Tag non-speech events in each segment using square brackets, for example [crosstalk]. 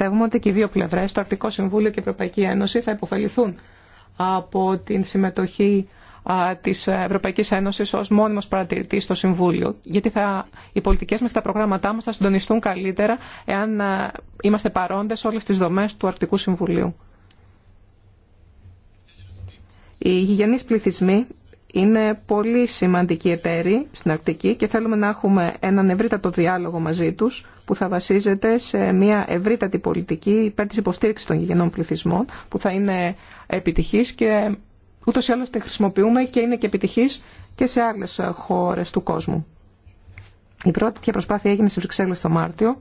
Πιστεύουμε ότι και οι δύο πλευρέ, το Αρκτικό Συμβούλιο και η Ευρωπαϊκή Ένωση, θα υποφεληθούν από την συμμετοχή τη Ευρωπαϊκή Ένωση ω μόνιμο παρατηρητή στο Συμβούλιο. Γιατί θα, οι πολιτικέ μα και τα προγράμματά μα θα συντονιστούν καλύτερα εάν είμαστε παρόντε σε όλε τι δομέ του Αρκτικού Συμβουλίου. Οι γηγενεί πληθυσμοί είναι πολύ σημαντική εταίροι στην Αρκτική και θέλουμε να έχουμε έναν ευρύτατο διάλογο μαζί τους που θα βασίζεται σε μια ευρύτατη πολιτική υπέρ της υποστήριξης των γηγενών πληθυσμών που θα είναι επιτυχής και ούτως ή άλλως τη χρησιμοποιούμε και είναι και επιτυχής και σε άλλες χώρες του κόσμου. Η πρώτη προσπάθεια έγινε σε Βρυξέλλες το Μάρτιο.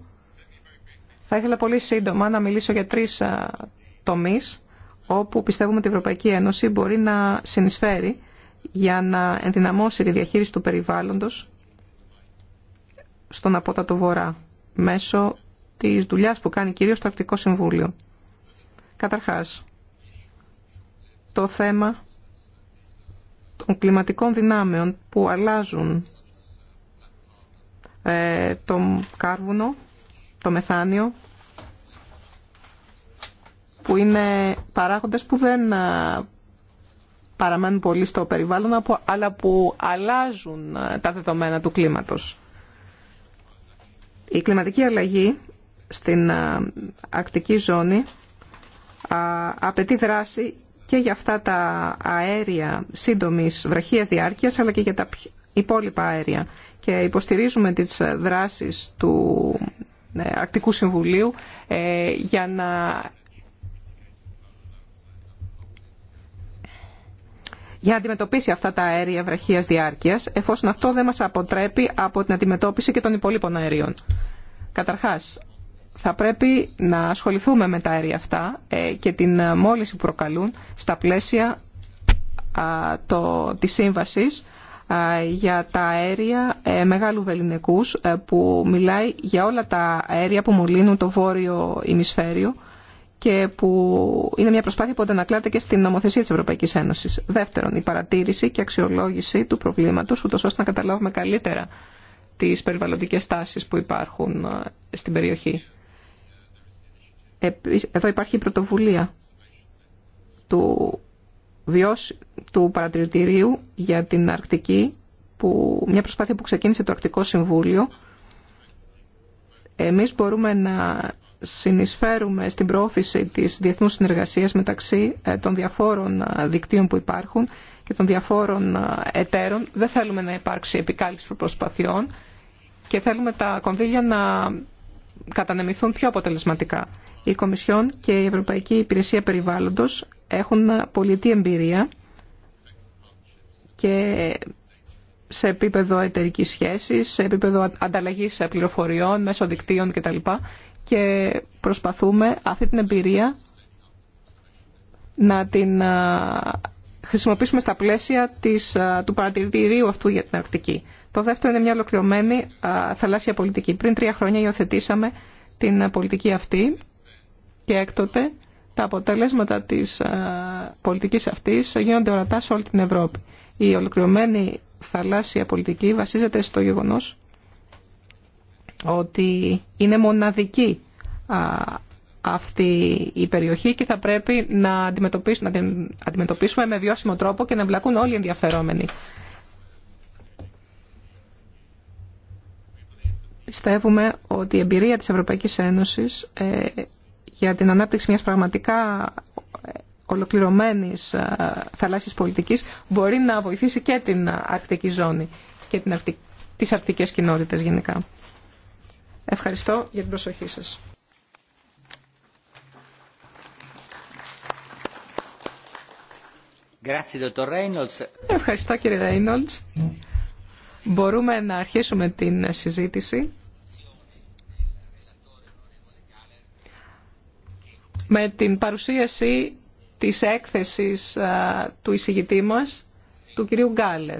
Θα ήθελα πολύ σύντομα να μιλήσω για τρεις τομείς όπου πιστεύουμε ότι η Ευρωπαϊκή Ένωση μπορεί να συνεισφέρει για να ενδυναμώσει τη διαχείριση του περιβάλλοντος στον Απότατο Βορρά μέσω της δουλειάς που κάνει κυρίως το Αρκτικό Συμβούλιο. Καταρχάς, το θέμα των κλιματικών δυνάμεων που αλλάζουν ε, το κάρβουνο, το μεθάνιο, που είναι παράγοντες που δεν παραμένουν πολύ στο περιβάλλον, αλλά που αλλάζουν ε, τα δεδομένα του κλίματος. Η κλιματική αλλαγή στην ε, ακτική ζώνη απαιτεί δράση και για αυτά τα αέρια σύντομης βραχίας διάρκειας, αλλά και για τα υπόλοιπα αέρια. Και υποστηρίζουμε τις ε, δράσεις του Ακτικού Συμβουλίου για να για να αντιμετωπίσει αυτά τα αέρια βραχία διάρκεια, εφόσον αυτό δεν μας αποτρέπει από την αντιμετώπιση και των υπολείπων αερίων. Καταρχάς, θα πρέπει να ασχοληθούμε με τα αέρια αυτά ε, και την μόλιση που προκαλούν στα πλαίσια το, της σύμβασης για τα αέρια ε, μεγάλου βεληνικούς ε, που μιλάει για όλα τα αέρια που μολύνουν το βόρειο ημισφαίριο και που είναι μια προσπάθεια που αντανακλάται και στην νομοθεσία της Ευρωπαϊκής Ένωσης. Δεύτερον, η παρατήρηση και αξιολόγηση του προβλήματος, ούτως ώστε να καταλάβουμε καλύτερα τις περιβαλλοντικές τάσεις που υπάρχουν ε, στην περιοχή. Εδώ υπάρχει η πρωτοβουλία του, βιώσ... του παρατηρητηρίου για την Αρκτική, που... μια προσπάθεια που ξεκίνησε το Αρκτικό Συμβούλιο. Εμείς μπορούμε να συνεισφέρουμε στην προώθηση της διεθνούς συνεργασίας μεταξύ ε, των διαφόρων ε, δικτύων που υπάρχουν και των διαφόρων ε, εταίρων. Δεν θέλουμε να υπάρξει επικάλυψη προσπαθειών και θέλουμε τα κονδύλια να κατανεμηθούν πιο αποτελεσματικά. Η Κομισιόν και η Ευρωπαϊκή Υπηρεσία Περιβάλλοντος έχουν πολιτή εμπειρία και σε επίπεδο εταιρικής σχέσης, σε επίπεδο ανταλλαγής πληροφοριών, μέσω δικτύων κτλ και προσπαθούμε αυτή την εμπειρία να την χρησιμοποιήσουμε στα πλαίσια της, του παρατηρητηρίου αυτού για την Αρκτική. Το δεύτερο είναι μια ολοκληρωμένη θαλάσσια πολιτική. Πριν τρία χρόνια υιοθετήσαμε την πολιτική αυτή και έκτοτε τα αποτέλεσματα της πολιτικής αυτής γίνονται ορατά σε όλη την Ευρώπη. Η ολοκληρωμένη θαλάσσια πολιτική βασίζεται στο γεγονός ότι είναι μοναδική αυτή η περιοχή και θα πρέπει να, αντιμετωπίσουμε, την αντιμετωπίσουμε με βιώσιμο τρόπο και να εμπλακούν όλοι οι ενδιαφερόμενοι. Πιστεύουμε ότι η εμπειρία της Ευρωπαϊκής Ένωσης ε, για την ανάπτυξη μιας πραγματικά ε, ολοκληρωμένης ε, θαλάσσης πολιτικής μπορεί να βοηθήσει και την αρκτική ζώνη και την αρκτική, τις αρκτικές κοινότητες γενικά. Ευχαριστώ για την προσοχή σας. Ευχαριστώ κύριε Ρέινολτς. Μπορούμε να αρχίσουμε την συζήτηση. Με την παρουσίαση της έκθεσης του εισηγητή μας, του κυρίου Γκάλερ.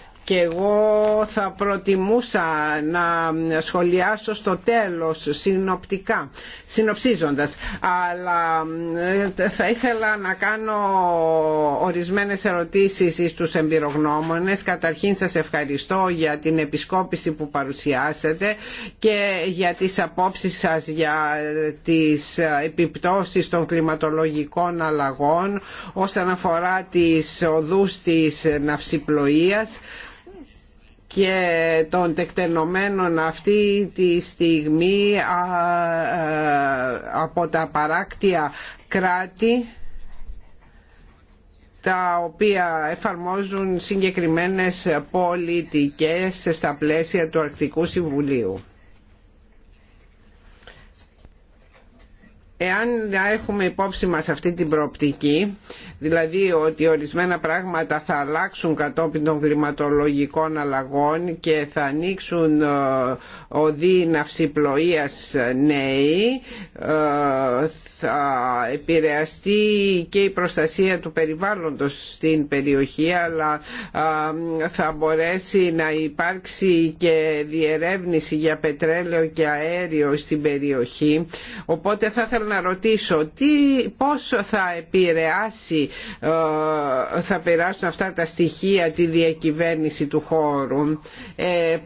και εγώ θα προτιμούσα να σχολιάσω στο τέλος συνοπτικά, συνοψίζοντας. Αλλά ε, θα ήθελα να κάνω ορισμένες ερωτήσεις στους εμπειρογνώμονες. Καταρχήν σας ευχαριστώ για την επισκόπηση που παρουσιάσατε και για τις απόψεις σας για τις επιπτώσεις των κλιματολογικών αλλαγών όσον αφορά τις οδούς της ναυσιπλοείας και των τεκτενωμένων αυτή τη στιγμή από τα παράκτια κράτη τα οποία εφαρμόζουν συγκεκριμένες πολιτικές στα πλαίσια του Αρκτικού Συμβουλίου. Εάν έχουμε υπόψη μας αυτή την προοπτική, δηλαδή ότι ορισμένα πράγματα θα αλλάξουν κατόπιν των κλιματολογικών αλλαγών και θα ανοίξουν ε, οδοί ναυσιπλοείας νέοι, ε, θα επηρεαστεί και η προστασία του περιβάλλοντος στην περιοχή, αλλά ε, θα μπορέσει να υπάρξει και διερεύνηση για πετρέλαιο και αέριο στην περιοχή. Οπότε θα ήθελα να ρωτήσω τι, πώς θα επηρεάσει, ε, θα περάσουν αυτά τα στοιχεία τη διακυβέρνηση του χώρου.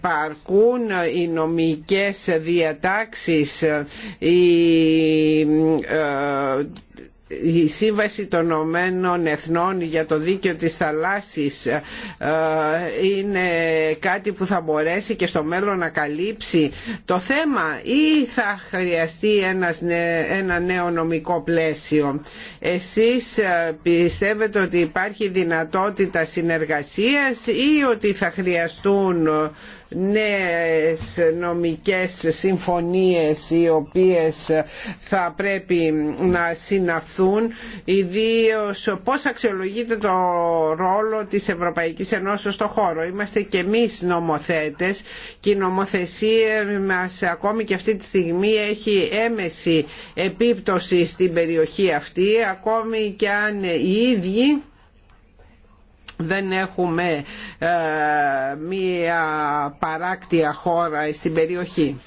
παρκούν οι νομικές διατάξεις, ε, οι, ε, η Σύμβαση των Ηνωμένων Εθνών για το δίκαιο της θαλάσσης ε, είναι κάτι που θα μπορέσει και στο μέλλον να καλύψει το θέμα ή θα χρειαστεί ένας, ένα νέο νομικό πλαίσιο. Εσείς ε, πιστεύετε ότι υπάρχει δυνατότητα συνεργασίας ή ότι θα χρειαστούν ε, νέες νομικές συμφωνίες οι οποίες θα πρέπει να συναυθούν ιδίως πώς αξιολογείται το ρόλο της Ευρωπαϊκής Ενώσεως στο χώρο. Είμαστε και εμείς νομοθέτες και η νομοθεσία μας ακόμη και αυτή τη στιγμή έχει έμεση επίπτωση στην περιοχή αυτή ακόμη και αν οι ίδιοι δεν έχουμε ε, μία παράκτια χώρα στην περιοχή.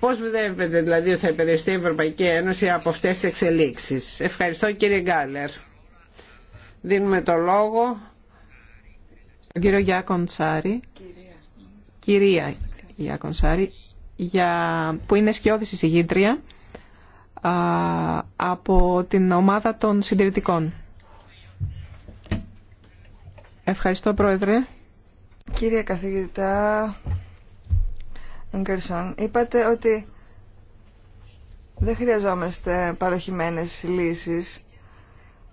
Πώς βλέπετε δηλαδή ότι θα υπηρεστεί η Ευρωπαϊκή Ένωση από αυτές τις εξελίξεις. Ευχαριστώ κύριε Γκάλερ. Δίνουμε το λόγο. κύριο Γιάκον Τσάρη. Κυρία. Γιάκον για... που είναι σκιώδης εισηγήτρια από την ομάδα των συντηρητικών. Ευχαριστώ, Πρόεδρε. Κύριε καθηγητά Γκερσόν, είπατε ότι δεν χρειαζόμαστε παροχημένες λύσεις.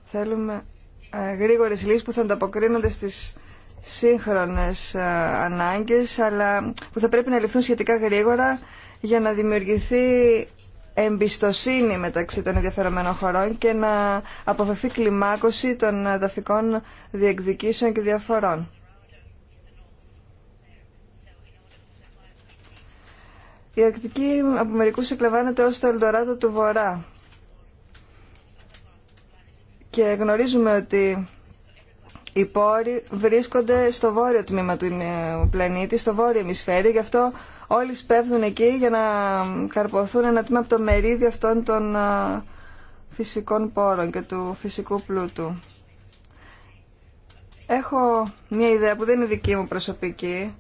Θέλουμε ε, γρήγορες λύσεις που θα ανταποκρίνονται στις σύγχρονες ε, ανάγκες, αλλά που θα πρέπει να ληφθούν σχετικά γρήγορα για να δημιουργηθεί εμπιστοσύνη μεταξύ των ενδιαφερομένων χωρών και να αποφευθεί κλιμάκωση των εδαφικών διεκδικήσεων και διαφορών. Η Αρκτική από μερικούς εκλεβάνεται ως το Ελντοράδο του Βορρά. Και γνωρίζουμε ότι οι πόροι βρίσκονται στο βόρειο τμήμα του πλανήτη, στο βόρειο ημισφαίριο, γι' αυτό όλοι σπέβδουν εκεί για να καρποθούν ένα τμήμα από το μερίδιο αυτών των φυσικών πόρων και του φυσικού πλούτου. Έχω μια ιδέα που δεν είναι δική μου προσωπική.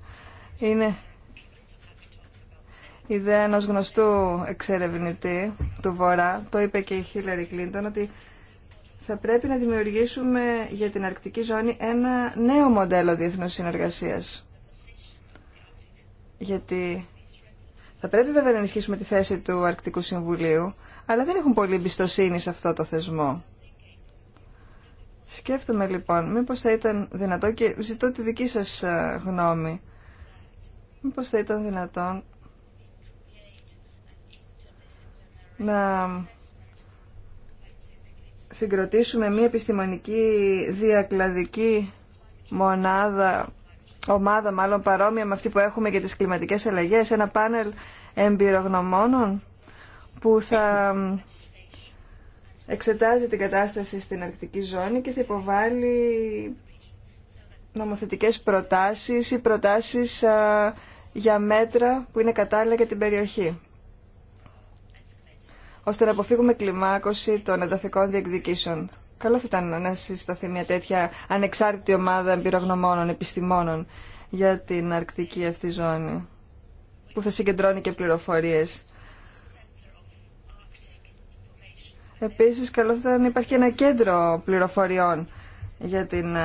Είναι ιδέα ενό γνωστού εξερευνητή του Βορρά. Το είπε και η Χίλαρη Κλίντον ότι θα πρέπει να δημιουργήσουμε για την αρκτική ζώνη ένα νέο μοντέλο διεθνούς συνεργασίας γιατί θα πρέπει βέβαια να ενισχύσουμε τη θέση του Αρκτικού Συμβουλίου, αλλά δεν έχουν πολύ εμπιστοσύνη σε αυτό το θεσμό. Σκέφτομαι λοιπόν, μήπως θα ήταν δυνατό και ζητώ τη δική σας ε, γνώμη, μήπως θα ήταν δυνατόν να συγκροτήσουμε μία επιστημονική διακλαδική μονάδα ομάδα μάλλον παρόμοια με αυτή που έχουμε για τις κλιματικές αλλαγές, ένα πάνελ εμπειρογνωμόνων που θα εξετάζει την κατάσταση στην αρκτική ζώνη και θα υποβάλει νομοθετικές προτάσεις ή προτάσεις για μέτρα που είναι κατάλληλα για την περιοχή ώστε να αποφύγουμε κλιμάκωση των εδαφικών διεκδικήσεων. Καλό θα ήταν να συσταθεί μια τέτοια ανεξάρτητη ομάδα εμπειρογνωμόνων, επιστημόνων για την αρκτική αυτή ζώνη που θα συγκεντρώνει και πληροφορίες. Επίσης, καλό θα ήταν να υπάρχει ένα κέντρο πληροφοριών για την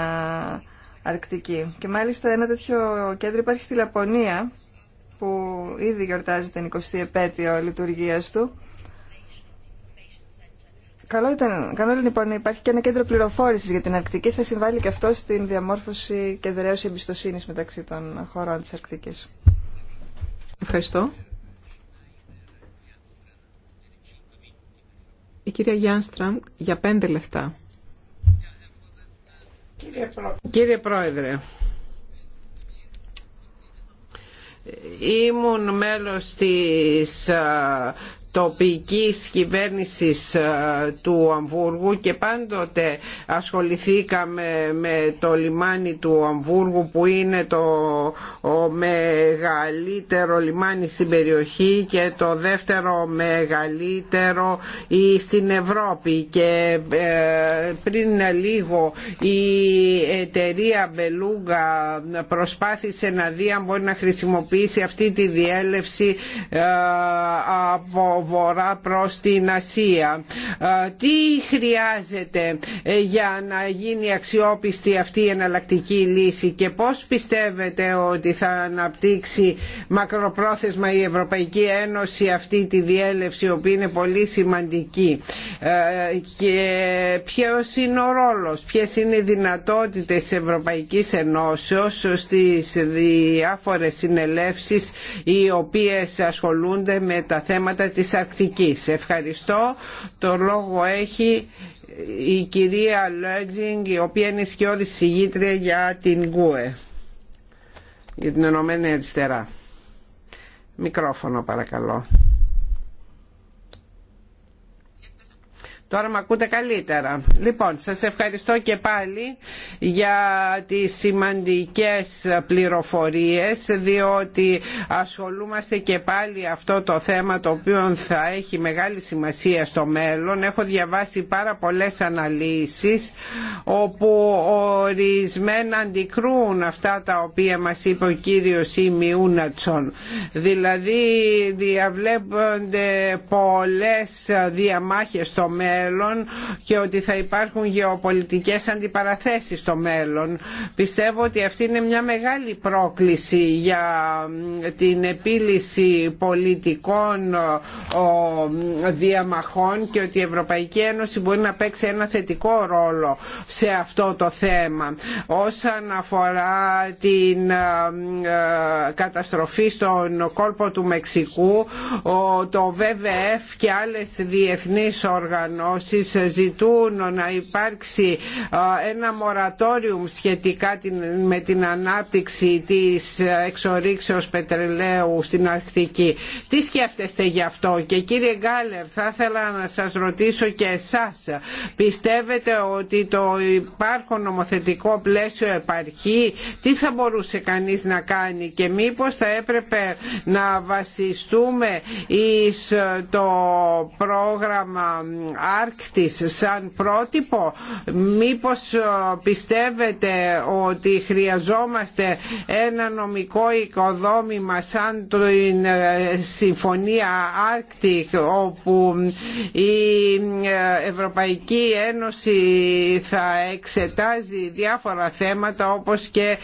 Αρκτική. Και μάλιστα ένα τέτοιο κέντρο υπάρχει στη Λαπωνία, που ήδη γιορτάζει την 20η επέτειο λειτουργίας του. Καλό, ήταν, καλό ήταν, λοιπόν να υπάρχει και ένα κέντρο πληροφόρηση για την Αρκτική. Θα συμβάλλει και αυτό στην διαμόρφωση και δραίωση εμπιστοσύνη μεταξύ των χωρών τη Αρκτική. Ευχαριστώ. Η κυρία Γιάνστραμ για πέντε λεφτά. Κύριε Πρόεδρε, ήμουν μέλος της τοπικής κυβέρνησης ε, του Αμβούργου και πάντοτε ασχοληθήκαμε με το λιμάνι του Αμβούργου που είναι το μεγαλύτερο λιμάνι στην περιοχή και το δεύτερο μεγαλύτερο στην Ευρώπη και ε, πριν λίγο η εταιρεία Μπελούγκα προσπάθησε να δει αν μπορεί να χρησιμοποιήσει αυτή τη διέλευση ε, από βορρά προς την Ασία. Ε, τι χρειάζεται ε, για να γίνει αξιόπιστη αυτή η εναλλακτική λύση και πώς πιστεύετε ότι θα αναπτύξει μακροπρόθεσμα η Ευρωπαϊκή Ένωση αυτή τη διέλευση η οποία είναι πολύ σημαντική ε, και ποιος είναι ο ρόλος, ποιες είναι οι δυνατότητες της Ευρωπαϊκής Ενώσεως στις διάφορες συνελεύσεις οι οποίες ασχολούνται με τα θέματα της της Αρκτικής. Ευχαριστώ. Το λόγο έχει η κυρία Λέτζινγκ, η οποία είναι σκιώδη συγγήτρια για την ΚΟΕ, για την Ενωμένη Αριστερά. Μικρόφωνο παρακαλώ. Τώρα με ακούτε καλύτερα. Λοιπόν, σας ευχαριστώ και πάλι για τις σημαντικές πληροφορίες διότι ασχολούμαστε και πάλι αυτό το θέμα το οποίο θα έχει μεγάλη σημασία στο μέλλον. Έχω διαβάσει πάρα πολλές αναλύσεις όπου ορισμένα αντικρούν αυτά τα οποία μας είπε ο κύριος Ιμιούνατσον. Δηλαδή διαβλέπονται πολλές διαμάχες στο μέλλον μέλλον και ότι θα υπάρχουν γεωπολιτικές αντιπαραθέσεις στο μέλλον. Πιστεύω ότι αυτή είναι μια μεγάλη πρόκληση για την επίλυση πολιτικών διαμαχών και ότι η Ευρωπαϊκή Ένωση μπορεί να παίξει ένα θετικό ρόλο σε αυτό το θέμα. Όσον αφορά την καταστροφή στον κόλπο του Μεξικού, το ΒΒΕΦ και άλλες διεθνείς οργανώσεις όσοι ζητούν να υπάρξει ένα μορατόριουμ σχετικά με την ανάπτυξη της εξορίξεως πετρελαίου στην Αρκτική. Τι σκέφτεστε γι' αυτό και κύριε Γκάλερ θα ήθελα να σας ρωτήσω και εσάς πιστεύετε ότι το υπάρχον νομοθετικό πλαίσιο επαρχεί τι θα μπορούσε κανείς να κάνει και μήπως θα έπρεπε να βασιστούμε εις το πρόγραμμα σαν πρότυπο. Μήπως ε, πιστεύετε ότι χρειαζόμαστε ένα νομικό οικοδόμημα σαν την ε, Συμφωνία Άρκτικ όπου η ε, Ευρωπαϊκή Ένωση θα εξετάζει διάφορα θέματα όπως και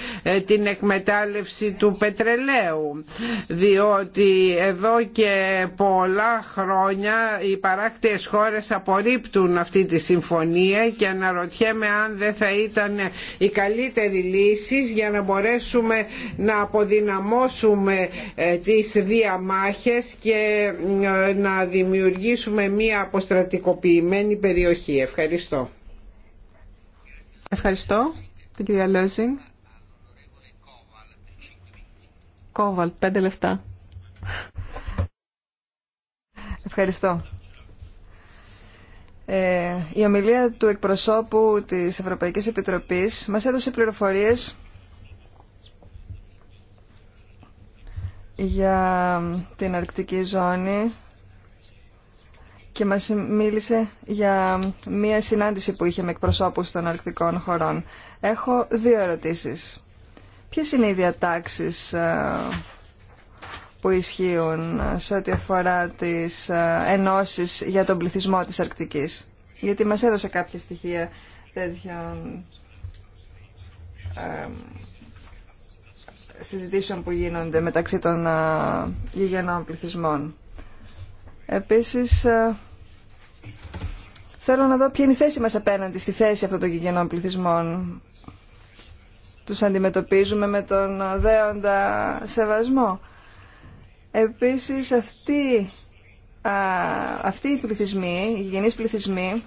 την εκμετάλλευση του πετρελαίου διότι εδώ και πολλά χρόνια οι παράκτες χώρες από απορρίπτουν αυτή τη συμφωνία και αναρωτιέμαι αν δεν θα ήταν η καλύτερη λύση για να μπορέσουμε να αποδυναμώσουμε ε, τις διαμάχες και ε, να δημιουργήσουμε μία αποστρατικοποιημένη περιοχή. Ευχαριστώ. Ευχαριστώ την κυρία Κόβαλ, πέντε λεφτά. Ευχαριστώ. Ε, η ομιλία του εκπροσώπου της Ευρωπαϊκής Επιτροπής μας έδωσε πληροφορίες για την αρκτική ζώνη και μας μίλησε για μία συνάντηση που είχε με εκπροσώπους των αρκτικών χωρών. Έχω δύο ερωτήσεις. Ποιες είναι οι διατάξεις ε, που ισχύουν σε ό,τι αφορά τις ε, ενώσεις για τον πληθυσμό της Αρκτικής. Γιατί μας έδωσε κάποια στοιχεία τέτοιων ε, συζητήσεων που γίνονται μεταξύ των ε, γηγενών πληθυσμών. Επίσης, θέλω να δω ποια είναι η θέση μας απέναντι στη θέση αυτών των γηγενών πληθυσμών. Τους αντιμετωπίζουμε με τον δέοντα σεβασμό Επίσης αυτοί, α, αυτοί οι πληθυσμοί, οι γενείς πληθυσμοί,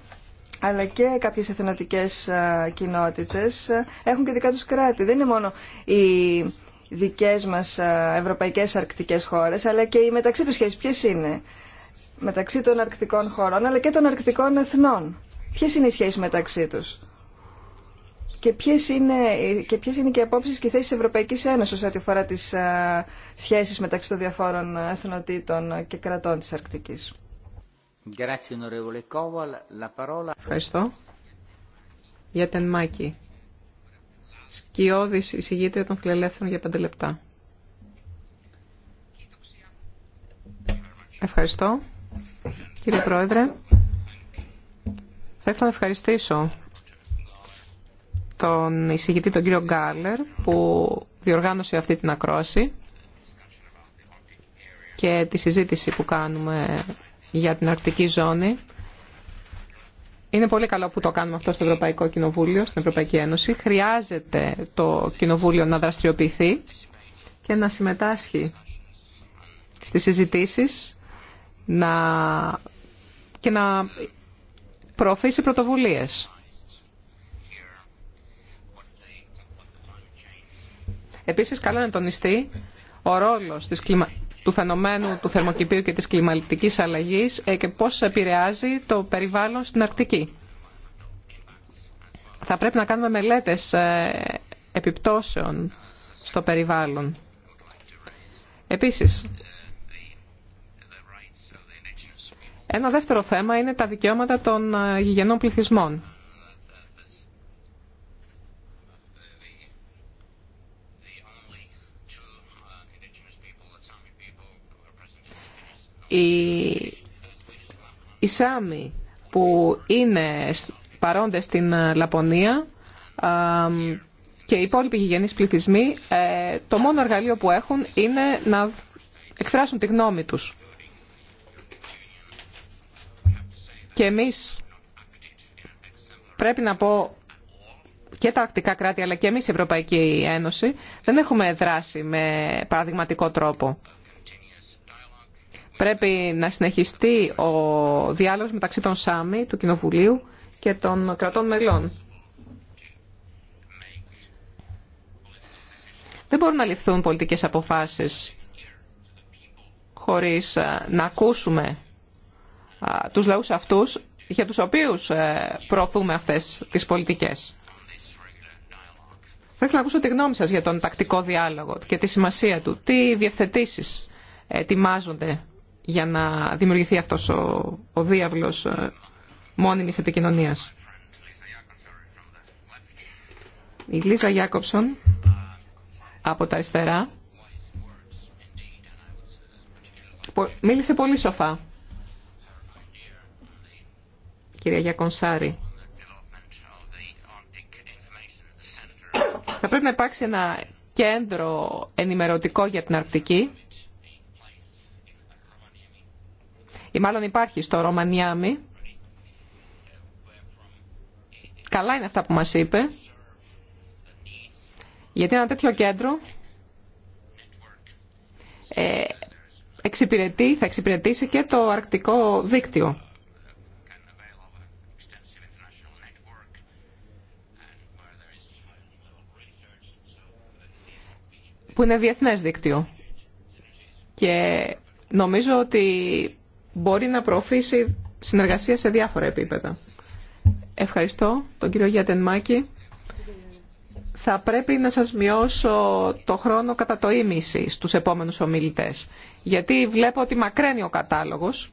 αλλά και κάποιες εθνοτικές κοινότητες έχουν και δικά τους κράτη. Δεν είναι μόνο οι δικές μας ευρωπαϊκές αρκτικές χώρες, αλλά και οι μεταξύ τους σχέσεις. Ποιες είναι μεταξύ των αρκτικών χωρών, αλλά και των αρκτικών εθνών. Ποιες είναι οι σχέσεις μεταξύ τους και ποιες είναι, και ποιες είναι και οι απόψεις και οι θέσεις της Ευρωπαϊκής Ένωσης ό,τι αφορά τι σχέσει μεταξύ των διαφόρων εθνοτήτων και κρατών τη Αρκτική. Ευχαριστώ. Για την Μάκη. Σκιώδης εισηγήτρια των φιλελεύθερων για πέντε λεπτά. Ευχαριστώ. Κύριε Πρόεδρε, θα ήθελα να ευχαριστήσω τον εισηγητή τον κύριο Γκάλερ που διοργάνωσε αυτή την ακρόαση και τη συζήτηση που κάνουμε για την αρκτική ζώνη. Είναι πολύ καλό που το κάνουμε αυτό στο Ευρωπαϊκό Κοινοβούλιο, στην Ευρωπαϊκή Ένωση. Χρειάζεται το Κοινοβούλιο να δραστηριοποιηθεί και να συμμετάσχει στις συζητήσεις να... και να προωθήσει πρωτοβουλίες. Επίσης, καλό να τονιστεί ο ρόλος του φαινομένου του θερμοκηπίου και της κλιματικής αλλαγής ε, και πώς επηρεάζει το περιβάλλον στην Αρκτική. Θα πρέπει να κάνουμε μελέτες ε, επιπτώσεων στο περιβάλλον. Επίσης, ένα δεύτερο θέμα είναι τα δικαιώματα των ε, γηγενών πληθυσμών. οι Σάμοι που είναι παρόντες στην ε, Λαπωνία και οι υπόλοιποι γηγενείς πληθυσμοί, ε, το μόνο εργαλείο που έχουν είναι να εκφράσουν τη γνώμη τους. Και εμείς πρέπει να πω και τα ακτικά κράτη αλλά και εμείς η Ευρωπαϊκή Ένωση δεν έχουμε δράσει με παραδειγματικό τρόπο. Πρέπει να συνεχιστεί ο διάλογος μεταξύ των ΣΑΜΙ, του Κοινοβουλίου και των κρατών μελών. Δεν μπορούν να ληφθούν πολιτικές αποφάσεις χωρίς ε, να ακούσουμε τους λαούς αυτούς για τους οποίους ε, προωθούμε αυτές τις πολιτικές. Θα ήθελα να ακούσω τη γνώμη σας για τον τακτικό διάλογο και τη σημασία του. Τι διευθετήσεις ετοιμάζονται για να δημιουργηθεί αυτός ο, ο διάβλος ε, μόνιμης επικοινωνίας. Η Λίζα Γιάκοψον από τα αριστερά μίλησε πολύ σοφά. Κυρία Γιακονσάρη. Θα πρέπει να υπάρξει ένα κέντρο ενημερωτικό για την Αρκτική ή μάλλον υπάρχει στο Ρωμανιάμι. Καλά είναι αυτά που μας είπε, γιατί ένα τέτοιο κέντρο ε, εξυπηρετεί, θα εξυπηρετήσει και το αρκτικό δίκτυο. που είναι διεθνές δίκτυο. Και νομίζω ότι μπορεί να προωθήσει συνεργασία σε διάφορα επίπεδα. Ευχαριστώ τον κύριο Γιατενμάκη. Θα πρέπει να σας μειώσω το χρόνο κατά το ίμιση στους επόμενους ομιλητές. Γιατί βλέπω ότι μακραίνει ο κατάλογος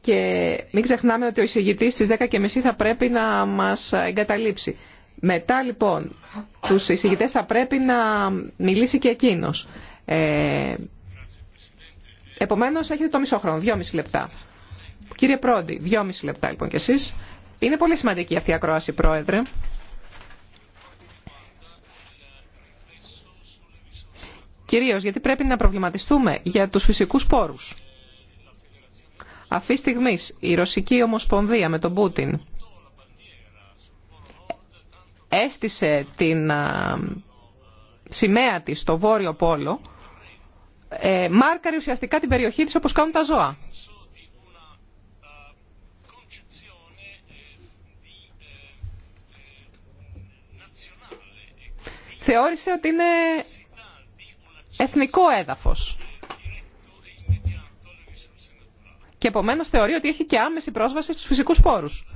και μην ξεχνάμε ότι ο εισηγητής και 10.30 θα πρέπει να μας εγκαταλείψει. Μετά λοιπόν τους εισηγητές θα πρέπει να μιλήσει και εκείνος. Ε, Επομένω, έχετε το μισό χρόνο, δυόμιση λεπτά. Κύριε Πρόντι, δυόμιση λεπτά λοιπόν κι εσεί. Είναι πολύ σημαντική αυτή η ακρόαση, Πρόεδρε. Κυρίως γιατί πρέπει να προβληματιστούμε για τους φυσικούς πόρους. Αυτή τη στιγμή η Ρωσική Ομοσπονδία με τον Πούτιν έστησε την σημαία της στο Βόρειο Πόλο ε, μάρκαρε ουσιαστικά την περιοχή της όπως κάνουν τα ζώα. Θεώρησε ότι είναι εθνικό έδαφος. Και επομένω θεωρεί ότι έχει και άμεση πρόσβαση στους φυσικούς πόρους.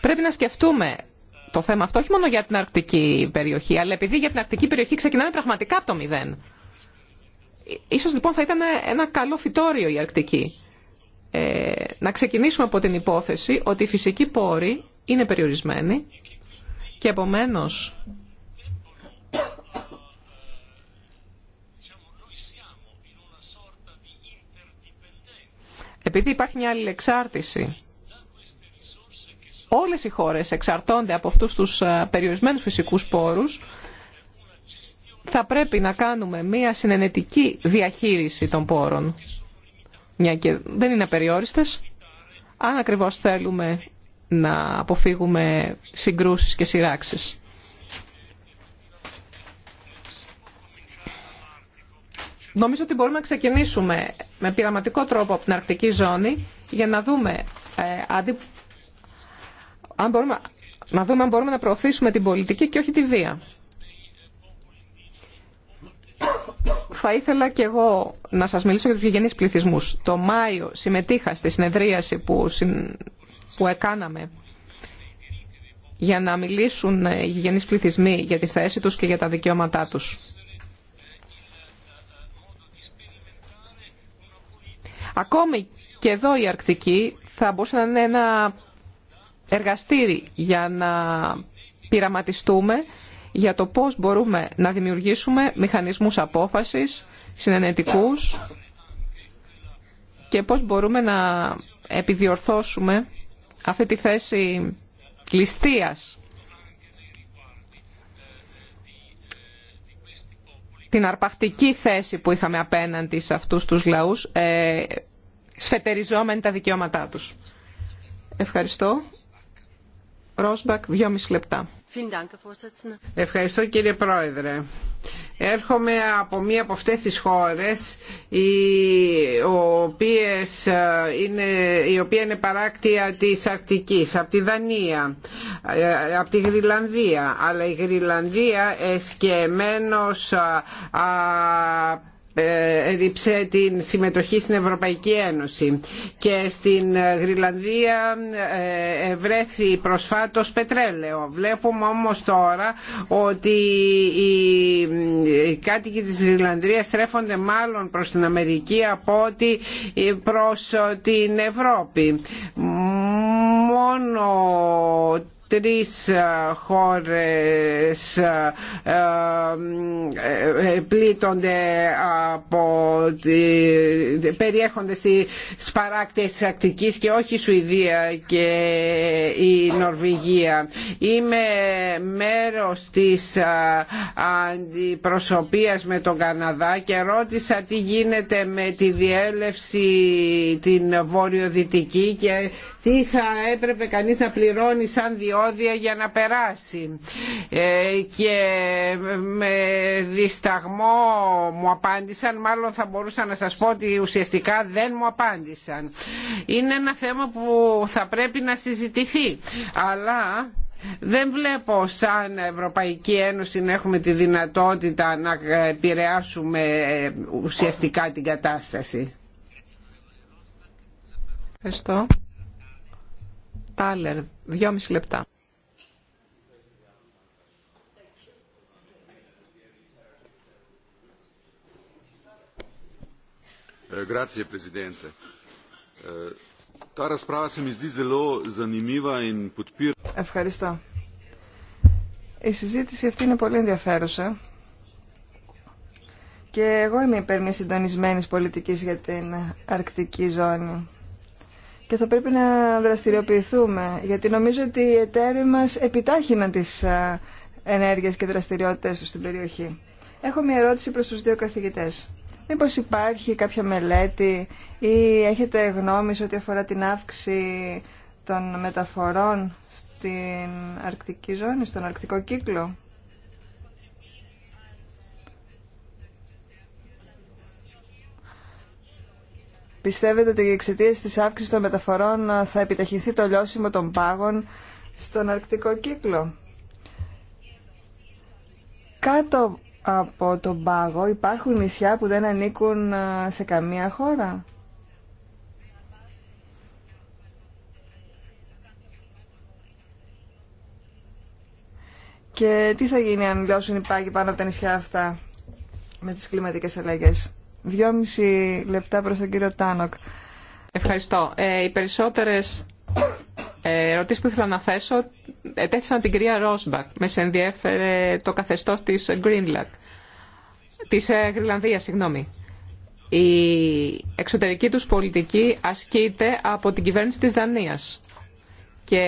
Πρέπει να σκεφτούμε το θέμα αυτό όχι μόνο για την αρκτική περιοχή, αλλά επειδή για την αρκτική περιοχή ξεκινάμε πραγματικά από το μηδέν. Ε, ίσως λοιπόν θα ήταν ένα καλό φυτόριο η αρκτική. Ε, να ξεκινήσουμε από την υπόθεση ότι οι φυσικοί πόροι είναι περιορισμένοι και επομένως επειδή υπάρχει μια άλλη εξάρτηση όλες οι χώρες εξαρτώνται από αυτούς τους ε, περιορισμένους φυσικούς πόρους, θα πρέπει να κάνουμε μια συνενετική διαχείριση των πόρων, μια και δεν είναι περιόριστες, Αν ακριβώς θέλουμε να αποφύγουμε συγκρούσεις και σειράξεις. Νομίζω ότι μπορούμε να ξεκινήσουμε με πειραματικό τρόπο από την αρκτική ζώνη για να δούμε ε, αν μπορούμε, να δούμε αν μπορούμε να προωθήσουμε την πολιτική και όχι τη βία. Θα ήθελα και εγώ να σας μιλήσω για τους γηγενείς πληθυσμούς. Το Μάιο συμμετείχα στη συνεδρίαση που, που έκαναμε για να μιλήσουν οι γηγενείς πληθυσμοί για τη θέση τους και για τα δικαιώματά τους. Ακόμη και εδώ η Αρκτική θα μπορούσε να είναι ένα εργαστήρι για να πειραματιστούμε για το πώς μπορούμε να δημιουργήσουμε μηχανισμούς απόφασης, συνενετικούς και πώς μπορούμε να επιδιορθώσουμε αυτή τη θέση ληστείας την αρπακτική θέση που είχαμε απέναντι σε αυτούς τους λαούς, ε, σφετεριζόμενοι τα δικαιώματά τους. Ευχαριστώ. Ευχαριστώ κύριε Πρόεδρε. Έρχομαι από μία από αυτές τις χώρες οι, οποίες ε, είναι, η οποία είναι παράκτια της Αρκτικής, από τη Δανία, ε, από τη Γρυλανδία. Αλλά η Γρυλανδία εσκεμμένος ε, Ρίψε ε, την συμμετοχή στην Ευρωπαϊκή Ένωση και στην Γρυλανδία βρέθη ε, προσφάτως πετρέλαιο. Βλέπουμε όμως τώρα ότι οι κάτοικοι της Γρυλανδίας στρέφονται μάλλον προς την Αμερική από ότι προς την Ευρώπη. Μόνο τρεις ε, χώρες ε, ε, πλήττονται από περιέχονται στις παράκτες της Ακτικής και όχι η Σουηδία και η Νορβηγία. Είμαι μέρος της αντιπροσωπείας με τον Καναδά και ρώτησα τι γίνεται με τη διέλευση την βορειοδυτική και τι θα έπρεπε κανείς να πληρώνει σαν για να περάσει ε, και με δισταγμό μου απάντησαν μάλλον θα μπορούσα να σας πω ότι ουσιαστικά δεν μου απάντησαν είναι ένα θέμα που θα πρέπει να συζητηθεί αλλά δεν βλέπω σαν Ευρωπαϊκή Ένωση να έχουμε τη δυνατότητα να επηρεάσουμε ε, ουσιαστικά την κατάσταση. Ευχαριστώ δυόμιση λεπτά. Ευχαριστώ. Η συζήτηση αυτή είναι πολύ ενδιαφέρουσα και εγώ είμαι υπέρ μια συντονισμένη πολιτική για την αρκτική ζώνη και θα πρέπει να δραστηριοποιηθούμε, γιατί νομίζω ότι οι εταίροι μας επιτάχυναν τις ενέργειες και δραστηριότητες τους στην περιοχή. Έχω μια ερώτηση προς τους δύο καθηγητές. Μήπως υπάρχει κάποια μελέτη ή έχετε γνώμη σε ό,τι αφορά την αύξηση των μεταφορών στην αρκτική ζώνη, στον αρκτικό κύκλο. Πιστεύετε ότι εξαιτία τη αύξηση των μεταφορών θα επιταχυνθεί το λιώσιμο των πάγων στον αρκτικό κύκλο. Κάτω από τον πάγο υπάρχουν νησιά που δεν ανήκουν σε καμία χώρα. Και τι θα γίνει αν λιώσουν οι πάγοι πάνω από τα νησιά αυτά με τις κλιματικές αλλαγές δυόμιση λεπτά προς τον κύριο Τάνοκ. Ευχαριστώ. Ε, οι περισσότερες ερωτήσεις που ήθελα να θέσω ετέθησαν την κυρία Ρόσμπακ. Με σε ενδιέφερε το καθεστώς της Γκρινλάκ, της ε, συγγνώμη. Η εξωτερική τους πολιτική ασκείται από την κυβέρνηση της Δανίας και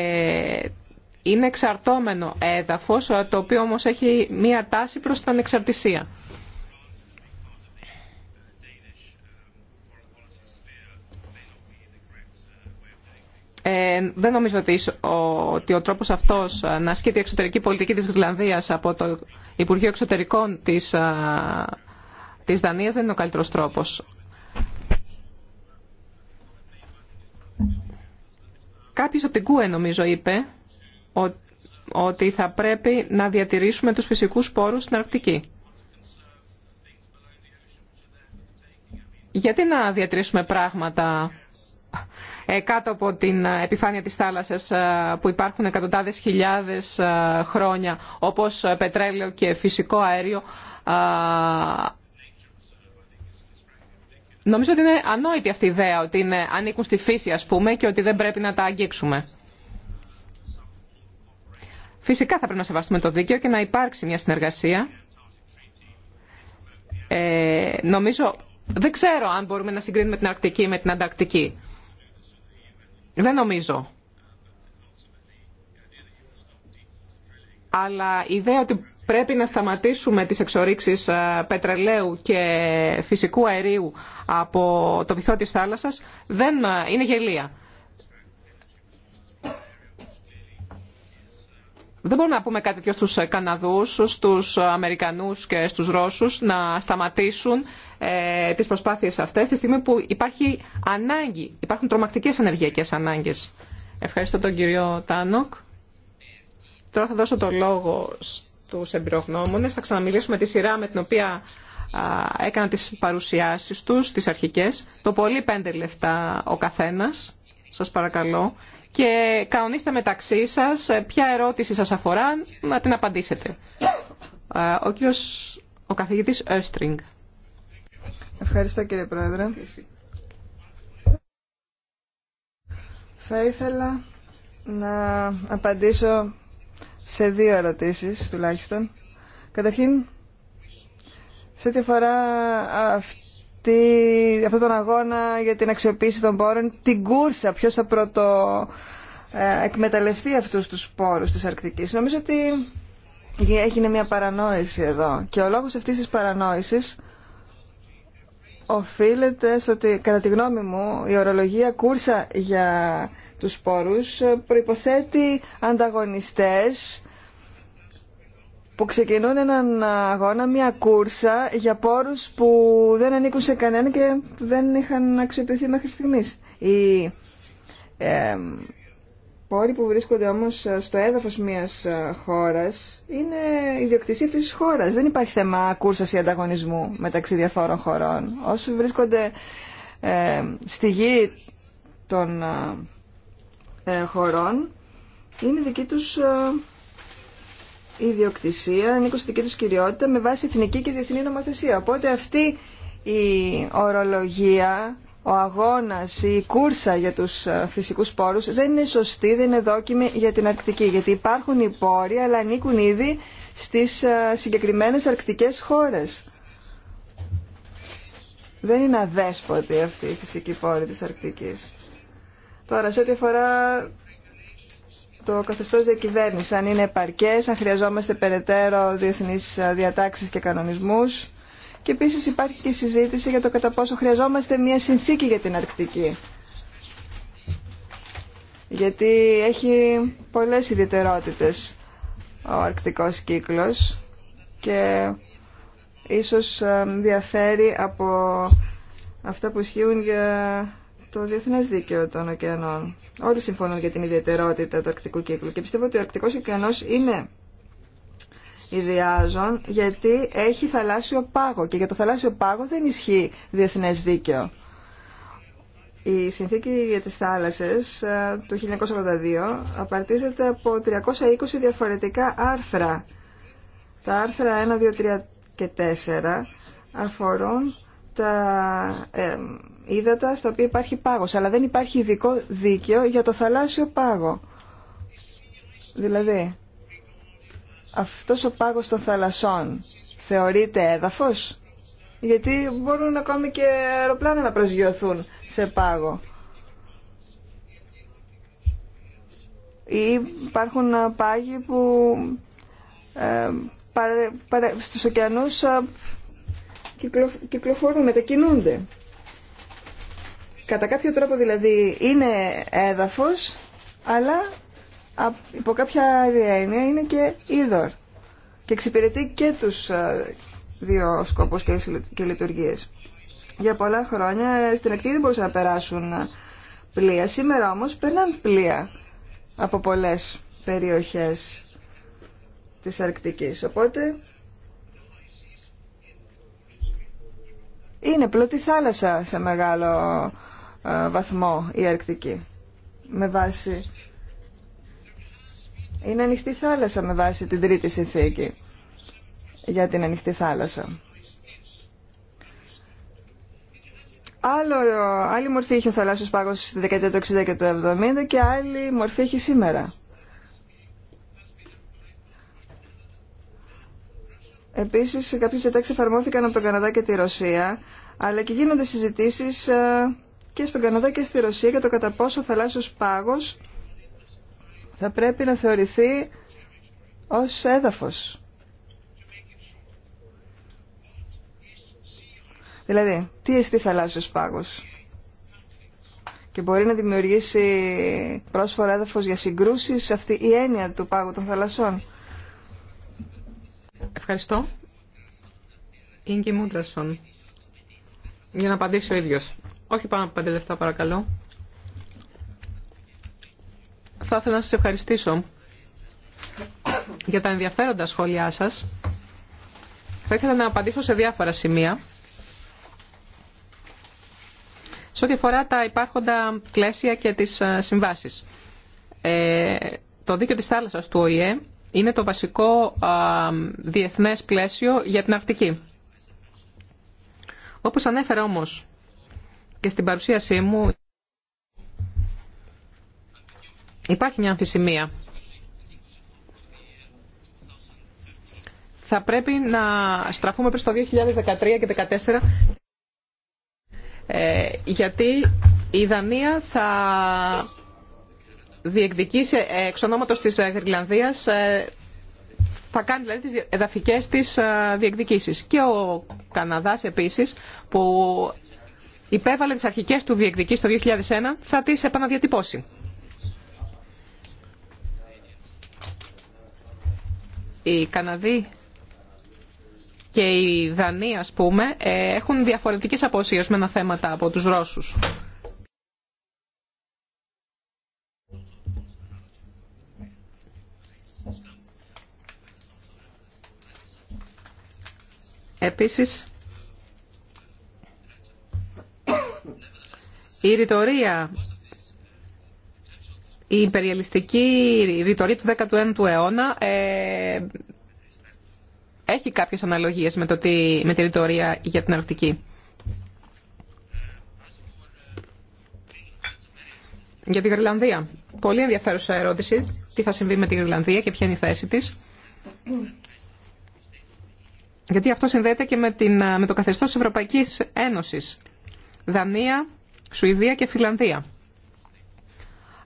είναι εξαρτώμενο έδαφος, το οποίο όμως έχει μία τάση προς την ανεξαρτησία. Ε, δεν νομίζω ότι, ο τρόπος αυτός να ασκείται η εξωτερική πολιτική της Γρυλανδίας από το Υπουργείο Εξωτερικών της, της Δανίας δεν είναι ο καλύτερος τρόπος. Κάποιος από την ΚΟΕ νομίζω είπε ότι θα πρέπει να διατηρήσουμε τους φυσικούς πόρους στην Αρκτική. Γιατί να διατηρήσουμε πράγματα ε, κάτω από την ε, επιφάνεια της θάλασσας ε, που υπάρχουν εκατοντάδες χιλιάδες χρόνια όπως πετρέλαιο και φυσικό αέριο Νομίζω ότι είναι ανόητη αυτή η ιδέα ότι είναι, ανήκουν στη φύση ας πούμε και ότι δεν πρέπει να τα αγγίξουμε. Φυσικά θα πρέπει να σεβαστούμε το δίκαιο και να υπάρξει μια συνεργασία. Ε, νομίζω, δεν ξέρω αν μπορούμε να συγκρίνουμε την Αρκτική με την Ανταρκτική. Δεν νομίζω. Αλλά η ιδέα ότι πρέπει να σταματήσουμε τις εξορίξεις ε, πετρελαίου και φυσικού αερίου από το βυθό της θάλασσας δεν ε, είναι γελία. Δεν μπορούμε να πούμε κάτι τέτοιο στους Καναδούς, στους Αμερικανούς και στους Ρώσους να σταματήσουν ε, τις προσπάθειες αυτές τη στιγμή που υπάρχει ανάγκη, υπάρχουν τρομακτικές ενεργειακές ανάγκες. Ευχαριστώ τον κύριο Τάνοκ. Τώρα θα δώσω το λόγο στους εμπειρογνώμονες. Θα ξαναμιλήσουμε τη σειρά με την οποία έκανα τις παρουσιάσεις τους, τις αρχικές. Το πολύ πέντε λεφτά ο καθένας, σας παρακαλώ. Και κανονίστε μεταξύ σας ε, ποια ερώτηση σας αφορά, να την απαντήσετε. Ε, ο κύριος, ο καθηγητής Ευχαριστώ κύριε Πρόεδρε. Θα ήθελα να απαντήσω σε δύο ερωτήσεις τουλάχιστον. Καταρχήν, σε ό,τι αφορά αυτή, αυτόν τον αγώνα για την αξιοποίηση των πόρων, την κούρσα, ποιος θα πρώτο ε, εκμεταλλευτεί αυτούς τους πόρους της Αρκτικής. Νομίζω ότι έγινε μια παρανόηση εδώ και ο λόγος αυτής της παρανόησης οφείλεται στο ότι, κατά τη γνώμη μου, η ορολογία κούρσα για τους σπόρους προϋποθέτει ανταγωνιστές που ξεκινούν έναν αγώνα, μια κούρσα για πόρους που δεν ανήκουν σε κανένα και δεν είχαν αξιοποιηθεί μέχρι στιγμής. Η ε, πόροι που βρίσκονται όμως ε, στο έδαφος μιας ε, χώρας είναι ιδιοκτησία αυτή της χώρας. Δεν υπάρχει θέμα κούρσας ή ανταγωνισμού μεταξύ διαφόρων χωρών. Όσοι βρίσκονται ε, στη γη των ε, ε χωρών είναι δική τους ε, ιδιοκτησία, ανήκουν στη δική τους κυριότητα με βάση εθνική και διεθνή νομοθεσία. Οπότε αυτή η ορολογία ο αγώνας ή η κούρσα για τους ε, φυσικούς πόρους δεν είναι σωστή, δεν είναι δόκιμη για την Αρκτική. Γιατί υπάρχουν οι πόροι, αλλά ανήκουν ήδη στις ε, συγκεκριμένες αρκτικές χώρες. Δεν είναι αδέσποτη αυτή η φυσική πόρη της Αρκτικής. Τώρα, σε ό,τι αφορά το καθεστώς διακυβέρνηση, αν είναι επαρκές, αν χρειαζόμαστε περαιτέρω διεθνείς ε, διατάξεις και κανονισμούς, και επίση υπάρχει και συζήτηση για το κατά πόσο χρειαζόμαστε μια συνθήκη για την Αρκτική. Γιατί έχει πολλές ιδιαιτερότητες ο αρκτικός κύκλος και ίσως ε, διαφέρει από αυτά που ισχύουν για το διεθνέ δίκαιο των ωκεανών. Όλοι συμφωνούν για την ιδιαιτερότητα του αρκτικού κύκλου και πιστεύω ότι ο αρκτικό ωκεανός είναι ιδιάζων γιατί έχει θαλάσσιο πάγο και για το θαλάσσιο πάγο δεν ισχύει διεθνές δίκαιο. Η συνθήκη για τις θάλασσες ε, του 1982 απαρτίζεται από 320 διαφορετικά άρθρα. Τα άρθρα 1, 2, 3 και 4 αφορούν τα ε, ύδατα στα οποία υπάρχει πάγος, αλλά δεν υπάρχει ειδικό δίκαιο για το θαλάσσιο πάγο. Δηλαδή, αυτός ο πάγος των θαλασσών θεωρείται έδαφος γιατί μπορούν ακόμη και αεροπλάνα να προσγειωθούν σε πάγο ή υπάρχουν πάγοι που ε, παρε, παρε, στους ωκεανούς ε, κυκλοφορούν, μετακινούνται κατά κάποιο τρόπο δηλαδή είναι έδαφος αλλά υπό κάποια έννοια είναι και είδωρ και εξυπηρετεί και τους ε, δύο σκόπους και λειτουργίες. Για πολλά χρόνια στην ακτή δεν μπορούσαν να περάσουν ε, πλοία. Σήμερα όμως περνάνε πλοία από πολλές περιοχές της Αρκτικής. Οπότε είναι πλωτή θάλασσα σε μεγάλο ε, βαθμό η Αρκτική με βάση είναι ανοιχτή θάλασσα με βάση την τρίτη συνθήκη για την ανοιχτή θάλασσα. Άλλο, άλλη μορφή είχε ο θαλάσσιος πάγος στη δεκαετία του 60 και του 70 και άλλη μορφή έχει σήμερα. Επίσης, κάποιες διατάξεις εφαρμόθηκαν από τον Καναδά και τη Ρωσία, αλλά και γίνονται συζητήσεις ε, και στον Καναδά και στη Ρωσία για το κατά πόσο ο θαλάσσιος πάγος θα πρέπει να θεωρηθεί ως έδαφος. Δηλαδή, τι εστί θαλάσσιος πάγος και μπορεί να δημιουργήσει πρόσφορα έδαφος για συγκρούσεις αυτή η έννοια του πάγου των θαλασσών. Ευχαριστώ. και Μούντρασον. Για να απαντήσει ο ίδιος. Όχι πάνω από πέντε λεφτά παρακαλώ θα ήθελα να σας ευχαριστήσω για τα ενδιαφέροντα σχόλιά σας. Θα ήθελα να απαντήσω σε διάφορα σημεία. Σε ό,τι αφορά τα υπάρχοντα πλαίσια και τις ε, συμβάσεις. Ε, το δίκαιο της θάλασσας του ΟΗΕ είναι το βασικό α, διεθνές πλαίσιο για την Αρκτική. Όπως ανέφερα όμως και στην παρουσίασή μου, Υπάρχει μια αμφισημία. Θα πρέπει να στραφούμε προς το 2013 και 2014 ε, γιατί η Δανία θα διεκδικήσει εξ ονόματος της Γρυλανδίας ε, θα κάνει δηλαδή τις εδαφικές της ε, διεκδικήσεις. Και ο Καναδάς επίσης που υπέβαλε τις αρχικές του διεκδικήσεις το 2001 θα τις επαναδιατυπώσει. οι Καναδοί και οι Δανείοι, ας πούμε, ε, έχουν διαφορετικές αποσιωσμένα θέματα από τους Ρώσους. Επίσης, η ρητορία η υπεριαλιστική ρητορία του 19ου αιώνα ε, έχει κάποιες αναλογίες με, το τι, με τη ρητορία για την Αρκτική. Για τη Γρυλανδία. Πολύ ενδιαφέρουσα ερώτηση. Τι θα συμβεί με τη Γρυλανδία και ποια είναι η θέση της. Γιατί αυτό συνδέεται και με, την, με το καθεστώς της Ευρωπαϊκής Ένωσης. Δανία, Σουηδία και Φιλανδία.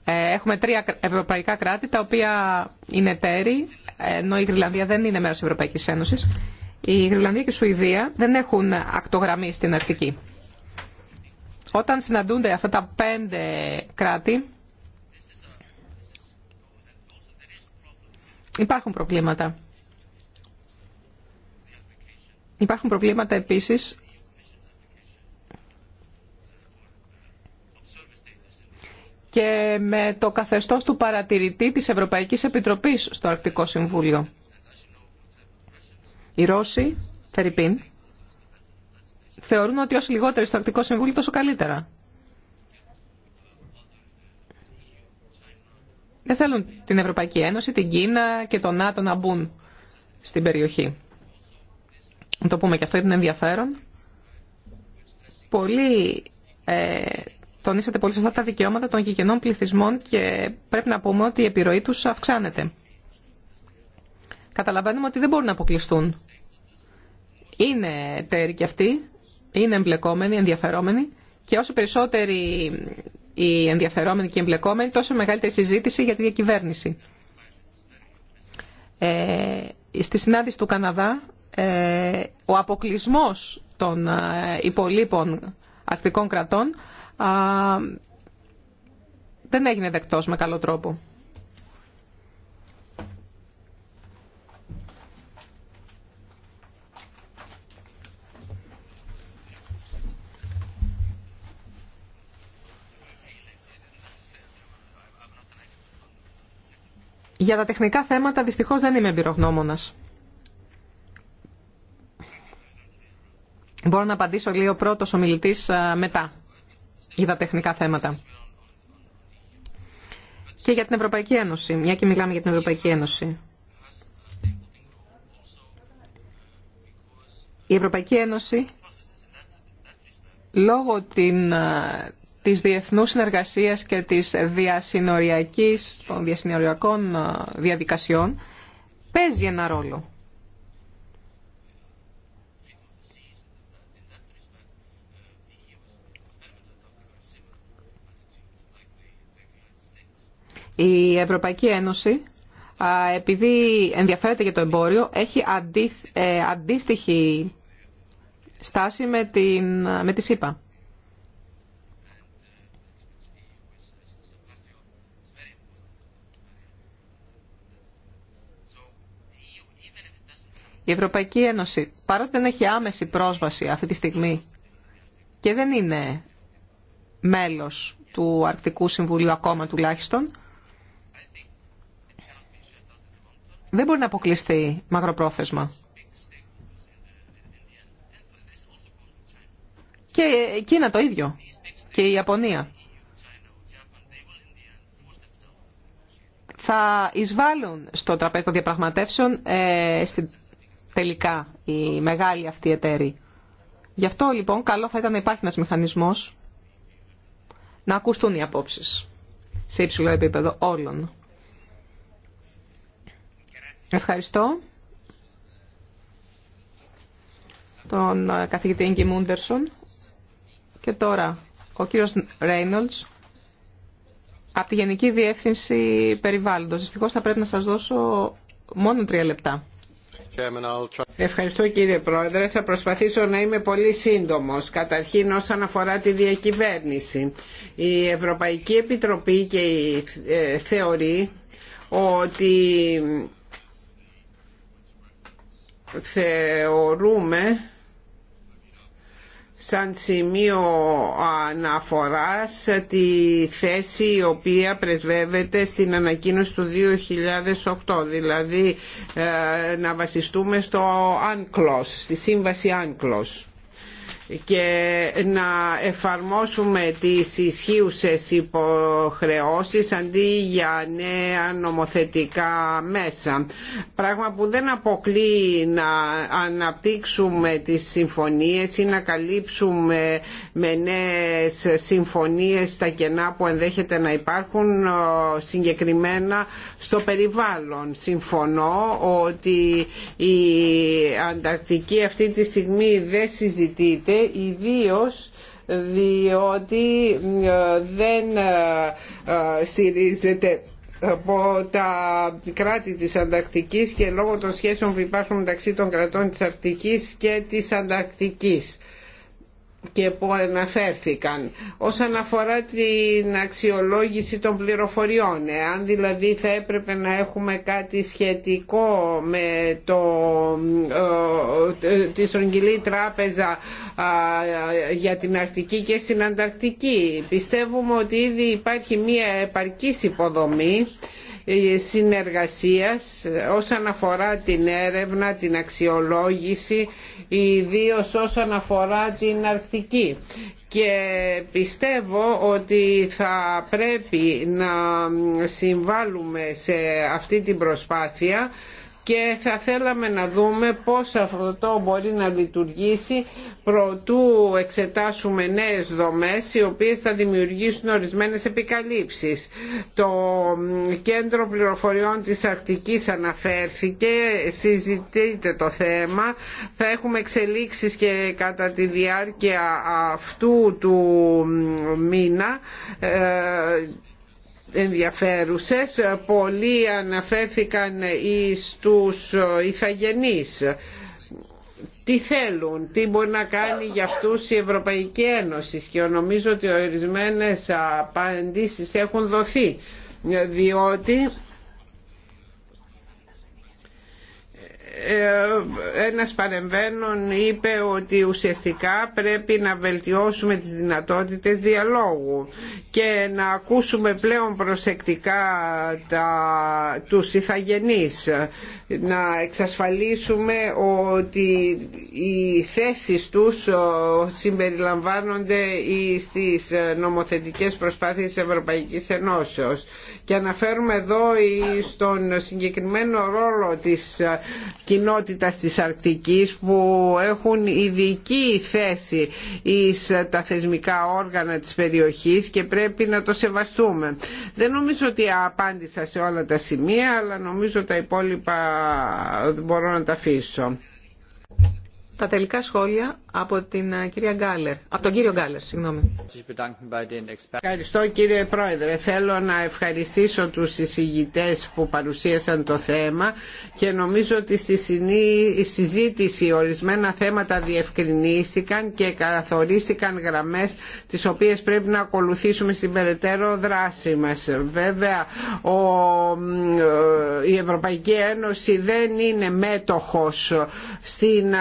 Ε, έχουμε τρία ευρωπαϊκά κράτη τα οποία είναι τέρη, ενώ η Γρυλανδία δεν είναι μέρος της Ευρωπαϊκής Ένωσης. Η Γρυλανδία και η Σουηδία δεν έχουν ακτογραμμή στην Αρκτική. Όταν συναντούνται αυτά τα πέντε κράτη, υπάρχουν προβλήματα. Υπάρχουν προβλήματα επίσης και με το καθεστώς του παρατηρητή της Ευρωπαϊκής Επιτροπής στο Αρκτικό Συμβούλιο. Οι Ρώσοι, Φερρυπίν, θεωρούν ότι όσοι λιγότεροι στο Αρκτικό Συμβούλιο τόσο καλύτερα. Δεν θέλουν την Ευρωπαϊκή Ένωση, την Κίνα και τον ΝΑΤΟ να μπουν στην περιοχή. Να το πούμε και αυτό είναι ενδιαφέρον. Πολύ τονίσατε πολύ σωστά τα δικαιώματα των γηγενών πληθυσμών και πρέπει να πούμε ότι η επιρροή τους αυξάνεται. Καταλαβαίνουμε ότι δεν μπορούν να αποκλειστούν. Είναι εταίροι και αυτοί, είναι εμπλεκόμενοι, ενδιαφερόμενοι και όσο περισσότεροι οι ενδιαφερόμενοι και οι εμπλεκόμενοι, τόσο μεγαλύτερη συζήτηση για τη διακυβέρνηση. Ε, στη συνάντηση του Καναδά, ε, ο αποκλεισμός των ε, υπολείπων αρκτικών κρατών δεν έγινε δεκτός με καλό τρόπο. Για τα τεχνικά θέματα δυστυχώς δεν είμαι εμπειρογνώμονας. Μπορώ να απαντήσω λίγο πρώτος ομιλητής μετά για τα τεχνικά θέματα. Και για την Ευρωπαϊκή Ένωση, μια και μιλάμε για την Ευρωπαϊκή Ένωση. Η Ευρωπαϊκή Ένωση, λόγω την, ε, της διεθνούς συνεργασίας και της διασυνοριακής, των διασυνοριακών ε, διαδικασιών, παίζει ένα ρόλο. Η Ευρωπαϊκή Ένωση, επειδή ενδιαφέρεται για το εμπόριο, έχει ε, αντίστοιχη στάση με, την, με τη ΣΥΠΑ. Η Ευρωπαϊκή Ένωση, παρότι δεν έχει άμεση πρόσβαση αυτή τη στιγμή και δεν είναι μέλος του Αρκτικού Συμβουλίου ακόμα τουλάχιστον, δεν μπορεί να αποκλειστεί μακροπρόθεσμα. Και η Κίνα το ίδιο. Και η Ιαπωνία. Θα εισβάλλουν στο τραπέζι των διαπραγματεύσεων ε, στη, τελικά οι μεγάλοι αυτοί εταίροι. Γι' αυτό λοιπόν καλό θα ήταν να υπάρχει ένας μηχανισμός να ακουστούν οι απόψεις σε υψηλό επίπεδο όλων. Ευχαριστώ τον ε, καθηγητή Ίγκη Μούντερσον και τώρα ο κύριος Ρέινολτς από τη Γενική Διεύθυνση Περιβάλλοντος. Δυστυχώς θα πρέπει να σας δώσω μόνο τρία λεπτά. Ευχαριστώ κύριε Πρόεδρε. Θα προσπαθήσω να είμαι πολύ σύντομος. Καταρχήν όσον αφορά τη διακυβέρνηση. Η Ευρωπαϊκή Επιτροπή και η, ε, θεωρεί ότι θεωρούμε σαν σημείο αναφοράς τη θέση η οποία πρεσβεύεται στην ανακοίνωση του 2008 δηλαδή ε, να βασιστούμε στο UNCLOS, στη σύμβαση UNCLOS και να εφαρμόσουμε τις ισχύουσες υποχρεώσεις αντί για νέα νομοθετικά μέσα. Πράγμα που δεν αποκλεί να αναπτύξουμε τις συμφωνίες ή να καλύψουμε με νέες συμφωνίες τα κενά που ενδέχεται να υπάρχουν ε, συγκεκριμένα στο περιβάλλον. Συμφωνώ ότι η Ανταρκτική αυτή τη στιγμή δεν συζητείται και ιδίως διότι ε, δεν ε, ε, στηρίζεται από τα κράτη της Ανταρκτικής και λόγω των σχέσεων που υπάρχουν μεταξύ των κρατών της Αρκτικής και της Ανταρκτικής και που αναφέρθηκαν. Όσον αφορά την αξιολόγηση των πληροφοριών, αν δηλαδή θα έπρεπε να έχουμε κάτι σχετικό με το, ε, ε, τη στρογγυλή τράπεζα για την Αρκτική και στην Ανταρκτική. Πιστεύουμε ότι ήδη υπάρχει μια επαρκής υποδομή ε, συνεργασίας όσον αφορά την έρευνα, την αξιολόγηση ιδίω όσον αφορά την Αρκτική και πιστεύω ότι θα πρέπει να συμβάλλουμε σε αυτή την προσπάθεια και θα θέλαμε να δούμε πώς αυτό μπορεί να λειτουργήσει προτού εξετάσουμε νέες δομές οι οποίες θα δημιουργήσουν ορισμένες επικαλύψεις. Το Κέντρο Πληροφοριών της Αρκτικής αναφέρθηκε, συζητείται το θέμα. Θα έχουμε εξελίξεις και κατά τη διάρκεια αυτού του μήνα ε, ενδιαφέρουσες. Πολλοί αναφέρθηκαν στους ηθαγενείς. Τι θέλουν, τι μπορεί να κάνει για αυτούς η Ευρωπαϊκή Ένωση και νομίζω ότι ορισμένες απαντήσεις έχουν δοθεί διότι Ε, ένας παρεμβαίνων είπε ότι ουσιαστικά πρέπει να βελτιώσουμε τις δυνατότητες διαλόγου και να ακούσουμε πλέον προσεκτικά τα, τους ηθαγενείς να εξασφαλίσουμε ότι οι θέσεις τους ε, συμπεριλαμβάνονται στις ε, νομοθετικές προσπάθειες Ευρωπαϊκής Ενώσεως και αναφέρουμε εδώ στον συγκεκριμένο ρόλο της ε, κοινότητας της Αρκτικής που έχουν ειδική θέση εις ε, τα θεσμικά όργανα της περιοχής και πρέπει να το σεβαστούμε. Δεν νομίζω ότι απάντησα σε όλα τα σημεία αλλά νομίζω τα υπόλοιπα μπορώ να τα αφήσω τα τελικά σχόλια από την ε, κυρία Γκάλερ, από τον κύριο Γκάλερ, συγγνώμη. Ευχαριστώ κύριε Πρόεδρε. Θέλω να ευχαριστήσω τους συζητητές που παρουσίασαν το θέμα και νομίζω ότι στη συζήτηση ορισμένα θέματα διευκρινίστηκαν και καθορίστηκαν γραμμές τις οποίες πρέπει να ακολουθήσουμε στην περαιτέρω δράση μας. Βέβαια ο, ε, η Ευρωπαϊκή Ένωση δεν είναι μέτοχος στην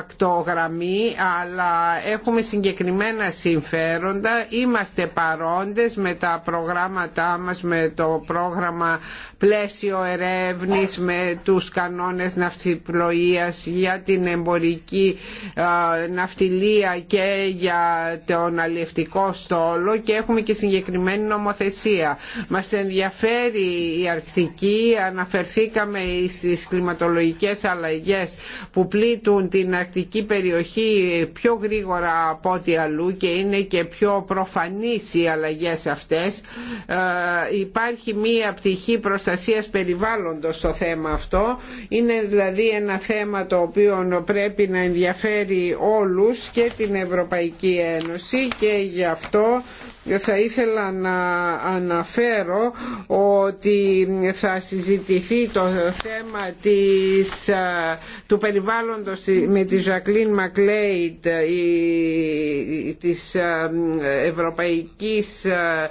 αλλά έχουμε συγκεκριμένα συμφέροντα είμαστε παρόντες με τα προγράμματά μας με το πρόγραμμα πλαίσιο ερεύνης με τους κανόνες ναυτιπλοείας για την εμπορική ναυτιλία και για τον αλληλευτικό στόλο και έχουμε και συγκεκριμένη νομοθεσία μας ενδιαφέρει η Αρκτική αναφερθήκαμε στις κλιματολογικές αλλαγές που πλήττουν την Αρκτική περιοχή πιο γρήγορα από ό,τι αλλού και είναι και πιο προφανείς οι αλλαγές αυτές ε, υπάρχει μία πτυχή προστασίας περιβάλλοντος στο θέμα αυτό είναι δηλαδή ένα θέμα το οποίο πρέπει να ενδιαφέρει όλους και την Ευρωπαϊκή Ένωση και γι' αυτό θα ήθελα να αναφέρω ότι θα συζητηθεί το θέμα ε, του περιβάλλοντος με τη Ζακλίν Μακλέιτ της ε, Ευρωπαϊκής, ε,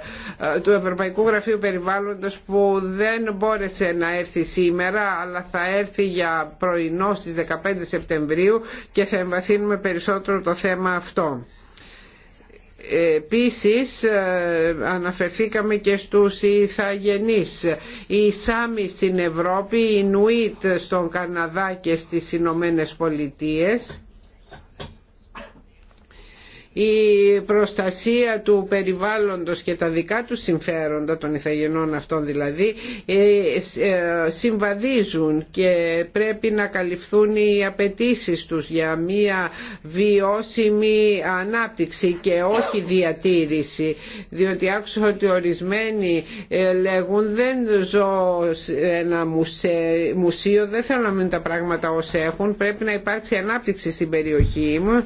του Ευρωπαϊκού Γραφείου Περιβάλλοντος που δεν μπόρεσε να έρθει σήμερα αλλά θα έρθει για πρωινό στις 15 Σεπτεμβρίου και θα εμβαθύνουμε περισσότερο το θέμα αυτό. Επίσης ε, αναφερθήκαμε και στους Ιθαγενείς, οι Σάμι στην Ευρώπη, οι Νουίτ στον Καναδά και στις Ηνωμένε Πολιτείες η προστασία του περιβάλλοντος και τα δικά του συμφέροντα των ηθαγενών αυτών δηλαδή ε, ε, συμβαδίζουν και πρέπει να καλυφθούν οι απαιτήσει τους για μία βιώσιμη ανάπτυξη και όχι διατήρηση διότι άκουσα ότι ορισμένοι ε, λέγουν δεν ζω σε ένα μουσείο δεν θέλω να μείνουν τα πράγματα ως έχουν πρέπει να υπάρξει ανάπτυξη στην περιοχή μου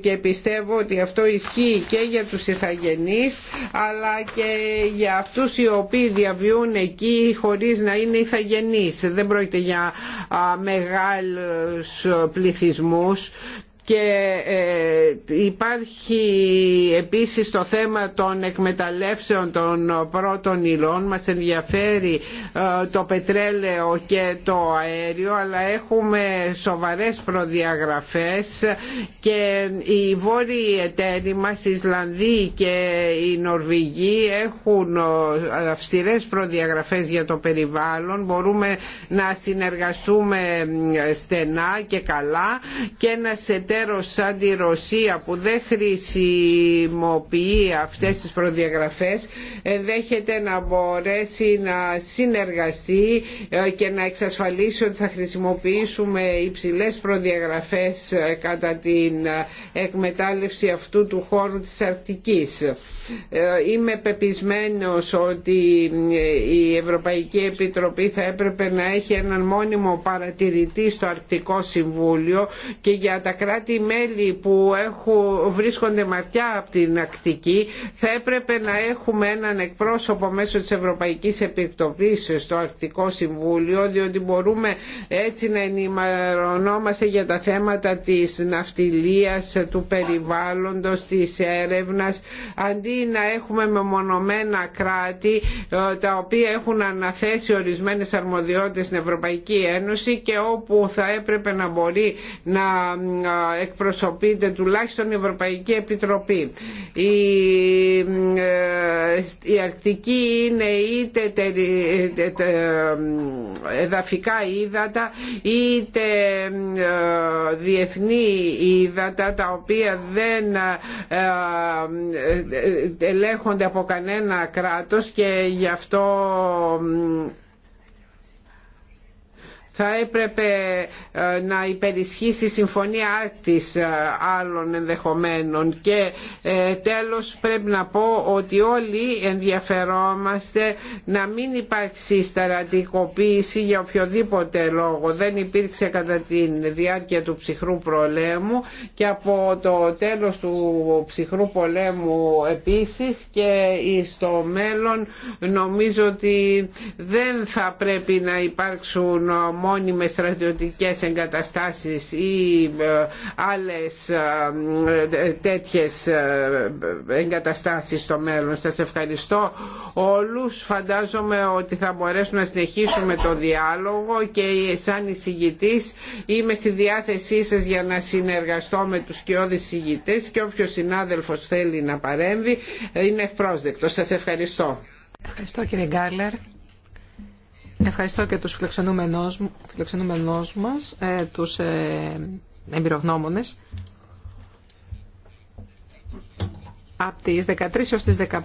και πιστεύω ότι αυτό ισχύει και για τους ηθαγενείς αλλά και για αυτούς οι οποίοι διαβιούν εκεί χωρίς να είναι ηθαγενείς. Δεν πρόκειται για μεγάλους πληθυσμούς και ε, υπάρχει επίσης το θέμα των εκμεταλλεύσεων των πρώτων υλών μας ενδιαφέρει ε, το πετρέλαιο και το αέριο αλλά έχουμε σοβαρές προδιαγραφές και οι βόρειοι εταίροι μας οι Ισλανδοί και οι Νορβηγοί έχουν ε, αυστηρές προδιαγραφές για το περιβάλλον μπορούμε να συνεργαστούμε στενά και καλά και να σε σαν τη Ρωσία που δεν χρησιμοποιεί αυτές τις προδιαγραφές ενδέχεται να μπορέσει να συνεργαστεί ε, και να εξασφαλίσει ότι θα χρησιμοποιήσουμε υψηλές προδιαγραφές ε, κατά την ε, εκμετάλλευση αυτού του χώρου της Αρκτικής. Είμαι πεπισμένος ότι η Ευρωπαϊκή Επιτροπή θα έπρεπε να έχει έναν μόνιμο παρατηρητή στο Αρκτικό Συμβούλιο και για τα κράτη οι μελη που έχουν, βρίσκονται μακριά από την Ακτική θα έπρεπε να έχουμε έναν εκπρόσωπο μέσω της Ευρωπαϊκής Επιτροπής στο Αρκτικό Συμβούλιο διότι μπορούμε έτσι να ενημερωνόμαστε για τα θέματα της ναυτιλίας, του περιβάλλοντος, της έρευνας αντί να έχουμε μεμονωμένα κράτη ε, τα οποία έχουν αναθέσει ορισμένες αρμοδιότητες στην Ευρωπαϊκή Ένωση και όπου θα έπρεπε να μπορεί να ε, εκπροσωπείται τουλάχιστον η Ευρωπαϊκή Επιτροπή. Η, ε, η Αρκτική είναι είτε εδαφικά ύδατα είτε ε, διεθνή ύδατα τα οποία δεν ε, ελέγχονται από κανένα κράτος και γι' αυτό θα έπρεπε ε, να υπερισχύσει η συμφωνία άρκτης ε, άλλων ενδεχομένων και ε, τέλος πρέπει να πω ότι όλοι ενδιαφερόμαστε να μην υπάρξει σταρατικοποίηση για οποιοδήποτε λόγο δεν υπήρξε κατά τη διάρκεια του ψυχρού πολέμου και από το τέλος του ψυχρού πολέμου επίσης και στο μέλλον νομίζω ότι δεν θα πρέπει να υπάρξουν μόνιμες στρατιωτικές εγκαταστάσεις ή ε, άλλες ε, ε, τέτοιες εγκαταστάσεις στο μέλλον. Σας ευχαριστώ όλους. Φαντάζομαι ότι θα μπορέσουμε να συνεχίσουμε το διάλογο και σαν εισηγητής είμαι στη διάθεσή σας για να συνεργαστώ με τους κοιόδης εισηγητές και όποιος συνάδελφος θέλει να παρέμβει είναι ευπρόσδεκτος. Σας ευχαριστώ. Ευχαριστώ κύριε Γκάλερ. Ευχαριστώ και τους φιλοξενούμενους μας, ε, τους ε, εμπειρογνώμονες. Από τις 13 έως τις 15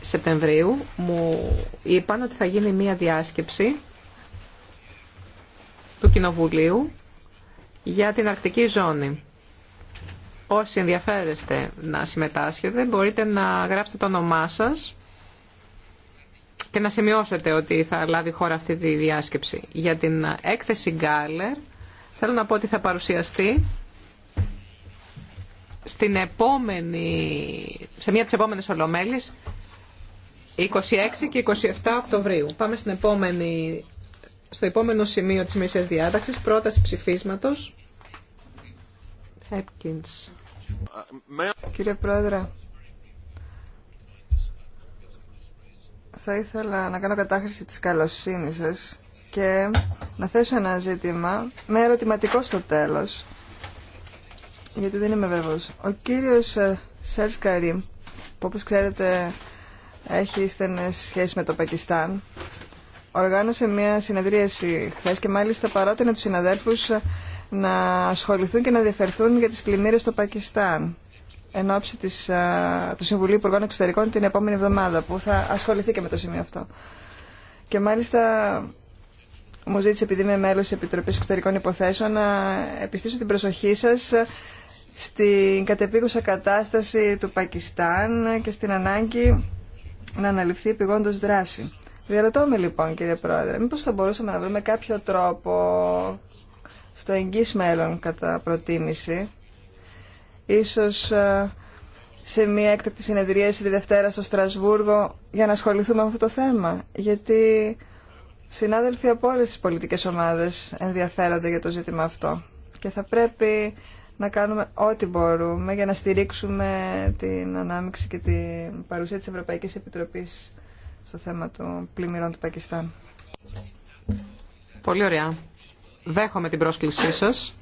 Σεπτεμβρίου μου είπαν ότι θα γίνει μία διάσκεψη του Κοινοβουλίου για την Αρκτική Ζώνη. Όσοι ενδιαφέρεστε να συμμετάσχετε μπορείτε να γράψετε το όνομά σας και να σημειώσετε ότι θα λάβει χώρα αυτή τη διάσκεψη. Για την έκθεση Γκάλερ θέλω να πω ότι θα παρουσιαστεί στην επόμενη, σε μία από τις επόμενες 26 και 27 Οκτωβρίου. Πάμε στην επόμενη, στο επόμενο σημείο της Μεσίας Διάταξης, πρόταση ψηφίσματος. Hepkins. Κύριε Πρόεδρε, θα ήθελα να κάνω κατάχρηση της καλοσύνης σας και να θέσω ένα ζήτημα με ερωτηματικό στο τέλος γιατί δεν είμαι βέβαιος. Ο κύριος ε, Σέρς που όπως ξέρετε έχει στενές σχέσεις με το Πακιστάν οργάνωσε μια συνεδρίαση χθε και μάλιστα παρότεινε τους συναδέλφους να ασχοληθούν και να διαφερθούν για τις πλημμύρες στο Πακιστάν εν ώψη της, του Συμβουλίου Υπουργών Εξωτερικών την επόμενη εβδομάδα που θα ασχοληθεί και με το σημείο αυτό. Και μάλιστα μου ζήτησε επειδή είμαι μέλος της Επιτροπής Εξωτερικών Υποθέσεων να επιστήσω την προσοχή σας στην κατεπίγουσα κατάσταση του Πακιστάν και στην ανάγκη να αναλυφθεί επιγόντως δράση. Διαρωτώ με λοιπόν κύριε Πρόεδρε, μήπως θα μπορούσαμε να βρούμε κάποιο τρόπο στο εγγύς μέλλον κατά προτίμηση ίσως ε, σε μια έκτακτη συνεδρία στη Δευτέρα στο Στρασβούργο για να ασχοληθούμε με αυτό το θέμα. Γιατί συνάδελφοι από όλες τις πολιτικές ομάδες ενδιαφέρονται για το ζήτημα αυτό. Και θα πρέπει να κάνουμε ό,τι μπορούμε για να στηρίξουμε την ανάμειξη και την παρουσία της Ευρωπαϊκής Επιτροπής στο θέμα των πλημμυρών του Πακιστάν. Πολύ ωραία. Δέχομαι την πρόσκλησή σας.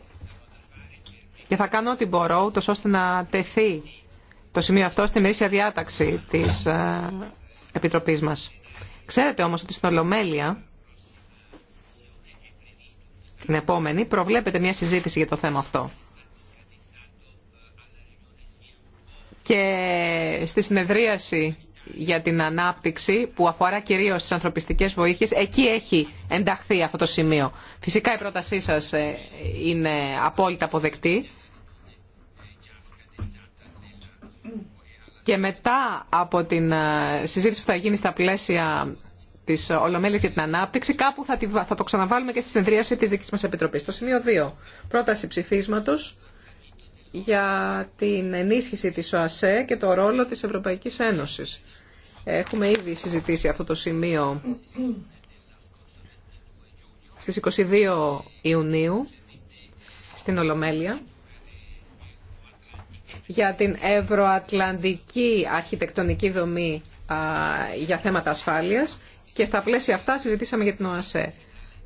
Και θα κάνω ό,τι μπορώ, ούτως ώστε να τεθεί το σημείο αυτό στη μερίσια διάταξη της ε, Επιτροπής μας. Ξέρετε όμως ότι στην Ολομέλεια, την επόμενη, προβλέπεται μια συζήτηση για το θέμα αυτό. Και στη συνεδρίαση για την ανάπτυξη που αφορά κυρίως τις ανθρωπιστικές βοήθειες, εκεί έχει ενταχθεί αυτό το σημείο. Φυσικά η πρότασή σας ε, είναι απόλυτα αποδεκτή και μετά από την ε, συζήτηση που θα γίνει στα πλαίσια τη Ολομέλεια για την Ανάπτυξη, κάπου θα, θα το ξαναβάλουμε και στη συνεδρίαση τη δική μα Επιτροπή. Το σημείο 2. Πρόταση ψηφίσματο για την ενίσχυση τη ΟΑΣΕ και το ρόλο της Ευρωπαϊκής Ένωση. Έχουμε ήδη συζητήσει αυτό το σημείο στις 22 Ιουνίου στην Ολομέλεια για την ευρωατλαντική αρχιτεκτονική δομή για θέματα ασφάλειας και στα πλαίσια αυτά συζητήσαμε για την ΟΑΣΕ.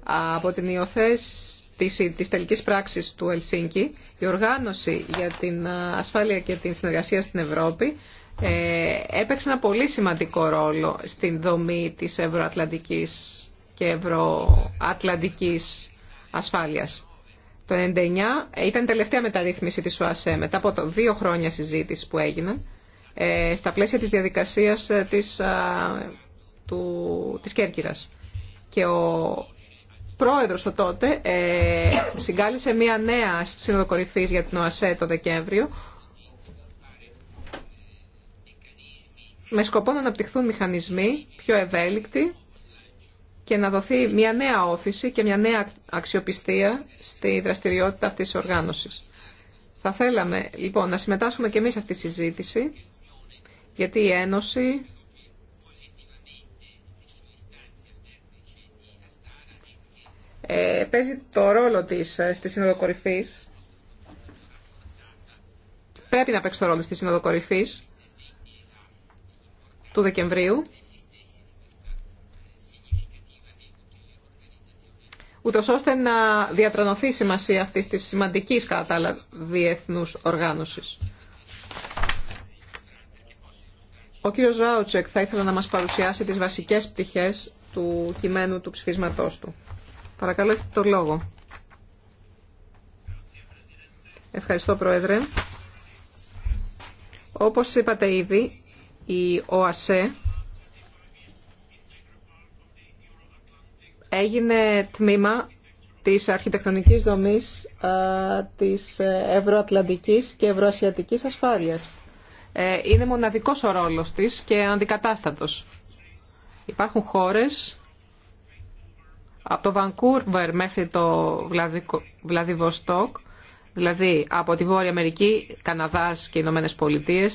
Από την υιοθέτηση της τελικής πράξης του Ελσίνκη, η οργάνωση για την ασφάλεια και την συνεργασία στην Ευρώπη ε, έπαιξε ένα πολύ σημαντικό ρόλο στην δομή της ευρωατλαντικής και ευρωατλαντικής ασφάλειας. Το 1999 ε, ήταν η τελευταία μεταρρύθμιση της ΟΑΣΕ μετά από το δύο χρόνια συζήτηση που έγιναν ε, στα πλαίσια της διαδικασίας ε, της, του, της Κέρκυρας. Και ο πρόεδρος ο τότε ε, συγκάλεσε μια νέα σύνοδο για την ΟΑΣΕ το Δεκέμβριο με σκοπό να αναπτυχθούν μηχανισμοί πιο ευέλικτοι και να δοθεί μια νέα όθηση και μια νέα αξιοπιστία στη δραστηριότητα αυτής της οργάνωσης. Θα θέλαμε λοιπόν να συμμετάσχουμε και εμείς αυτή τη συζήτηση, γιατί η Ένωση ε, παίζει το ρόλο της ε, στη Σύνοδο Κορυφής. Πρέπει να παίξει το ρόλο στη Σύνοδο Κορυφής του Δεκεμβρίου ούτω ώστε να διατρανωθεί η σημασία αυτή τη σημαντική κατά διεθνού οργάνωση. Ο κύριος Ράουτσεκ θα ήθελα να μας παρουσιάσει τις βασικές πτυχές του κειμένου του ψηφίσματός του. Παρακαλώ, έχετε το λόγο. Ευχαριστώ, Πρόεδρε. Όπως είπατε ήδη, η ΟΑΣΕ έγινε τμήμα της αρχιτεκτονικής δομής ε, της ε, ευρωατλαντικής και ευρωασιατικής ασφάλειας. Ε, είναι μοναδικός ο ρόλος της και αντικατάστατος. Υπάρχουν χώρες από το Βανκούρβερ μέχρι το Βλαδιβοστόκ, δηλαδή από τη Βόρεια Αμερική, Καναδάς και Ηνωμένε Πολιτείε,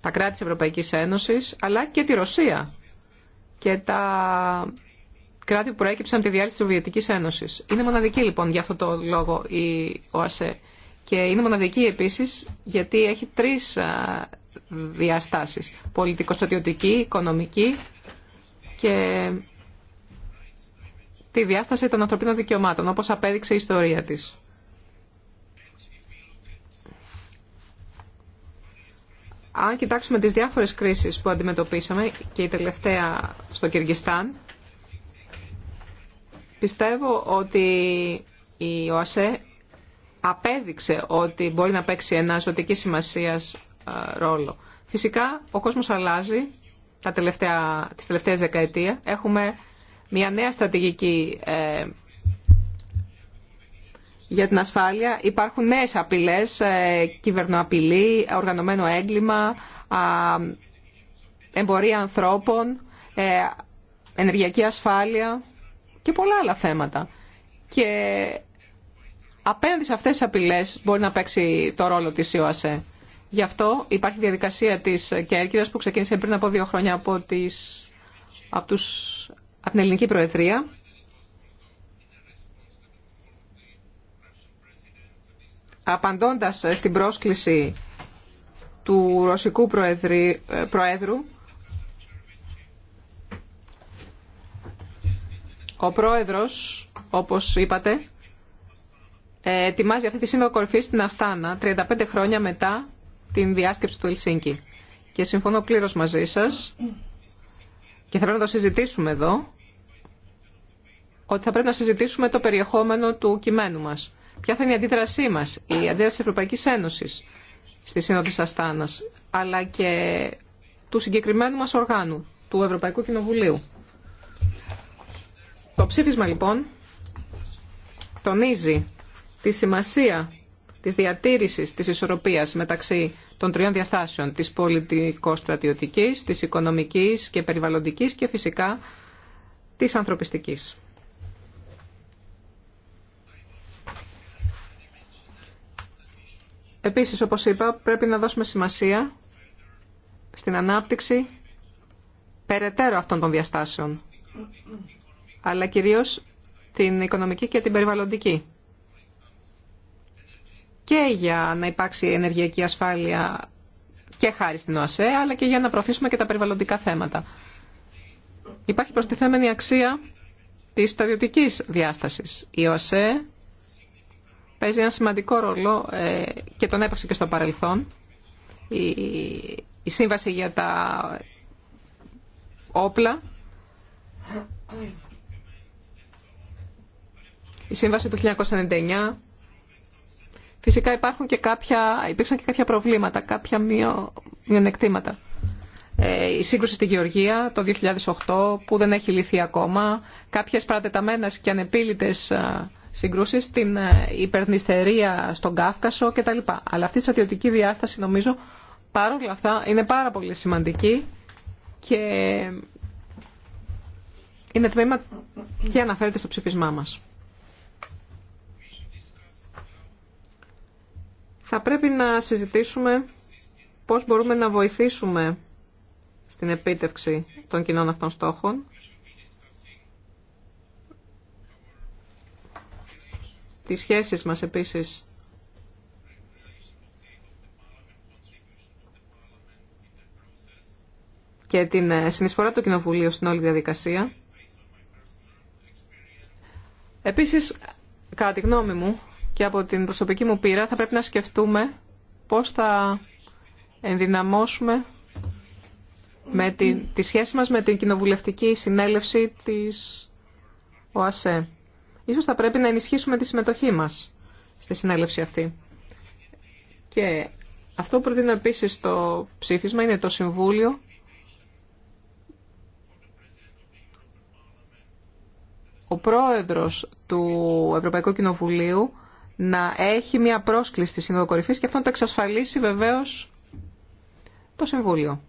τα κράτη της Ευρωπαϊκής Ένωσης, αλλά και τη Ρωσία και τα κράτη που προέκυψαν τη διάλυση της Σοβιετικής Ένωσης. Είναι μοναδική λοιπόν για αυτό το λόγο η ΟΑΣΕ και είναι μοναδική επίσης γιατί έχει τρεις διαστάσεις. Πολιτικοστοτιωτική, οικονομική και τη διάσταση των ανθρωπίνων δικαιωμάτων, όπως απέδειξε η ιστορία της. Αν κοιτάξουμε τις διάφορες κρίσεις που αντιμετωπίσαμε και η τελευταία στο Κυργιστάν, Πιστεύω ότι η ΟΑΣΕ απέδειξε ότι μπορεί να παίξει ένα ζωτική σημασία ρόλο. Φυσικά ο κόσμος αλλάζει τα τελευταία, τις τελευταίες δεκαετία. Έχουμε μια νέα στρατηγική ε, για την ασφάλεια. Υπάρχουν νέες απειλές, ε, κυβερνοαπειλή, οργανωμένο έγκλημα, εμπορία ανθρώπων, ε, ενεργειακή ασφάλεια και πολλά άλλα θέματα. Και απέναντι σε αυτές τις απειλές μπορεί να παίξει το ρόλο της ΙΟΑΣΕ. Γι' αυτό υπάρχει διαδικασία της Κέρκυρας που ξεκίνησε πριν από δύο χρόνια από, τις, από, τους, από την Ελληνική Προεδρία. Απαντώντας στην πρόσκληση του Ρωσικού Προεδρου Ο πρόεδρος, όπως είπατε, ε, ετοιμάζει αυτή τη σύνοδο κορυφή στην Αστάνα 35 χρόνια μετά την διάσκεψη του Ελσίνκη. Και συμφωνώ πλήρως μαζί σας και θέλω να το συζητήσουμε εδώ ότι θα πρέπει να συζητήσουμε το περιεχόμενο του κειμένου μας. Ποια θα είναι η αντίδρασή μας, η αντίδραση της Ευρωπαϊκής Ένωσης στη Σύνοδο της Αστάνας, αλλά και του συγκεκριμένου μας οργάνου, του Ευρωπαϊκού Κοινοβουλίου. Το ψήφισμα λοιπόν τονίζει τη σημασία της διατήρησης της ισορροπίας μεταξύ των τριών διαστάσεων της πολιτικο-στρατιωτικής, της οικονομικής και περιβαλλοντικής και φυσικά της ανθρωπιστικής. Επίσης, όπως είπα, πρέπει να δώσουμε σημασία στην ανάπτυξη περαιτέρω αυτών των διαστάσεων αλλά κυρίως την οικονομική και την περιβαλλοντική. Και για να υπάρξει ενεργειακή ασφάλεια και χάρη στην ΟΑΣΕ, αλλά και για να προωθήσουμε και τα περιβαλλοντικά θέματα. Υπάρχει προστιθέμενη αξία της σταδιωτικής διάστασης. Η ΟΑΣΕ παίζει ένα σημαντικό ρόλο ε, και τον έπαιξε και στο παρελθόν. Η, η σύμβαση για τα όπλα η σύμβαση του 1999. Φυσικά υπάρχουν και κάποια, υπήρξαν και κάποια προβλήματα, κάποια μειο, μειονεκτήματα. Ε, η σύγκρουση στη Γεωργία το 2008 που δεν έχει λυθεί ακόμα, κάποιες παρατεταμένες και ανεπίλητες ε, συγκρούσεις, την ε, υπερνιστερία στον Κάφκασο κτλ. Αλλά αυτή η στρατιωτική διάσταση νομίζω παρόλα αυτά είναι πάρα πολύ σημαντική και είναι τμήμα και αναφέρεται στο ψηφισμά μας. θα πρέπει να συζητήσουμε πώς μπορούμε να βοηθήσουμε στην επίτευξη των κοινών αυτών στόχων. Τις σχέσεις μας επίσης και την ε, συνεισφορά του Κοινοβουλίου στην όλη διαδικασία. Επίσης, κατά τη γνώμη μου, και από την προσωπική μου πείρα θα πρέπει να σκεφτούμε πώς θα ενδυναμώσουμε με τη, τη σχέση μας με την κοινοβουλευτική συνέλευση της ΟΑΣΕ. Ίσως θα πρέπει να ενισχύσουμε τη συμμετοχή μας στη συνέλευση αυτή. Και αυτό που προτείνω επίσης στο ψήφισμα είναι το Συμβούλιο ο πρόεδρος του Ευρωπαϊκού Κοινοβουλίου να έχει μια πρόσκληση στη Σύνοδο και αυτό να το εξασφαλίσει βεβαίως το Συμβούλιο.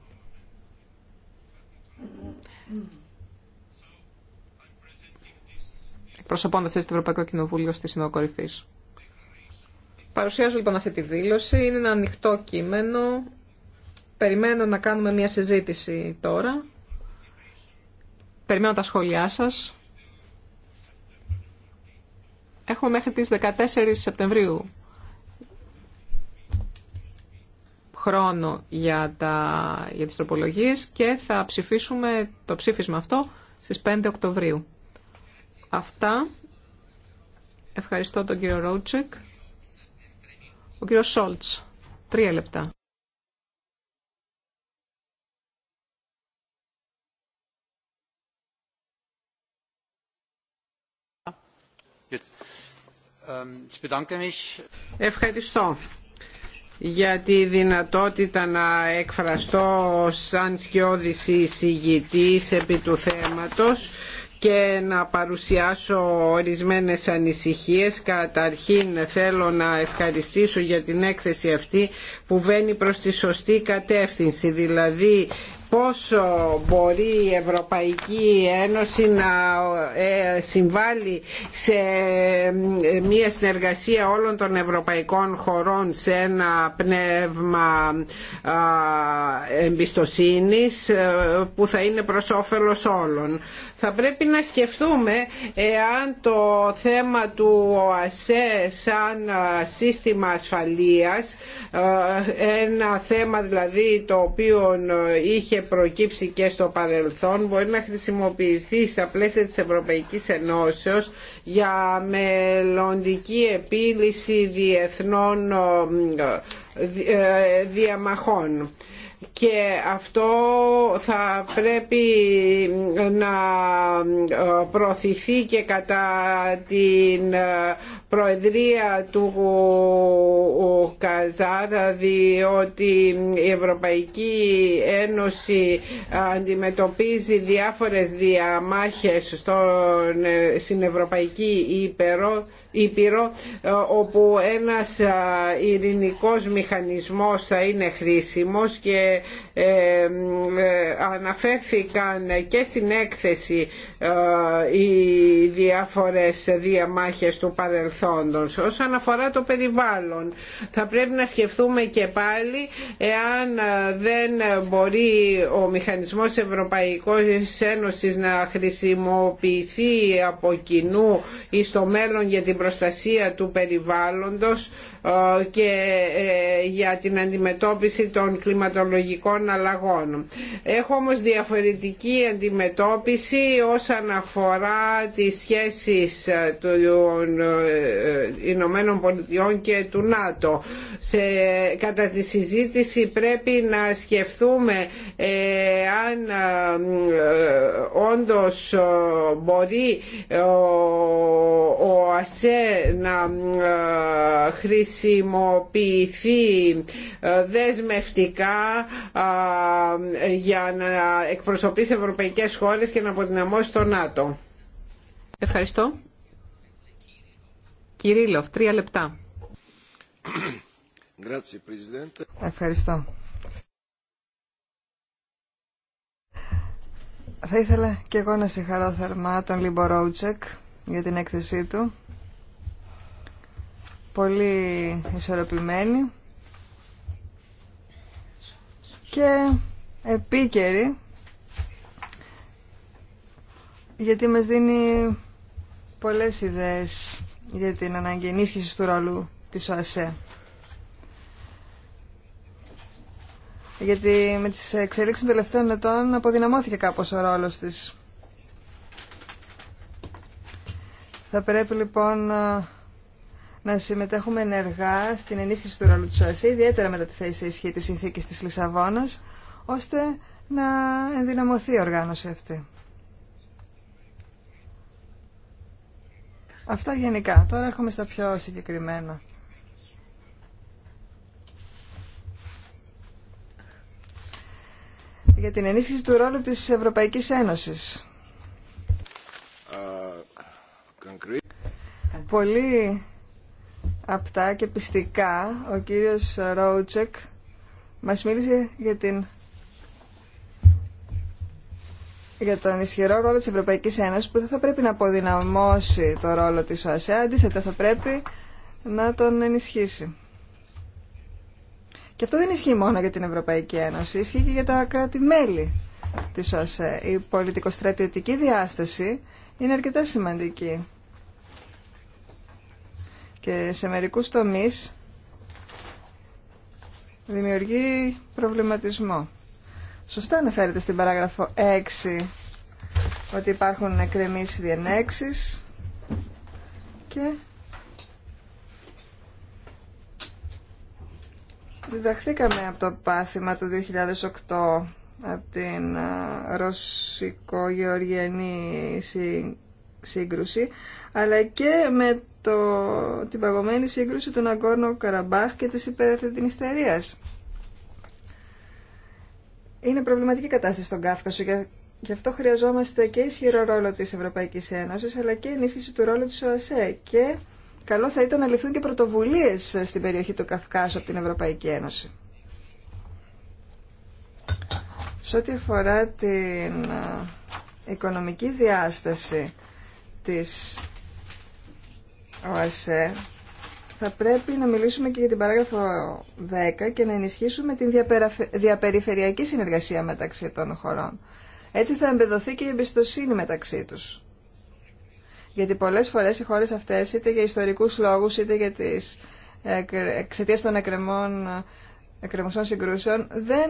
Εκπροσωπώντας έτσι το Ευρωπαϊκό Κοινοβούλιο στη Σύνοδο Παρουσιάζω λοιπόν αυτή τη δήλωση. Είναι ένα ανοιχτό κείμενο. Περιμένω να κάνουμε μια συζήτηση τώρα. Περιμένω τα σχόλιά σας. Έχουμε μέχρι τις 14 Σεπτεμβρίου χρόνο για, τα, για τις τροπολογίες και θα ψηφίσουμε το ψήφισμα αυτό στις 5 Οκτωβρίου. Αυτά. Ευχαριστώ τον κύριο Ρότσεκ. Ο κύριος Σόλτς. Τρία λεπτά. Ähm, Ευχαριστώ για τη δυνατότητα να εκφραστώ σαν σκιώδης εισηγητής επί του θέματος και να παρουσιάσω ορισμένες ανησυχίες. Καταρχήν θέλω να ευχαριστήσω για την έκθεση αυτή που βαίνει προς τη σωστή κατεύθυνση, δηλαδή πώς μπορεί η Ευρωπαϊκή Ένωση να ε, συμβάλλει σε μια συνεργασία όλων των ευρωπαϊκών χωρών σε ένα πνεύμα εμπιστοσύνης ε, που θα είναι προς όφελος όλων. Θα πρέπει να σκεφτούμε εάν το θέμα του ΟΑΣΕ σαν σύστημα ασφαλείας, ε, ένα θέμα δηλαδή το οποίο είχε είχε προκύψει και στο παρελθόν μπορεί να χρησιμοποιηθεί στα πλαίσια της Ευρωπαϊκής Ενώσεως για μελλοντική επίλυση διεθνών ε, διαμαχών και αυτό θα πρέπει να ε, προωθηθεί και κατά την ε, Προεδρία του Καζάρα διότι η Ευρωπαϊκή Ένωση αντιμετωπίζει διάφορες διαμάχες ε, στην Ευρωπαϊκή Ήπερο Ήπειρο ε, όπου ένας ε, ειρηνικός μηχανισμός θα είναι χρήσιμος και ε, αναφέρθηκαν και στην έκθεση οι διάφορες διαμάχες του παρελθόντος. Όσον αφορά το περιβάλλον θα πρέπει να σκεφτούμε και πάλι εάν δεν μπορεί ο μηχανισμός Ευρωπαϊκής Ένωσης να χρησιμοποιηθεί από κοινού ή στο μέλλον για την προστασία του περιβάλλοντος ε, και ε, για την αντιμετώπιση των κλιματολογικών αλλαγών. Έχω όμως διαφορετική αντιμετώπιση όσον αφορά τις σχέσεις ε, των Ηνωμένων Πολιτειών και του ΝΑΤΟ. Σε, κατά τη συζήτηση πρέπει να σκεφτούμε αν όντως μπορεί ο ΑΣΕ να χρησιμοποιήσει χρησιμοποιηθεί ε, δεσμευτικά για να εκπροσωπήσει ευρωπαϊκές χώρες και να αποδυναμώσει το ΝΑΤΟ. Ευχαριστώ. Κυρίλοφ, τρία λεπτά. Ευχαριστώ. Θα ήθελα και εγώ να συγχαρώ θερμά τον Λίμπο για την έκθεσή του πολύ ισορροπημένη και επίκαιρη γιατί μας δίνει πολλές ιδέες για την ανάγκη του ρόλου της ΟΑΣΕ. Γιατί με τις εξελίξεις των τελευταίων ετών αποδυναμώθηκε κάπως ο ρόλος της. Θα πρέπει λοιπόν να συμμετέχουμε ενεργά στην ενίσχυση του ρόλου του ΟΑΣΕ, ιδιαίτερα μετά τη θέση ισχύ της συνθήκης της Λισαβόνας, ώστε να ενδυναμωθεί η οργάνωση αυτή. Αυτά γενικά. Τώρα έρχομαι στα πιο συγκεκριμένα. Για την ενίσχυση του ρόλου της Ευρωπαϊκής Ένωσης. Πολύ απτά και πιστικά ο κύριος Ρόουτσεκ μας μίλησε για την για τον ισχυρό ρόλο της Ευρωπαϊκής Ένωσης που δεν θα πρέπει να αποδυναμώσει το ρόλο της ΟΑΣΕ, αντίθετα θα πρέπει να τον ενισχύσει. Και αυτό δεν ισχύει μόνο για την Ευρωπαϊκή Ένωση, ισχύει και για τα κράτη-μέλη της ΟΑΣΕ. Η πολιτικοστρατιωτική διάσταση είναι αρκετά σημαντική και σε μερικούς τομείς δημιουργεί προβληματισμό. Σωστά αναφέρεται στην παράγραφο 6 ότι υπάρχουν εκκρεμείς διενέξεις και διδαχθήκαμε από το πάθημα του 2008 από την ρωσικο-γεωργιανή σύγκρουση, αλλά και με το, την παγωμένη σύγκρουση του Ναγκόρνο Καραμπάχ και της υπερθετινιστερίας. Είναι προβληματική κατάσταση στον Κάφκασο και γι' αυτό χρειαζόμαστε και ισχυρό ρόλο της Ευρωπαϊκής Ένωσης, αλλά και ενίσχυση του ρόλου της ΟΑΣΕ και καλό θα ήταν να ληφθούν και πρωτοβουλίες στην περιοχή του Καφκάσου από την Ευρωπαϊκή Ένωση. Σε ό,τι αφορά την ε, οικονομική διάσταση της ΟΑΣΕ θα πρέπει να μιλήσουμε και για την παράγραφο 10 και να ενισχύσουμε την διαπεριφερειακή συνεργασία μεταξύ των χωρών. Έτσι θα εμπεδοθεί και η εμπιστοσύνη μεταξύ τους. Γιατί πολλές φορές οι χώρες αυτές είτε για ιστορικούς λόγους είτε για τις εξαιτία των εκκρεμών, συγκρούσεων δεν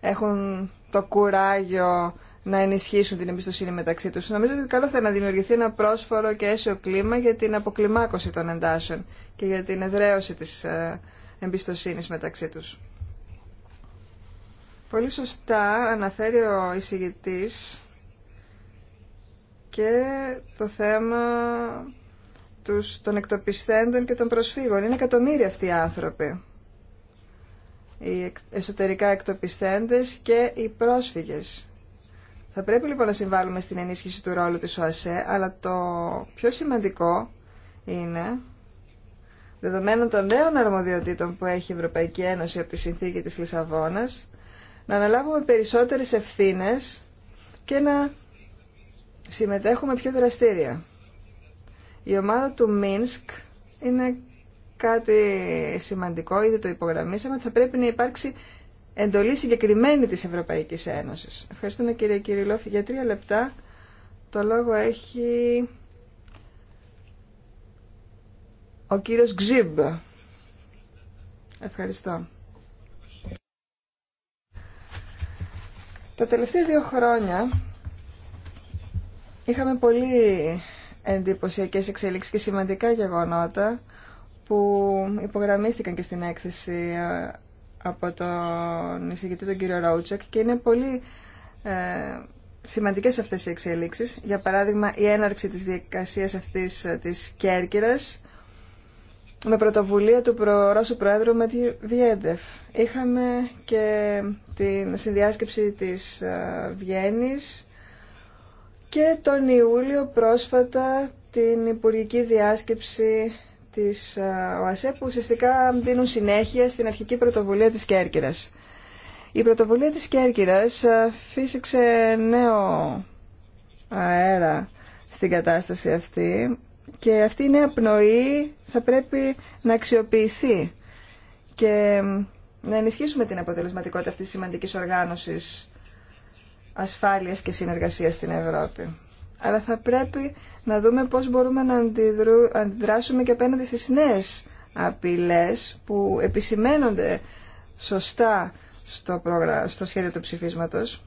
έχουν το κουράγιο να ενισχύσουν την εμπιστοσύνη μεταξύ τους. Νομίζω ότι καλό θα είναι να δημιουργηθεί ένα πρόσφορο και αίσιο κλίμα για την αποκλιμάκωση των εντάσεων και για την εδραίωση της ε, εμπιστοσύνης μεταξύ τους. Πολύ σωστά αναφέρει ο εισηγητής και το θέμα τους, των εκτοπιστέντων και των προσφύγων. Είναι εκατομμύρια αυτοί οι άνθρωποι. Οι εσωτερικά εκτοπιστέντες και οι πρόσφυγες. Θα πρέπει λοιπόν να συμβάλλουμε στην ενίσχυση του ρόλου της ΟΑΣΕ, αλλά το πιο σημαντικό είναι, δεδομένων των νέων αρμοδιοτήτων που έχει η Ευρωπαϊκή Ένωση από τη Συνθήκη της Λισαβόνας, να αναλάβουμε περισσότερες ευθύνες και να συμμετέχουμε πιο δραστήρια. Η ομάδα του Μίνσκ είναι κάτι σημαντικό, ήδη το υπογραμμίσαμε, θα πρέπει να υπάρξει εντολή συγκεκριμένη της Ευρωπαϊκής Ένωσης. Ευχαριστούμε κύριε Κυριλόφ. Για τρία λεπτά το λόγο έχει ο κύριος Γκζίμπ. Ευχαριστώ. Τα τελευταία δύο χρόνια είχαμε πολύ εντυπωσιακές εξελίξεις και σημαντικά γεγονότα που υπογραμμίστηκαν και στην έκθεση ε, από τον εισηγητή τον κύριο Ρότσακ και είναι πολύ ε, σημαντικές αυτές οι εξελίξεις. Για παράδειγμα, η έναρξη της διακασίας αυτής ε, της Κέρκυρας με πρωτοβουλία του προ... Ρώσου Προέδρου Ματιου Βιέντεφ. Είχαμε και την συνδιάσκεψη της ε, Βιέννης και τον Ιούλιο πρόσφατα την Υπουργική Διάσκεψη της ε, ΟΑΣΕ που ουσιαστικά δίνουν συνέχεια στην αρχική πρωτοβουλία της Κέρκυρας. Η πρωτοβουλία της Κέρκυρας ε, φύσηξε νέο αέρα στην κατάσταση αυτή και αυτή η νέα πνοή θα πρέπει να αξιοποιηθεί και να ενισχύσουμε την αποτελεσματικότητα αυτής της σημαντικής οργάνωσης ασφάλειας και συνεργασίας στην Ευρώπη. Αλλά θα πρέπει να δούμε πώς μπορούμε να αντιδράσουμε και απέναντι στις νέες απειλές που επισημαίνονται σωστά στο, στο σχέδιο του ψηφίσματος.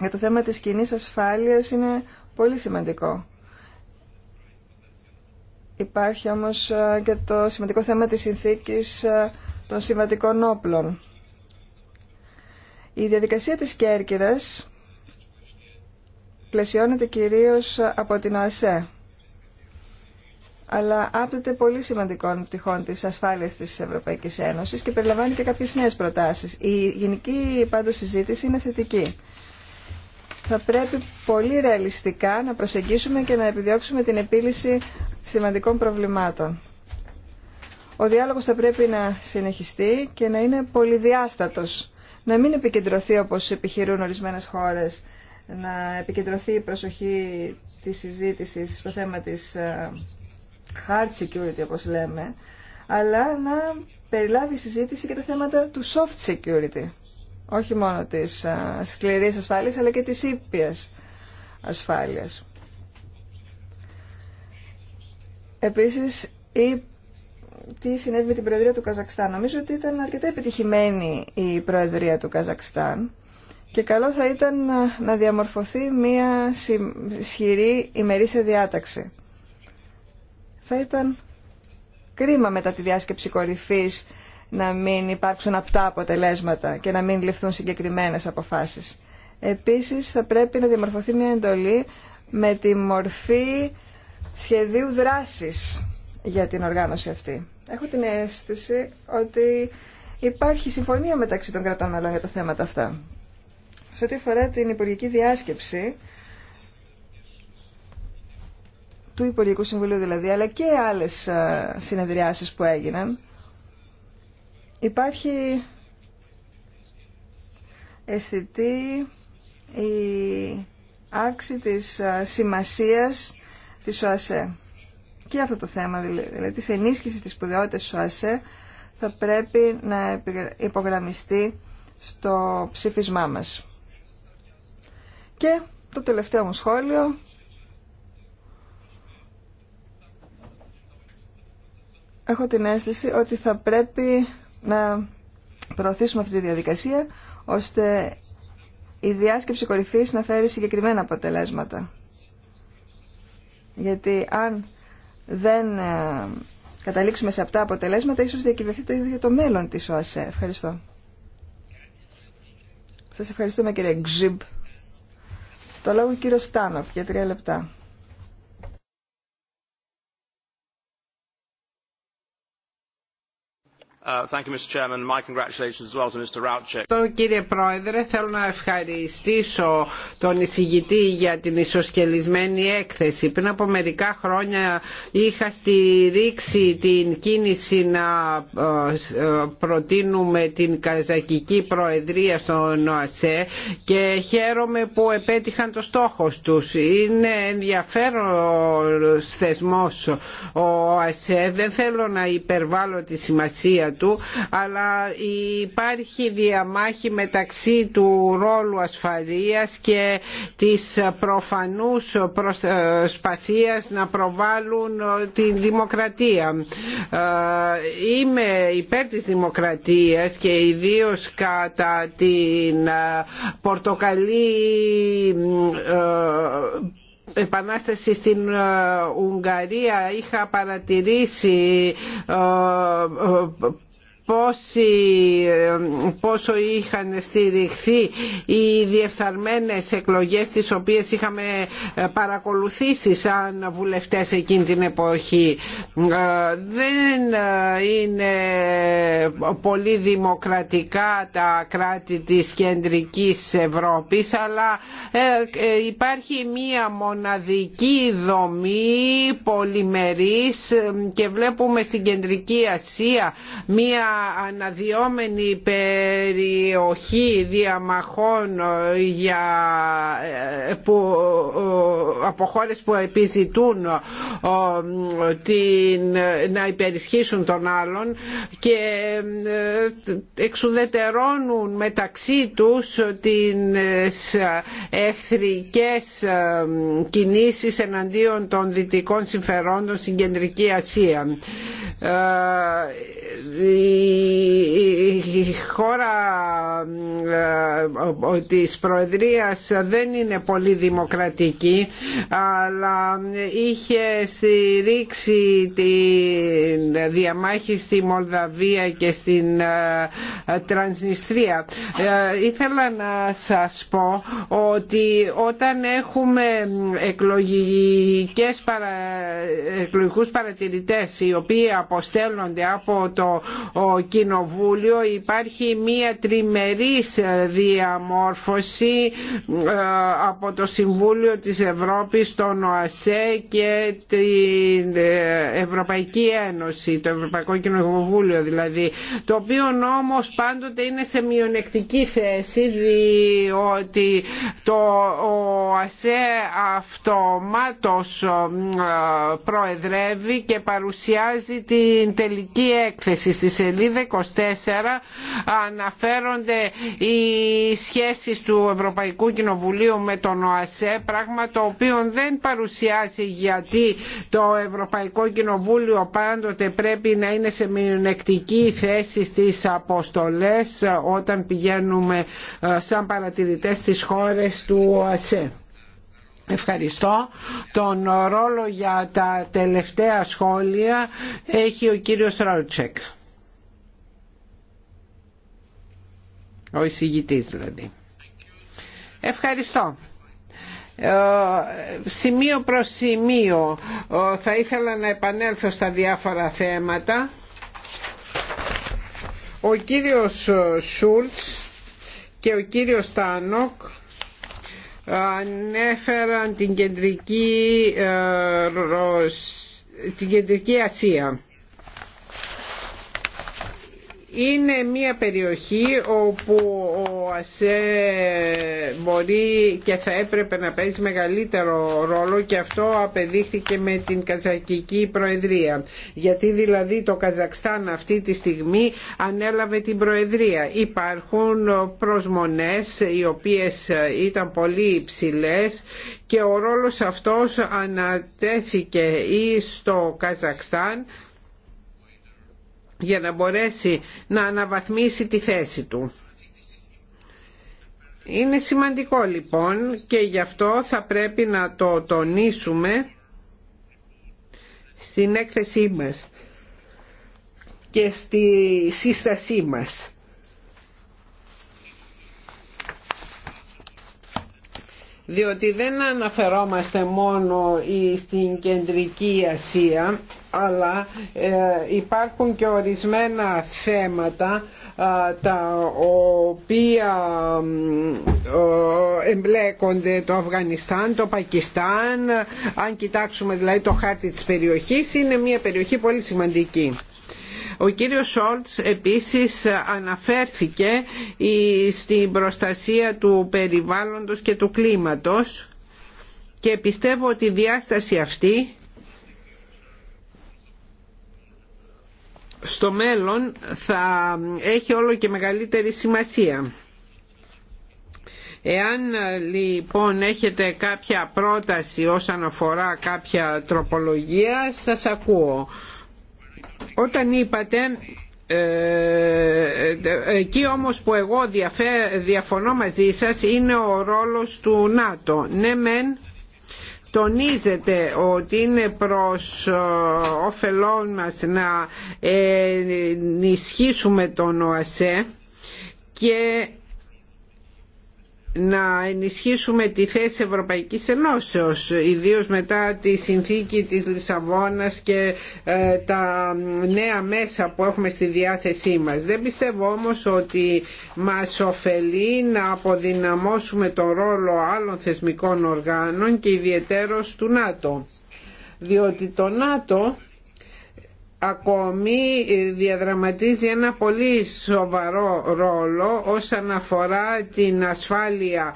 Για το θέμα της κοινή ασφάλειας είναι πολύ σημαντικό. Υπάρχει όμως ε, και το σημαντικό θέμα της συνθήκης ε, των σημαντικών όπλων. Η διαδικασία της Κέρκυρας πλαισιώνεται κυρίως από την ΟΑΣΕ αλλά άπτεται πολύ σημαντικών πτυχών της ασφάλειας της Ευρωπαϊκής Ένωσης και περιλαμβάνει και κάποιες νέες προτάσεις. Η γενική πάντως συζήτηση είναι θετική. Θα πρέπει πολύ ρεαλιστικά να προσεγγίσουμε και να επιδιώξουμε την επίλυση σημαντικών προβλημάτων. Ο διάλογος θα πρέπει να συνεχιστεί και να είναι πολυδιάστατος. Να μην επικεντρωθεί όπως επιχειρούν ορισμένες χώρες να επικεντρωθεί η προσοχή της συζήτησης στο θέμα της ε, hard security, όπως λέμε, αλλά να περιλάβει η συζήτηση και τα θέματα του soft security, όχι μόνο της ε, σκληρής ασφάλειας, αλλά και της ήπιας ασφάλειας. Επίσης, η τι συνέβη με την Προεδρία του Καζακστάν. Νομίζω ότι ήταν αρκετά επιτυχημένη η Προεδρία του Καζακστάν και καλό θα ήταν να διαμορφωθεί μία ισχυρή σε διάταξη. Θα ήταν κρίμα μετά τη διάσκεψη κορυφής να μην υπάρξουν απτά αποτελέσματα και να μην ληφθούν συγκεκριμένες αποφάσεις. Επίσης θα πρέπει να διαμορφωθεί μια εντολή με τη μορφή σχεδίου δράσης για την οργάνωση αυτή. Έχω την αίσθηση ότι υπάρχει συμφωνία μεταξύ των κρατών μελών για τα θέματα αυτά. Σε ό,τι αφορά την υπουργική διάσκεψη του Υπουργικού Συμβουλίου δηλαδή, αλλά και άλλες ε, συνεδριάσεις που έγιναν, υπάρχει αισθητή η άξη της ε, σημασίας της ΟΑΣΕ. Και αυτό το θέμα, δηλαδή της ενίσχυσης της σπουδαιότητας της ΟΑΣΕ, θα πρέπει να υπογραμμιστεί στο ψήφισμά μας. Και το τελευταίο μου σχόλιο. Έχω την αίσθηση ότι θα πρέπει να προωθήσουμε αυτή τη διαδικασία ώστε η διάσκεψη κορυφής να φέρει συγκεκριμένα αποτελέσματα. Γιατί αν δεν ε, καταλήξουμε σε αυτά αποτελέσματα, ίσως διακυβευτεί το ίδιο το μέλλον της ΟΑΣΕ. Ευχαριστώ. Σας ευχαριστούμε κύριε Γκζιμπ. Το λόγο κύριο Στάνοφ για τρία λεπτά. Ευχαριστώ uh, κύριε Πρόεδρε. Θέλω να ευχαριστήσω τον εισηγητή για την ισοσκελισμένη έκθεση. Πριν από μερικά χρόνια είχα στηρίξει την κίνηση να ε, ε, προτείνουμε την Καζακική Προεδρία στον ΟΑΣΕ και χαίρομαι που επέτυχαν το στόχο τους. Είναι ενδιαφέρον θεσμός ο ΟΑΣΕ. Δεν θέλω να υπερβάλλω τη σημασία αλλά υπάρχει διαμάχη μεταξύ του ρόλου ασφαλείας και της προφανούς προσπαθίας να προβάλλουν την δημοκρατία. Ε, είμαι υπέρ της δημοκρατίας και ιδίως κατά την ε, πορτοκαλί ε, επανάσταση στην ε, Ουγγαρία είχα παρατηρήσει ε, ε, πόσο είχαν στηριχθεί οι διεφθαρμένες εκλογές τις οποίες είχαμε ε, παρακολουθήσει σαν βουλευτές εκείνη την εποχή. Ε, δεν ε, είναι πολύ δημοκρατικά τα κράτη της κεντρικής Ευρώπης αλλά υπάρχει μία μοναδική δομή πολυμερής και βλέπουμε στην κεντρική Ασία μία αναδιόμενη περιοχή διαμαχών για, ε, που, από χώρες που επιζητούν την, να υπερισχύσουν τον άλλον και ε, εξουδετερώνουν μεταξύ τους την ε, εχθρικές κινήσεις εναντίον των δυτικών συμφερόντων στην Κεντρική Ασία η χώρα ε, της Προεδρίας δεν είναι πολύ δημοκρατική αλλά είχε στηρίξει τη διαμάχη στη Μολδαβία και στην ε, Τρανσνιστρία. Ε, ήθελα να σας πω ότι όταν έχουμε εκλογικές παρα... εκλογικούς παρατηρητές οι οποίοι αποστέλλονται από το Κοινοβούλιο υπάρχει μία τριμερής διαμόρφωση ε, από το Συμβούλιο της Ευρώπης, τον ΟΑΣΕ και την ε, Ευρωπαϊκή Ένωση, το Ευρωπαϊκό Κοινοβούλιο δηλαδή, το οποίο όμω πάντοτε είναι σε μειονεκτική θέση διότι το ΟΑΣΕ αυτομάτως ε, προεδρεύει και παρουσιάζει την τελική έκθεση στη σελίδα σελίδα 24 αναφέρονται οι σχέσεις του Ευρωπαϊκού Κοινοβουλίου με τον ΟΑΣΕ πράγμα το οποίο δεν παρουσιάζει γιατί το Ευρωπαϊκό Κοινοβούλιο πάντοτε πρέπει να είναι σε μειονεκτική θέση στις αποστολές όταν πηγαίνουμε ε, σαν παρατηρητές στις χώρες του ΟΑΣΕ. Ευχαριστώ. Τον ρόλο για τα τελευταία σχόλια έχει ο κύριος Ράουτσεκ. ο εισηγητής δηλαδή. Ευχαριστώ. Ε, σημείο προς σημείο ε, θα ήθελα να επανέλθω στα διάφορα θέματα. Ο κύριος ε, Σούλτς και ο κύριος Τάνοκ ανέφεραν την κεντρική, την κεντρική Ασία είναι μια περιοχή όπου ο ΑΣΕ μπορεί και θα έπρεπε να παίζει μεγαλύτερο ρόλο και αυτό απεδείχθηκε με την Καζακική Προεδρία. Γιατί δηλαδή το Καζακστάν αυτή τη στιγμή ανέλαβε την Προεδρία. Υπάρχουν προσμονές οι οποίες ήταν πολύ υψηλές και ο ρόλος αυτός ανατέθηκε ή στο Καζακστάν για να μπορέσει να αναβαθμίσει τη θέση του. Είναι σημαντικό λοιπόν και γι' αυτό θα πρέπει να το τονίσουμε στην έκθεσή μας και στη σύστασή μας. διότι δεν αναφερόμαστε μόνο στην Κεντρική Ασία αλλά ε, υπάρχουν και ορισμένα θέματα τα οποία εμπλέκονται το Αφγανιστάν, το Πακιστάν αν κοιτάξουμε δηλαδή το χάρτη της περιοχής είναι μια περιοχή πολύ σημαντική ο κύριος Σόλτς επίσης αναφέρθηκε στην προστασία του περιβάλλοντος και του κλίματος και πιστεύω ότι η διάσταση αυτή στο μέλλον θα έχει όλο και μεγαλύτερη σημασία. Εάν λοιπόν έχετε κάποια πρόταση όσον αφορά κάποια τροπολογία, σας ακούω. Όταν είπατε ε, ε, εκεί όμως που εγώ διαφωνώ μαζί σας είναι ο ρόλος του ΝΑΤΟ. Ναι μεν τονίζεται ότι είναι προς ε, όφελόν μας να ενισχύσουμε τον ΟΑΣΕ και να ενισχύσουμε τη θέση Ευρωπαϊκής Ενώσεως ιδίως μετά τη συνθήκη της Λισαβόνας και ε, τα νέα μέσα που έχουμε στη διάθεσή μας. Δεν πιστεύω όμως ότι μας ωφελεί να αποδυναμώσουμε τον ρόλο άλλων θεσμικών οργάνων και ιδιαιτέρως του ΝΑΤΟ. Διότι το ΝΑΤΟ ακόμη ε, διαδραματίζει ένα πολύ σοβαρό ρόλο όσον αφορά την ασφάλεια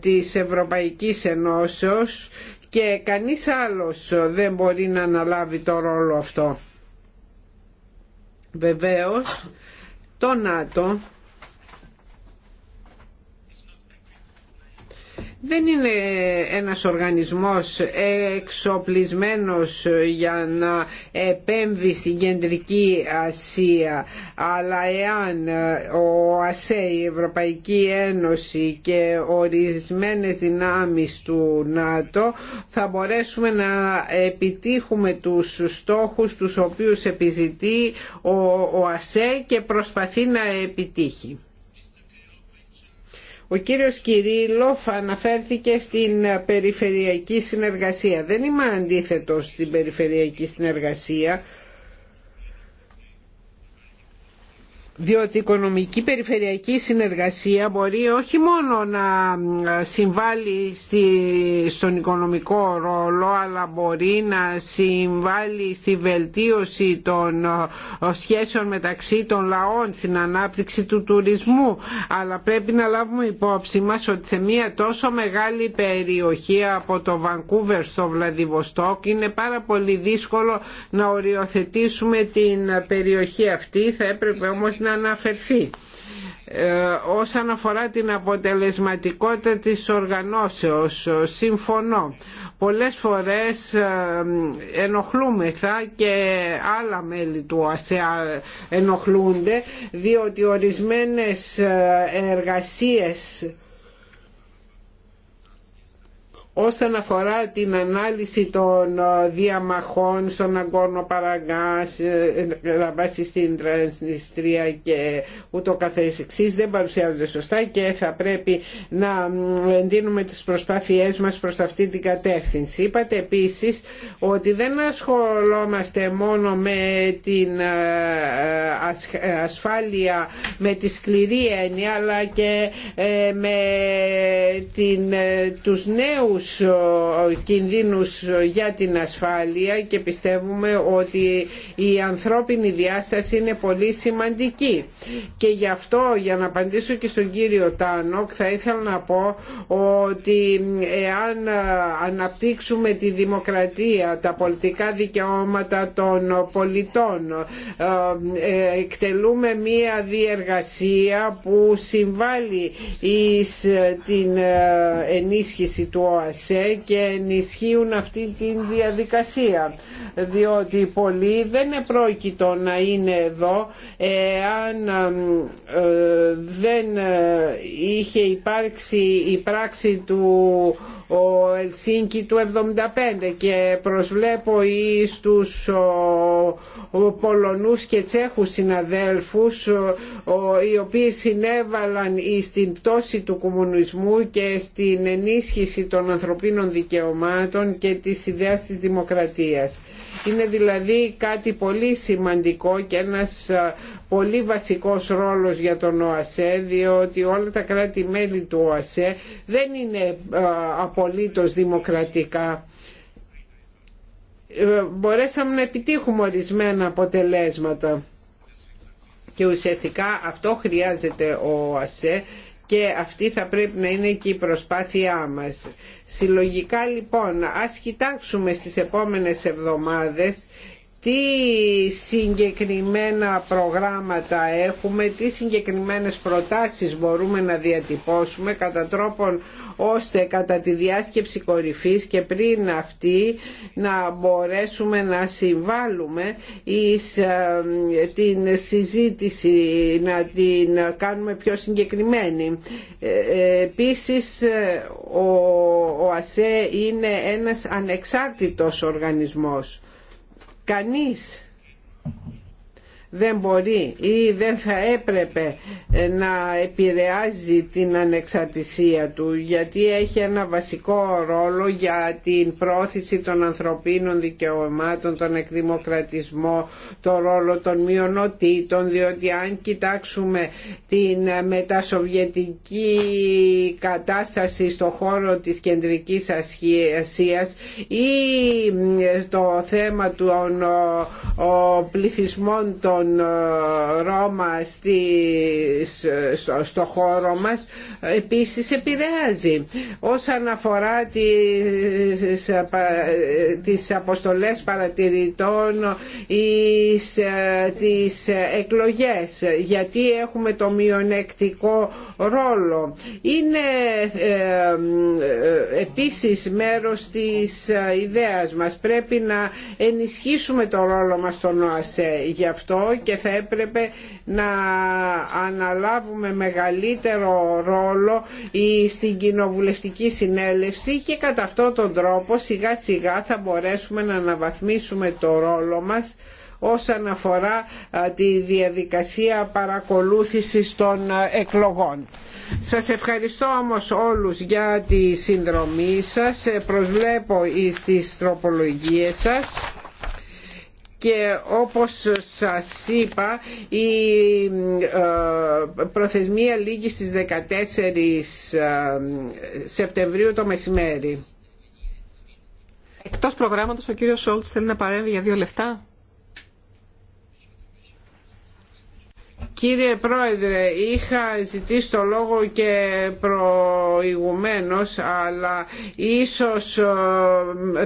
της Ευρωπαϊκής Ενώσεως και κανείς άλλος δεν μπορεί να αναλάβει το ρόλο αυτό. Βεβαίως, το ΝΑΤΟ δεν είναι ένας οργανισμός εξοπλισμένος για να επέμβει στην Κεντρική Ασία αλλά εάν ο ΑΣΕ, η Ευρωπαϊκή Ένωση και ορισμένες δυνάμεις του ΝΑΤΟ θα μπορέσουμε να επιτύχουμε τους στόχους τους οποίους επιζητεί ο ΑΣΕ και προσπαθεί να επιτύχει. Ο κύριος Κυρίλοφ αναφέρθηκε στην περιφερειακή συνεργασία. Δεν είμαι αντίθετος στην περιφερειακή συνεργασία διότι η οικονομική περιφερειακή συνεργασία μπορεί όχι μόνο να ε, συμβάλλει στον οικονομικό ρόλο αλλά μπορεί να συμβάλλει στη βελτίωση των ε, σχέσεων μεταξύ των λαών στην ανάπτυξη του τουρισμού αλλά πρέπει να λάβουμε υπόψη μας ότι σε μια τόσο μεγάλη περιοχή από το Βανκούβερ στο Βλαδιβοστόκ είναι πάρα πολύ δύσκολο να οριοθετήσουμε την περιοχή αυτή θα έπρεπε όμως αναφερθεί ε, όσον αφορά την αποτελεσματικότητα της οργανώσεως συμφωνώ πολλές φορές ε, ενοχλούμεθα και άλλα μέλη του ΑΣΕΑ ενοχλούνται διότι ορισμένες ε, εργασίες όσον αφορά την ανάλυση των ε, διαμαχών στον Αγκόρνο Παραγκά, ε, στην Τρανσνιστρία και ούτω καθεξής δεν παρουσιάζονται σωστά και θα πρέπει να εντείνουμε τις προσπάθειές μας προς αυτή την κατεύθυνση. Είπατε επίσης ότι δεν ασχολόμαστε μόνο με την ε, ασφάλεια, με τη σκληρή έννοια αλλά και με την, τους νέους τους κινδύνους για την ασφάλεια και πιστεύουμε ότι η ανθρώπινη διάσταση είναι πολύ σημαντική. Και γι' αυτό για να απαντήσω και στον κύριο Τάνοκ θα ήθελα να πω ότι εάν αναπτύξουμε τη δημοκρατία, τα πολιτικά δικαιώματα των πολιτών, ε, εκτελούμε μία διεργασία που συμβάλλει ε, την ε, ενίσχυση του και ενισχύουν αυτή τη διαδικασία διότι πολλοί δεν επρόκειτο να είναι εδώ εάν ε, δεν ε, είχε υπάρξει η πράξη του ο Ελσίνκι του 75 και προσβλέπω εις τους ο, Πολωνούς και Τσέχους συναδέλφους οι οποίοι συνέβαλαν στην πτώση του κομμουνισμού και στην ενίσχυση των ανθρωπίνων δικαιωμάτων και της ιδέας της δημοκρατίας. Είναι δηλαδή κάτι πολύ σημαντικό και ένας πολύ βασικός ρόλος για τον ΟΑΣΕ διότι όλα τα κράτη-μέλη του ΟΑΣΕ δεν είναι απολύτως δημοκρατικά ε, μπορέσαμε να επιτύχουμε ορισμένα αποτελέσματα και ουσιαστικά αυτό χρειάζεται ο ΟΑΣΕ και αυτή θα πρέπει να είναι και η προσπάθειά μας. Συλλογικά λοιπόν ας κοιτάξουμε στις επόμενες εβδομάδες τι συγκεκριμένα προγράμματα έχουμε, τι συγκεκριμένες προτάσεις μπορούμε να διατυπώσουμε κατά τρόπον ώστε κατά τη διάσκεψη κορυφής και πριν αυτή να μπορέσουμε να συμβάλλουμε εις ε, την συζήτηση, να την κάνουμε πιο συγκεκριμένη. Ε, ε επίσης ε, ο, ο ΑΣΕ είναι ένας ανεξάρτητος οργανισμός Κανείς δεν μπορεί ή δεν θα έπρεπε να επηρεάζει την ανεξαρτησία του γιατί έχει ένα βασικό ρόλο για την πρόθεση των ανθρωπίνων δικαιωμάτων, τον εκδημοκρατισμό, τον ρόλο των μειονοτήτων διότι αν κοιτάξουμε την μετασοβιετική κατάσταση στο χώρο της Κεντρικής Ασίας ή το θέμα των πληθυσμών των τον ε, Ρώμα στο χώρο μας ε, επίσης επηρεάζει. Όσον αφορά τις, ε, τις αποστολές παρατηρητών ή τις εκλογές γιατί έχουμε το μειονεκτικό ρόλο. Είναι επίσης μέρος της ιδέας μας. Πρέπει να ενισχύσουμε το ρόλο μας στον ΟΑΣΕ. Γι' αυτό και θα έπρεπε να αναλάβουμε μεγαλύτερο ρόλο στην κοινοβουλευτική συνέλευση και κατά αυτόν τον τρόπο σιγά σιγά θα μπορέσουμε να αναβαθμίσουμε το ρόλο μας όσον αφορά τη διαδικασία παρακολούθησης των εκλογών. Σας ευχαριστώ όμως όλους για τη συνδρομή σας. Ε, προσβλέπω στις τροπολογίες σας και όπως σας είπα η ε, προθεσμία λήγει στις 14 ε, Σεπτεμβρίου το μεσημέρι. Εκτός προγράμματος ο κύριος Σόλτς θέλει να παρέμβει για δύο λεφτά. Κύριε Πρόεδρε, είχα ζητήσει το λόγο και προηγουμένως, αλλά ίσως ε,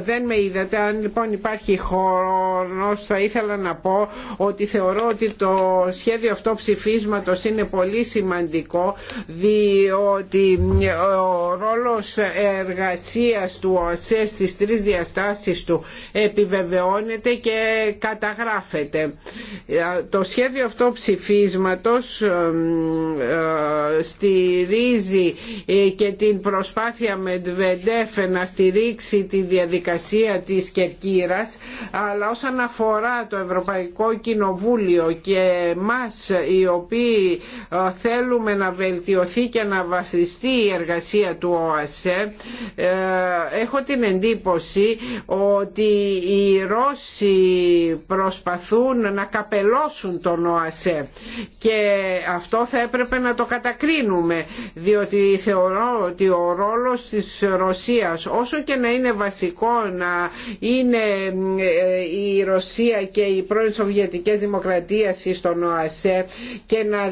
δεν με είδατε. Αν λοιπόν υπάρχει χρόνο θα ήθελα να πω ότι θεωρώ ότι το σχέδιο αυτό ψηφίσματος είναι πολύ σημαντικό, διότι ε, ο ρόλος εργασίας του ΟΑΣΕ στις τρεις διαστάσεις του επιβεβαιώνεται και καταγράφεται. Ε, το σχέδιο αυτό ψηφίσματος ε, στηρίζει ε, και την προσπάθεια με Μετβεντέφ να στηρίξει τη διαδικασία της Κερκύρας αλλά όσον αφορά το Ευρωπαϊκό Κοινοβούλιο και μας οι οποίοι ε, θέλουμε να βελτιωθεί και να βασιστεί η εργασία του ΟΑΣΕ έχω την εντύπωση ότι οι Ρώσοι προσπαθούν να καπελώσουν τον ΟΑΣΕ και αυτό θα έπρεπε να το κατακρίνουμε διότι θεωρώ ότι ο ρόλος της Ρωσίας όσο και να είναι βασικό να είναι ε, η Ρωσία και οι πρώην Σοβιετικές Δημοκρατίες στον ΟΑΣΕ και να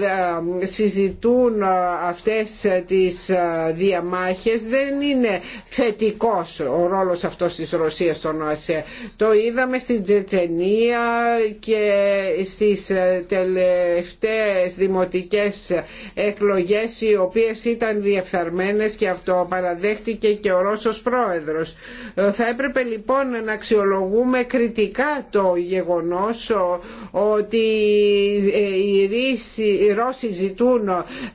ε, συζητούν ε, αυτές τις διαμάχες δεν είναι θετικός ο ρόλος αυτός της Ρωσίας στον ΟΑΣΕ. Το είδαμε στην Τσετσενία και στις τελευταίες τελευταίες δημοτικές εκλογές οι οποίες ήταν διεφθαρμένες και αυτό παραδέχτηκε και ο Ρώσος πρόεδρος. Ε, θα έπρεπε λοιπόν να αξιολογούμε κριτικά το γεγονός ότι ε, οι Ρώσοι ζητούν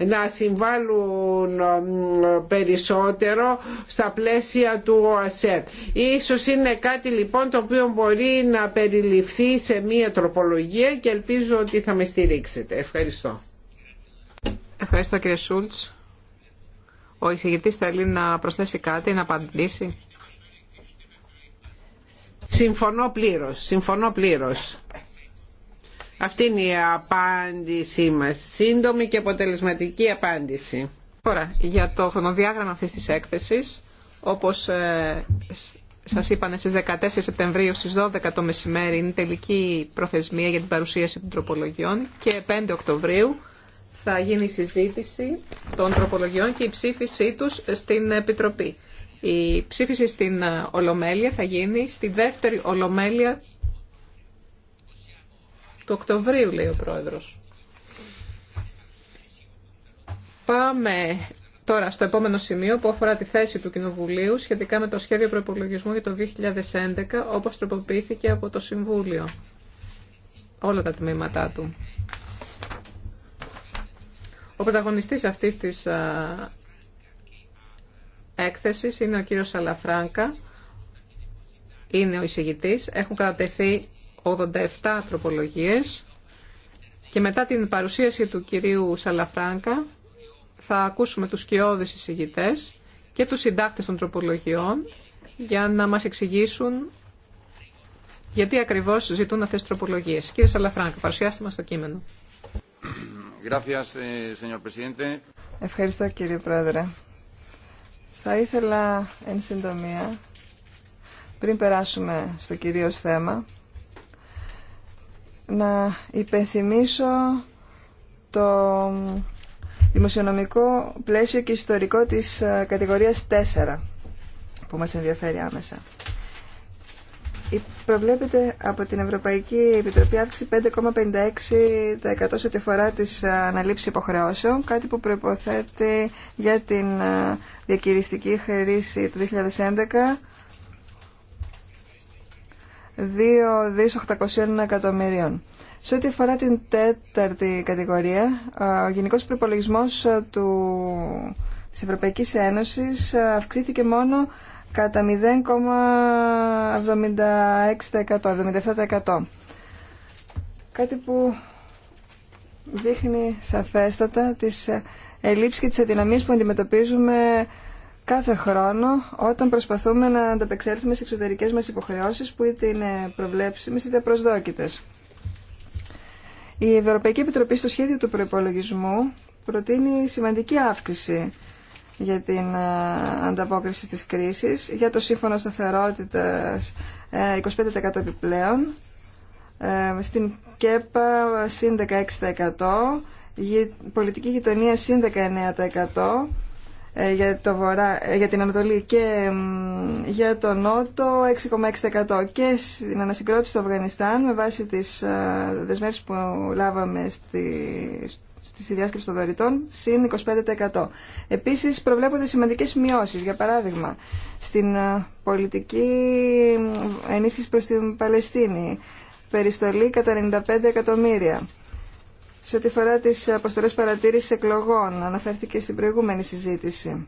να συμβάλλουν ε, περισσότερο στα πλαίσια του ΟΑΣΕ. Ίσως είναι κάτι λοιπόν το οποίο μπορεί να περιληφθεί σε μία τροπολογία και ελπίζω ότι θα με στηρίξετε. Ευχαριστώ. Ευχαριστώ κύριε Σούλτς. Ο εισηγητής θέλει να προσθέσει κάτι, να απαντήσει. Συμφωνώ πλήρως, συμφωνώ πλήρως. Αυτή είναι η απάντησή μας. Σύντομη και αποτελεσματική απάντηση. Τώρα, για το χρονοδιάγραμμα αυτής της έκθεσης, όπως ε, Σα είπαν στις 14 Σεπτεμβρίου στις 12 το μεσημέρι είναι τελική προθεσμία για την παρουσίαση των τροπολογιών και 5 Οκτωβρίου θα γίνει η συζήτηση των τροπολογιών και η ψήφισή τους στην Επιτροπή. Η ψήφιση στην ε, Ολομέλεια θα γίνει στη δεύτερη Ολομέλεια του Οκτωβρίου, λέει ο Πρόεδρος. Πάμε Τώρα, στο επόμενο σημείο που αφορά τη θέση του Κοινοβουλίου σχετικά με το σχέδιο προπολογισμού για το 2011, όπως τροποποιήθηκε από το Συμβούλιο. Όλα τα τμήματά του. Ο πρωταγωνιστής αυτής της έκθεσης είναι ο κύριος Αλαφράνκα. Είναι ο εισηγητής. Έχουν κατατεθεί 87 τροπολογίες. Και μετά την παρουσίαση του κυρίου Σαλαφράνκα, θα ακούσουμε τους σκιώδεις εισηγητές και τους συντάκτες των τροπολογιών για να μας εξηγήσουν γιατί ακριβώς ζητούν αυτές τις τροπολογίες. Κύριε Σαλαφράγκα, παρουσιάστε μας το κείμενο. Eh, Ευχαριστώ κύριε Πρόεδρε. Θα ήθελα εν συντομία, πριν περάσουμε στο κυρίως θέμα, να υπενθυμίσω το δημοσιονομικό πλαίσιο και ιστορικό της ε, κατηγορίας 4 που μας ενδιαφέρει άμεσα. Προβλέπεται από την Ευρωπαϊκή Επιτροπή αύξηση 5,56% σε ό,τι αφορά της ε, αναλήψεις υποχρεώσεων, κάτι που προϋποθέτει για την ε, διακυριστική χρήση του 2011 2 800 εκατομμυρίων. Σε ό,τι αφορά την τέταρτη κατηγορία, ο γενικός προϋπολογισμός του, της Ευρωπαϊκής Ένωσης αυξήθηκε μόνο κατά 0,76%, 77%. Κάτι που δείχνει σαφέστατα τις ε, ελλείψεις και τις αδυναμίες που αντιμετωπίζουμε κάθε χρόνο όταν προσπαθούμε να ανταπεξέλθουμε σε εξωτερικές μας υποχρεώσεις που είτε είναι προβλέψιμες είτε προσδόκητες. Η Ευρωπαϊκή Επιτροπή στο σχέδιο του προϋπολογισμού προτείνει σημαντική αύξηση για την ε, ανταπόκριση της κρίσης, για το σύμφωνο σταθερότητας 25% ε, επιπλέον, ε, στην ΚΕΠΑ συν 16%, πολιτική γειτονία συν 19%, ε, για, το ε, για την Ανατολή και για το Νότο 6,6% και στην ανασυγκρότηση του Αφγανιστάν με βάση τις ε, δεσμεύσεις που λάβαμε στη, στη των δωρητών συν 25%. Επίσης προβλέπονται σημαντικές μειώσεις. Για παράδειγμα, στην πολιτική ενίσχυση προς την Παλαιστίνη περιστολή κατά 95 εκατομμύρια σε ό,τι αφορά τις αποστολές παρατήρησης εκλογών. Αναφέρθηκε στην προηγούμενη συζήτηση.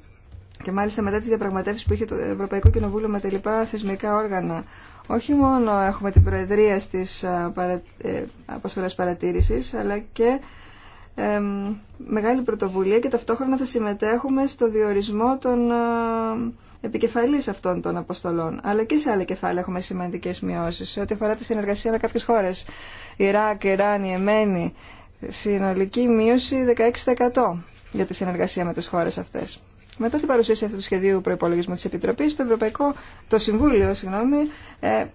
Και μάλιστα μετά τις διαπραγματεύσεις που είχε το Ευρωπαϊκό Κοινοβούλιο με τα λοιπά θεσμικά όργανα. Όχι μόνο έχουμε την Προεδρία στις ε, ε, αποστολές παρατήρησης, αλλά και ε, μεγάλη πρωτοβουλία και ταυτόχρονα θα συμμετέχουμε στο διορισμό των επικεφαλή επικεφαλής αυτών των αποστολών. Αλλά και σε άλλα κεφάλαια έχουμε σημαντικές μειώσεις σε ό,τι αφορά τη συνεργασία με κάποιες χώρες. Ιράκ, Ιράν, Ιεμένη, συνολική μείωση 16% για τη συνεργασία με τις χώρες αυτές. Μετά την παρουσίαση αυτού του σχεδίου προϋπολογισμού τη Επιτροπή, το, Ευρωπαϊκό, το Συμβούλιο ε,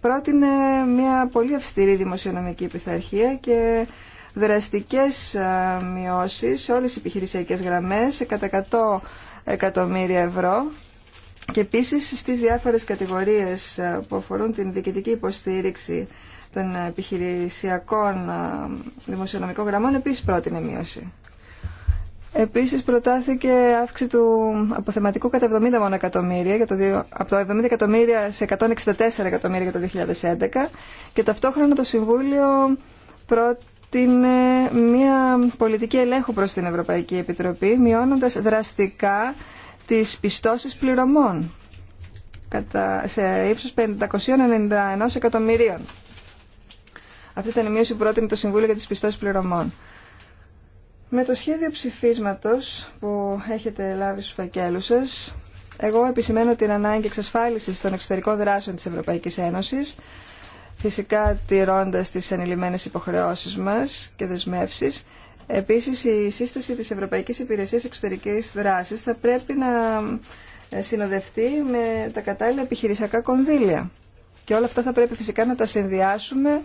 πρότεινε μια πολύ αυστηρή δημοσιονομική πειθαρχία και δραστικές ε, μειώσεις σε όλε τι επιχειρησιακέ γραμμέ σε κατά 100 εκατομμύρια ευρώ και επίση στι διάφορε κατηγορίε ε, που αφορούν την διοικητική υποστήριξη των επιχειρησιακών ε, δημοσιονομικών γραμμών επίσης πρότεινε μείωση. Επίσης προτάθηκε αύξηση του αποθεματικού κατά 70 μόνο εκατομμύρια, για το, από το 70 εκατομμύρια σε 164 εκατομμύρια για το 2011 και ταυτόχρονα το Συμβούλιο πρότεινε μια πολιτική ελέγχου προς την Ευρωπαϊκή Επιτροπή, μειώνοντας δραστικά τις πιστώσεις πληρωμών κατά, σε ύψος 591 εκατομμυρίων. Αυτή ήταν η μείωση που πρότεινε το Συμβούλιο για τις πιστώσει πληρωμών. Με το σχέδιο ψηφίσματο που έχετε λάβει στου φακέλου σα, εγώ επισημαίνω την ανάγκη εξασφάλιση των εξωτερικών δράσεων τη Ευρωπαϊκή Ένωση, φυσικά τηρώντα τι ανηλυμένε υποχρεώσει μα και δεσμεύσει. Επίση, η σύσταση τη Ευρωπαϊκή Υπηρεσία Εξωτερική δράση θα πρέπει να ε, συνοδευτεί με τα κατάλληλα επιχειρησιακά κονδύλια. Και όλα αυτά θα πρέπει φυσικά να τα συνδυάσουμε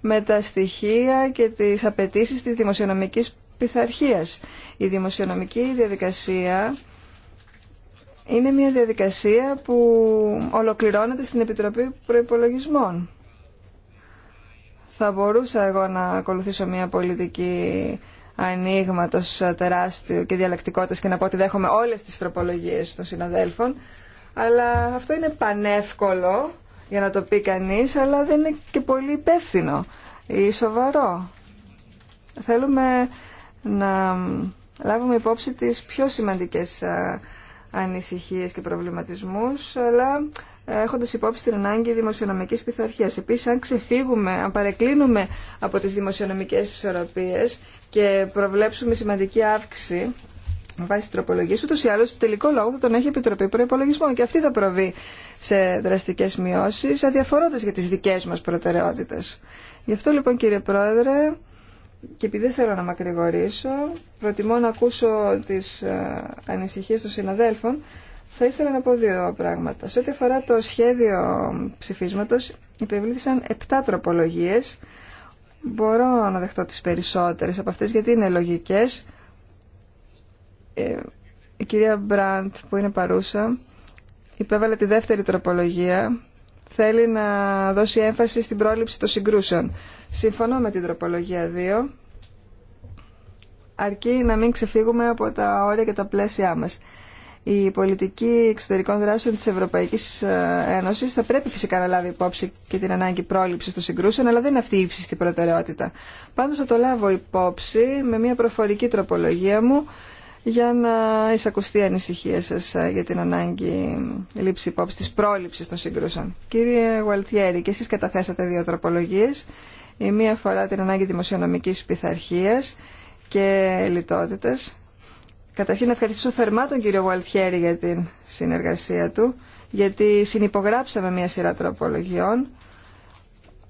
με τα στοιχεία και τις απαιτήσει της δημοσιονομικής πειθαρχία. Η δημοσιονομική διαδικασία είναι μια διαδικασία που ολοκληρώνεται στην Επιτροπή Προϋπολογισμών. Θα μπορούσα εγώ να ακολουθήσω μια πολιτική ανοίγματο τεράστιου και διαλλακτικότητα και να πω ότι δέχομαι όλες τις τροπολογίες των συναδέλφων, αλλά αυτό είναι πανεύκολο για να το πει κανείς, αλλά δεν είναι και πολύ υπεύθυνο ή σοβαρό. Θέλουμε να λάβουμε υπόψη τις πιο σημαντικές ανησυχίες και προβληματισμούς, αλλά ε, έχοντας υπόψη την ανάγκη δημοσιονομική πειθαρχία. Επίσης, αν ξεφύγουμε, αν παρεκκλίνουμε από τις δημοσιονομικές ισορροπίες και προβλέψουμε σημαντική αύξηση βάση τροπολογία, ούτω ή άλλω τελικό λόγο θα τον έχει η Επιτροπή Προπολογισμών και αυτή θα προβεί σε δραστικέ μειώσει, αδιαφορώντα για τι δικέ μα προτεραιότητε. Γι' αυτό λοιπόν, κύριε Πρόεδρε, και επειδή δεν θέλω να μακρηγορήσω, προτιμώ να ακούσω τι ε, ανησυχίε των συναδέλφων, θα ήθελα να πω δύο πράγματα. Σε ό,τι αφορά το σχέδιο ψηφίσματο, υπευλήθησαν 7 τροπολογίε. Μπορώ να δεχτώ τι περισσότερε από αυτέ γιατί είναι λογικέ. Ε, η κυρία Μπραντ που είναι παρούσα υπέβαλε τη δεύτερη τροπολογία θέλει να δώσει έμφαση στην πρόληψη των συγκρούσεων. Συμφωνώ με την τροπολογία 2 αρκεί να μην ξεφύγουμε από τα όρια και τα πλαίσια μας. Η πολιτική εξωτερικών δράσεων της Ευρωπαϊκής ε, Ένωσης θα πρέπει φυσικά να λάβει υπόψη και την ανάγκη πρόληψης των συγκρούσεων, αλλά δεν είναι αυτή η ύψιστη προτεραιότητα. Πάντως θα το λάβω υπόψη με μια προφορική τροπολογία μου για να εισακουστεί η ανησυχία σας ε, για την ανάγκη λήψη υπόψη της πρόληψης των συγκρούσεων. Κύριε Γουαλτιέρη, και εσείς καταθέσατε δύο τροπολογίες. Η μία αφορά την ανάγκη δημοσιονομικής πειθαρχία και λιτότητας. Καταρχήν να ευχαριστήσω θερμά τον κύριο Γουαλτιέρη για την συνεργασία του, γιατί συνυπογράψαμε μία σειρά τροπολογιών,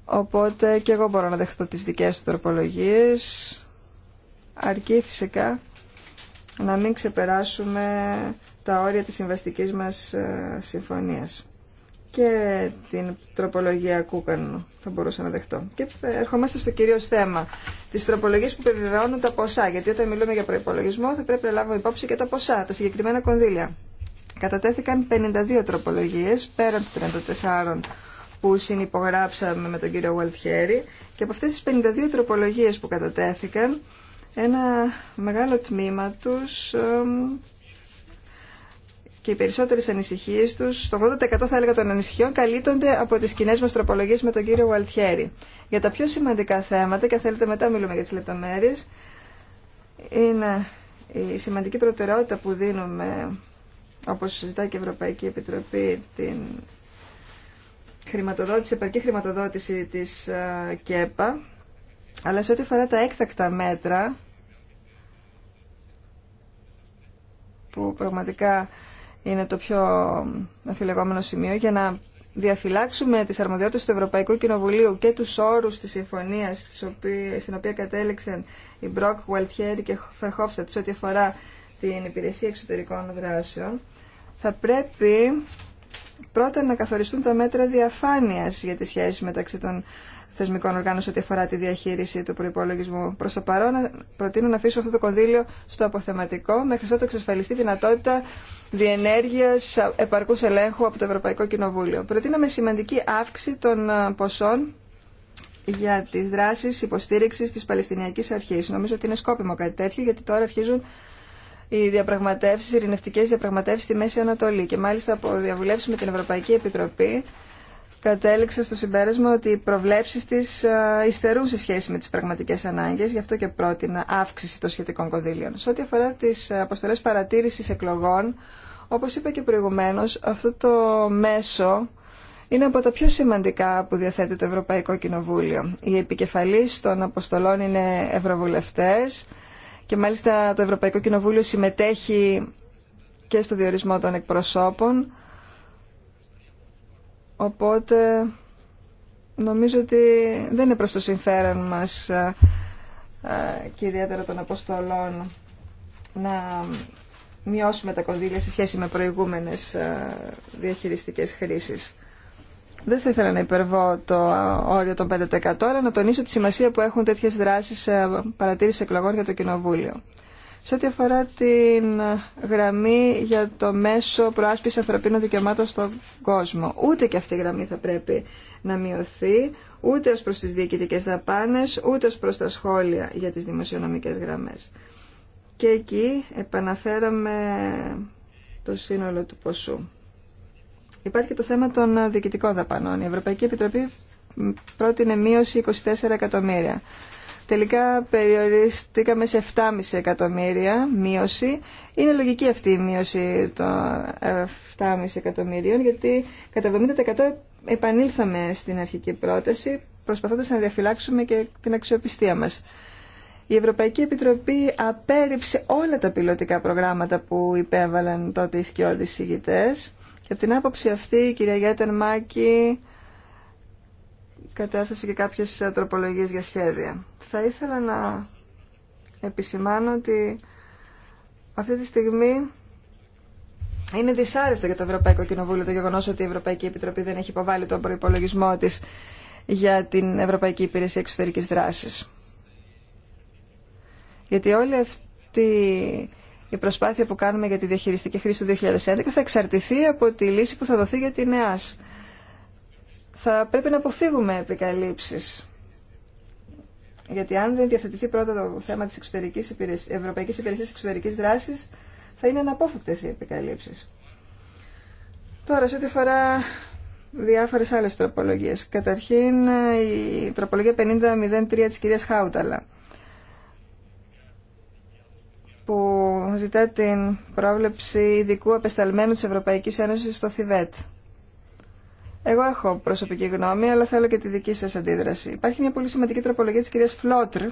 οπότε και εγώ μπορώ να δεχτώ τις δικές του τροπολογίες, αρκεί φυσικά να μην ξεπεράσουμε τα όρια της συμβαστικής μας ε, συμφωνίας και την τροπολογία κούκανου θα μπορούσα να δεχτώ. Και ε, ερχόμαστε στο κυρίω θέμα, τι τροπολογίε που επιβεβαιώνουν τα ποσά. Γιατί όταν μιλούμε για προπολογισμό θα πρέπει να λάβουμε υπόψη και τα ποσά, τα συγκεκριμένα κονδύλια. Κατατέθηκαν 52 τροπολογίε πέραν των 34 που συνυπογράψαμε με τον κύριο Γουαλτιέρη και από αυτέ τι 52 τροπολογίε που κατατέθηκαν ένα μεγάλο τμήμα τους και οι περισσότερες ανησυχίες τους, το 80% θα έλεγα των ανησυχιών, καλύπτονται από τις κοινέ μας τροπολογίες με τον κύριο Γουαλτιέρη. Για τα πιο σημαντικά θέματα, και αν θέλετε μετά μιλούμε για τις λεπτομέρειες, είναι η σημαντική προτεραιότητα που δίνουμε, όπως συζητά και η Ευρωπαϊκή Επιτροπή, την χρηματοδότηση, επαρκή χρηματοδότηση της ε, ΚΕΠΑ, αλλά σε ό,τι αφορά τα έκτακτα μέτρα, που πραγματικά είναι το πιο αφιλεγόμενο σημείο, για να διαφυλάξουμε τις αρμοδιότητες του Ευρωπαϊκού Κοινοβουλίου και τους όρους της συμφωνίας στην οποία κατέληξαν η Μπροκ, Γουαλτιέρη και Φερχόφστατ σε ό,τι αφορά την υπηρεσία εξωτερικών δράσεων, θα πρέπει πρώτα να καθοριστούν τα μέτρα διαφάνειας για τη σχέση μεταξύ των θεσμικών οργάνων σε ό,τι αφορά τη διαχείριση του προπολογισμού. Προ το παρόν, προτείνω να αφήσουμε αυτό το κονδύλιο στο αποθεματικό, μέχρι ότου εξασφαλιστεί δυνατότητα διενέργεια επαρκού ελέγχου από το Ευρωπαϊκό Κοινοβούλιο. Προτείναμε σημαντική αύξηση των ε, ποσών για τι δράσει υποστήριξη τη Παλαιστινιακή Αρχή. Νομίζω ότι είναι σκόπιμο κάτι τέτοιο, γιατί τώρα αρχίζουν οι διαπραγματεύσει, οι ειρηνευτικέ διαπραγματεύσει στη Μέση Ανατολή. Και μάλιστα από διαβουλεύσει με την Ευρωπαϊκή Επιτροπή κατέληξε στο συμπέρασμα ότι οι προβλέψεις της ε, υστερούν σε σχέση με τις πραγματικές ανάγκες, γι' αυτό και πρότεινα αύξηση των σχετικών κονδύλιων. Σε ό,τι αφορά τις αποστολές παρατήρησης εκλογών, όπως είπα και προηγουμένως, αυτό το μέσο είναι από τα πιο σημαντικά που διαθέτει το Ευρωπαϊκό Κοινοβούλιο. Οι επικεφαλής των αποστολών είναι ευρωβουλευτές και μάλιστα το Ευρωπαϊκό Κοινοβούλιο συμμετέχει και στο διορισμό των εκπροσώπων Οπότε νομίζω ότι δεν είναι προς το συμφέρον μας ε, ε, και ιδιαίτερα των αποστολών να μειώσουμε τα κονδύλια σε σχέση με προηγούμενες ε, διαχειριστικές χρήσεις. Δεν θα ήθελα να υπερβώ το όριο των 5% αλλά να τονίσω τη σημασία που έχουν τέτοιες δράσεις παρατήρησης εκλογών για το Κοινοβούλιο. Σε ό,τι αφορά την γραμμή για το μέσο προάσπιση ανθρωπίνων δικαιωμάτων στον κόσμο, ούτε και αυτή η γραμμή θα πρέπει να μειωθεί, ούτε ως προς τις διοικητικές δαπάνες, ούτε ως προς τα σχόλια για τις δημοσιονομικές γραμμές. Και εκεί επαναφέραμε το σύνολο του ποσού. Υπάρχει και το θέμα των διοικητικών δαπανών. Η Ευρωπαϊκή Επιτροπή πρότεινε μείωση 24 εκατομμύρια. Τελικά περιοριστήκαμε σε 7,5 εκατομμύρια μείωση. Είναι λογική αυτή η μείωση των 7,5 εκατομμυρίων γιατί κατά 70% επανήλθαμε στην αρχική πρόταση προσπαθώντας να διαφυλάξουμε και την αξιοπιστία μας. Η Ευρωπαϊκή Επιτροπή απέρριψε όλα τα πιλωτικά προγράμματα που υπέβαλαν τότε οι σκιώδεις ηγητές και από την άποψη αυτή η κυρία Γιάτερ Μάκη κατέθεσε και κάποιες ε, τροπολογίες για σχέδια. Θα ήθελα να επισημάνω ότι αυτή τη στιγμή είναι δυσάρεστο για το Ευρωπαϊκό Κοινοβούλιο το γεγονός ότι η Ευρωπαϊκή Επιτροπή δεν έχει υποβάλει τον προϋπολογισμό της για την Ευρωπαϊκή Υπηρεσία Εξωτερικής Δράσης. Γιατί όλη αυτή η προσπάθεια που κάνουμε για τη διαχειριστική χρήση του 2011 θα εξαρτηθεί από τη λύση που θα δοθεί για την ΕΑΣ θα πρέπει να αποφύγουμε επικαλύψεις. Γιατί αν δεν διαθετηθεί πρώτα το θέμα της εξωτερικής υπηρεσίας, Ευρωπαϊκής Υπηρεσίας Εξωτερικής Δράσης, θα είναι αναπόφευκτες οι επικαλύψεις. Τώρα, σε ό,τι αφορά διάφορες άλλες τροπολογίες. Καταρχήν, η τροπολογία 50.03 της κυρίας Χάουταλα, που ζητά την πρόβλεψη ειδικού απεσταλμένου της Ευρωπαϊκής Ένωσης στο Θιβέτ. Εγώ έχω προσωπική γνώμη, αλλά θέλω και τη δική σας αντίδραση. Υπάρχει μια πολύ σημαντική τροπολογία της κυρίας Φλότρ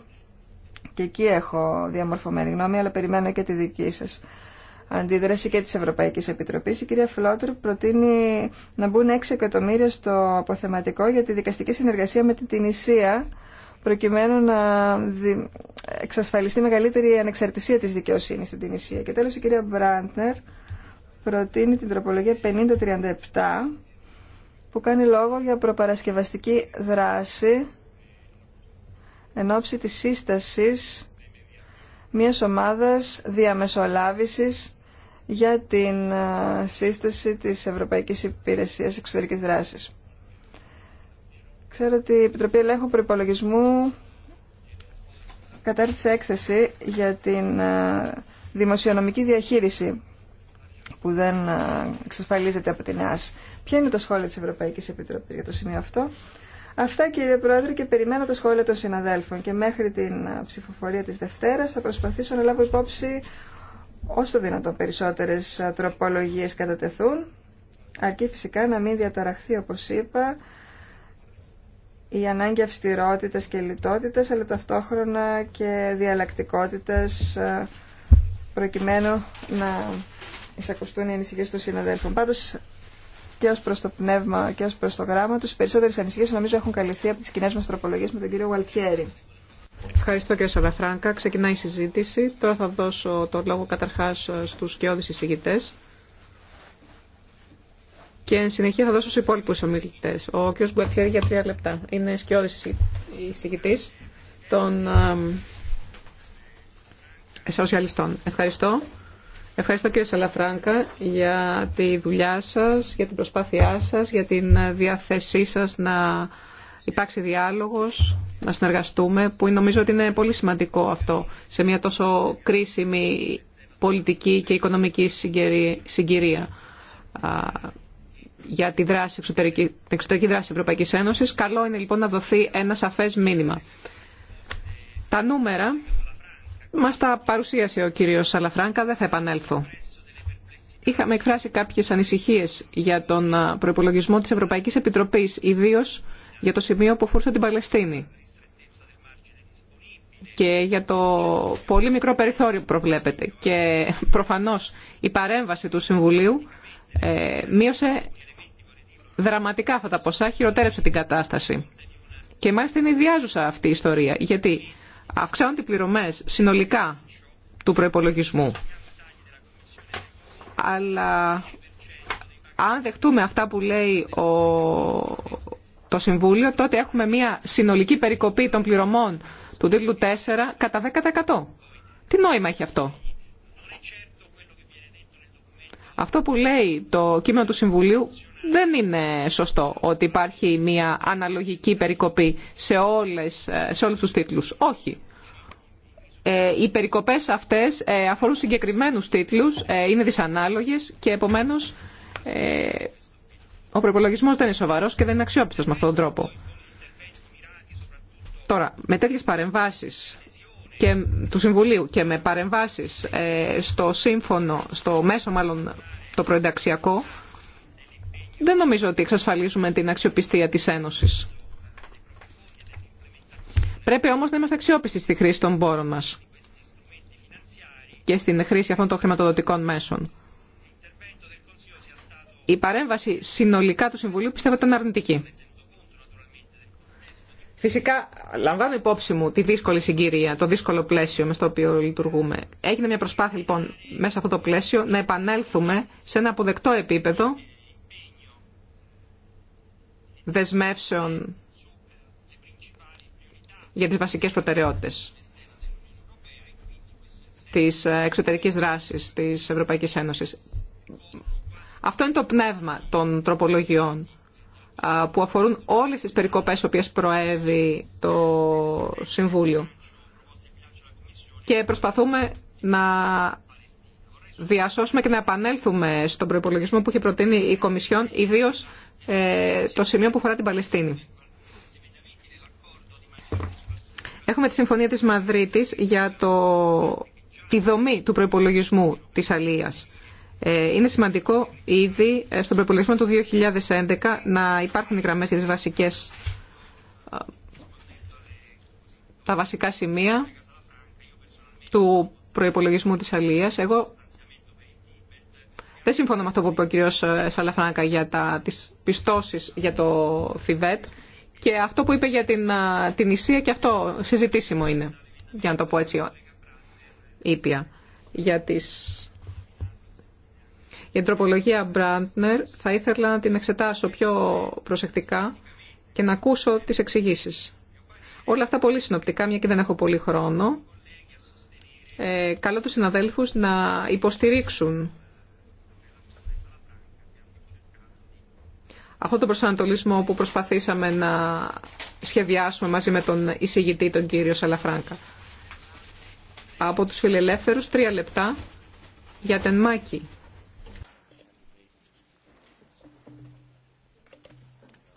και εκεί έχω διαμορφωμένη γνώμη, αλλά περιμένω και τη δική σας αντίδραση και της Ευρωπαϊκής Επιτροπής. Η κυρία Φλότρ προτείνει να μπουν 6 εκατομμύρια στο αποθεματικό για τη δικαστική συνεργασία με την Ισία, προκειμένου να εξασφαλιστεί μεγαλύτερη ανεξαρτησία της δικαιοσύνης στην Ισία. Και τέλος η κυρία Μπραντνερ προτείνει την τροπολογία 5037 που κάνει λόγο για προπαρασκευαστική δράση εν ώψη της σύστασης μιας ομάδας διαμεσολάβησης για την σύσταση της Ευρωπαϊκής Υπηρεσίας Εξωτερικής Δράσης. Ξέρω ότι η Επιτροπή Ελέγχου Προϋπολογισμού κατάρτισε έκθεση για την δημοσιονομική διαχείριση που δεν ε, εξασφαλίζεται από την ΕΑΣ. Ποια είναι τα σχόλια της Ευρωπαϊκής Επιτροπής για το σημείο αυτό. Αυτά κύριε Πρόεδρε και περιμένω τα σχόλια των συναδέλφων και μέχρι την ε, ψηφοφορία της Δευτέρας θα προσπαθήσω να λάβω υπόψη όσο δυνατόν περισσότερες ε, τροπολογίες κατατεθούν αρκεί φυσικά να μην διαταραχθεί όπως είπα η ανάγκη αυστηρότητας και λιτότητας αλλά ταυτόχρονα και διαλλακτικότητας προκειμένου να εισακουστούν οι ανησυχίε των συναδέλφων. Πάντω και ω προ το πνεύμα και ω προ το γράμμα του, περισσότερε ανησυχίε νομίζω έχουν καλυφθεί από τι κοινέ μα τροπολογίε με τον κύριο Γουαλτιέρη. Ευχαριστώ κύριε Σαλαφράγκα. Ξεκινάει η συζήτηση. Τώρα θα δώσω το λόγο καταρχά στου σκιώδει εισηγητέ. Και εν συνεχεία θα δώσω στου υπόλοιπου ομιλητέ. Ο κ. Γκουαλτιέρη για τρία λεπτά. Είναι σκιώδη εισηγητή των σοσιαλιστών. Ευχαριστώ. Ευχαριστώ κύριε Σαλαφράγκα για τη δουλειά σας, για την προσπάθειά σας, για την διάθεσή σας να υπάρξει διάλογος, να συνεργαστούμε, που νομίζω ότι είναι πολύ σημαντικό αυτό σε μια τόσο κρίσιμη πολιτική και οικονομική συγκυρία για τη δράση εξωτερική, την εξωτερική δράση Ευρωπαϊκής Ένωσης. Καλό είναι λοιπόν να δοθεί ένα σαφές μήνυμα. Τα νούμερα μας τα παρουσίασε ο κύριος Σαλαφράνκα, δεν θα επανέλθω. Είχαμε εκφράσει κάποιες ανησυχίες για τον προπολογισμό της Ευρωπαϊκής Επιτροπής, ιδίως για το σημείο που φούρσε την Παλαιστίνη και για το πολύ μικρό περιθώριο που προβλέπεται. Και προφανώς η παρέμβαση του Συμβουλίου ε, μείωσε δραματικά αυτά τα ποσά, χειροτέρευσε την κατάσταση. Και μάλιστα είναι ιδιάζουσα αυτή η ιστορία, γιατί αυξάνονται οι πληρωμές συνολικά του προϋπολογισμού. Αλλά αν δεχτούμε αυτά που λέει το Συμβούλιο, τότε έχουμε μια συνολική περικοπή των πληρωμών του τίτλου 4 κατά 10%. Τι νόημα έχει αυτό. Αυτό που λέει το κείμενο του Συμβουλίου δεν είναι σωστό ότι υπάρχει μια αναλογική περικοπή σε, όλες, σε όλους τους τίτλους. Όχι. Ε, οι περικοπές αυτές ε, αφορούν συγκεκριμένους τίτλους, ε, είναι δυσανάλογες και επομένως ο προπολογισμό δεν είναι σοβαρός και δεν είναι αξιόπιστος με αυτόν τον τρόπο. Τώρα, με τέτοιες παρεμβάσεις και, του Συμβουλίου και με παρεμβάσεις στο σύμφωνο, στο μέσο μάλλον το προενταξιακό, δεν νομίζω ότι εξασφαλίζουμε την αξιοπιστία της Ένωσης. Πρέπει όμως να είμαστε αξιόπιστοι στη χρήση των πόρων μας και στην χρήση αυτών των χρηματοδοτικών μέσων. Η παρέμβαση συνολικά του Συμβουλίου πιστεύω ήταν αρνητική. Φυσικά, λαμβάνω υπόψη μου τη δύσκολη συγκυρία, το δύσκολο πλαίσιο με στο οποίο λειτουργούμε. Έγινε μια προσπάθεια λοιπόν μέσα σε αυτό το πλαίσιο να επανέλθουμε σε ένα αποδεκτό επίπεδο δεσμεύσεων για τις βασικές προτεραιότητες της εξωτερικής δράσης της Ευρωπαϊκής Ένωσης. Αυτό είναι το πνεύμα των τροπολογιών που αφορούν όλες τις περικοπές οποίες προέβη το Συμβούλιο. Και προσπαθούμε να διασώσουμε και να επανέλθουμε στον προϋπολογισμό που είχε προτείνει η Κομισιόν, ιδίως ε, το σημείο που αφορά την Παλαιστίνη. Έχουμε τη Συμφωνία της Μαδρίτης για το, τη δομή του προϋπολογισμού της Αλίας. Ε, είναι σημαντικό ήδη ε, στον προϋπολογισμό του 2011 να υπάρχουν οι γραμμές για τις βασικές, τα βασικά σημεία του προϋπολογισμού της Αλίας. Εγώ δεν συμφωνώ με αυτό που είπε ο κ. Ε, Σαλαφράγκα για τι τις για το Θιβέτ και αυτό που είπε για την, ε, την Ισία και αυτό συζητήσιμο είναι, για να το πω έτσι ήπια. Για, τις... για την τροπολογία Μπραντνερ θα ήθελα να την εξετάσω πιο προσεκτικά και να ακούσω τις εξηγήσει. Όλα αυτά πολύ συνοπτικά, μια και δεν έχω πολύ χρόνο. Ε, καλώ τους συναδέλφους να υποστηρίξουν Αυτό το προσανατολισμό που προσπαθήσαμε να σχεδιάσουμε μαζί με τον εισηγητή, τον κύριο Σαλαφράγκα. Από τους φιλελεύθερους, τρία λεπτά για την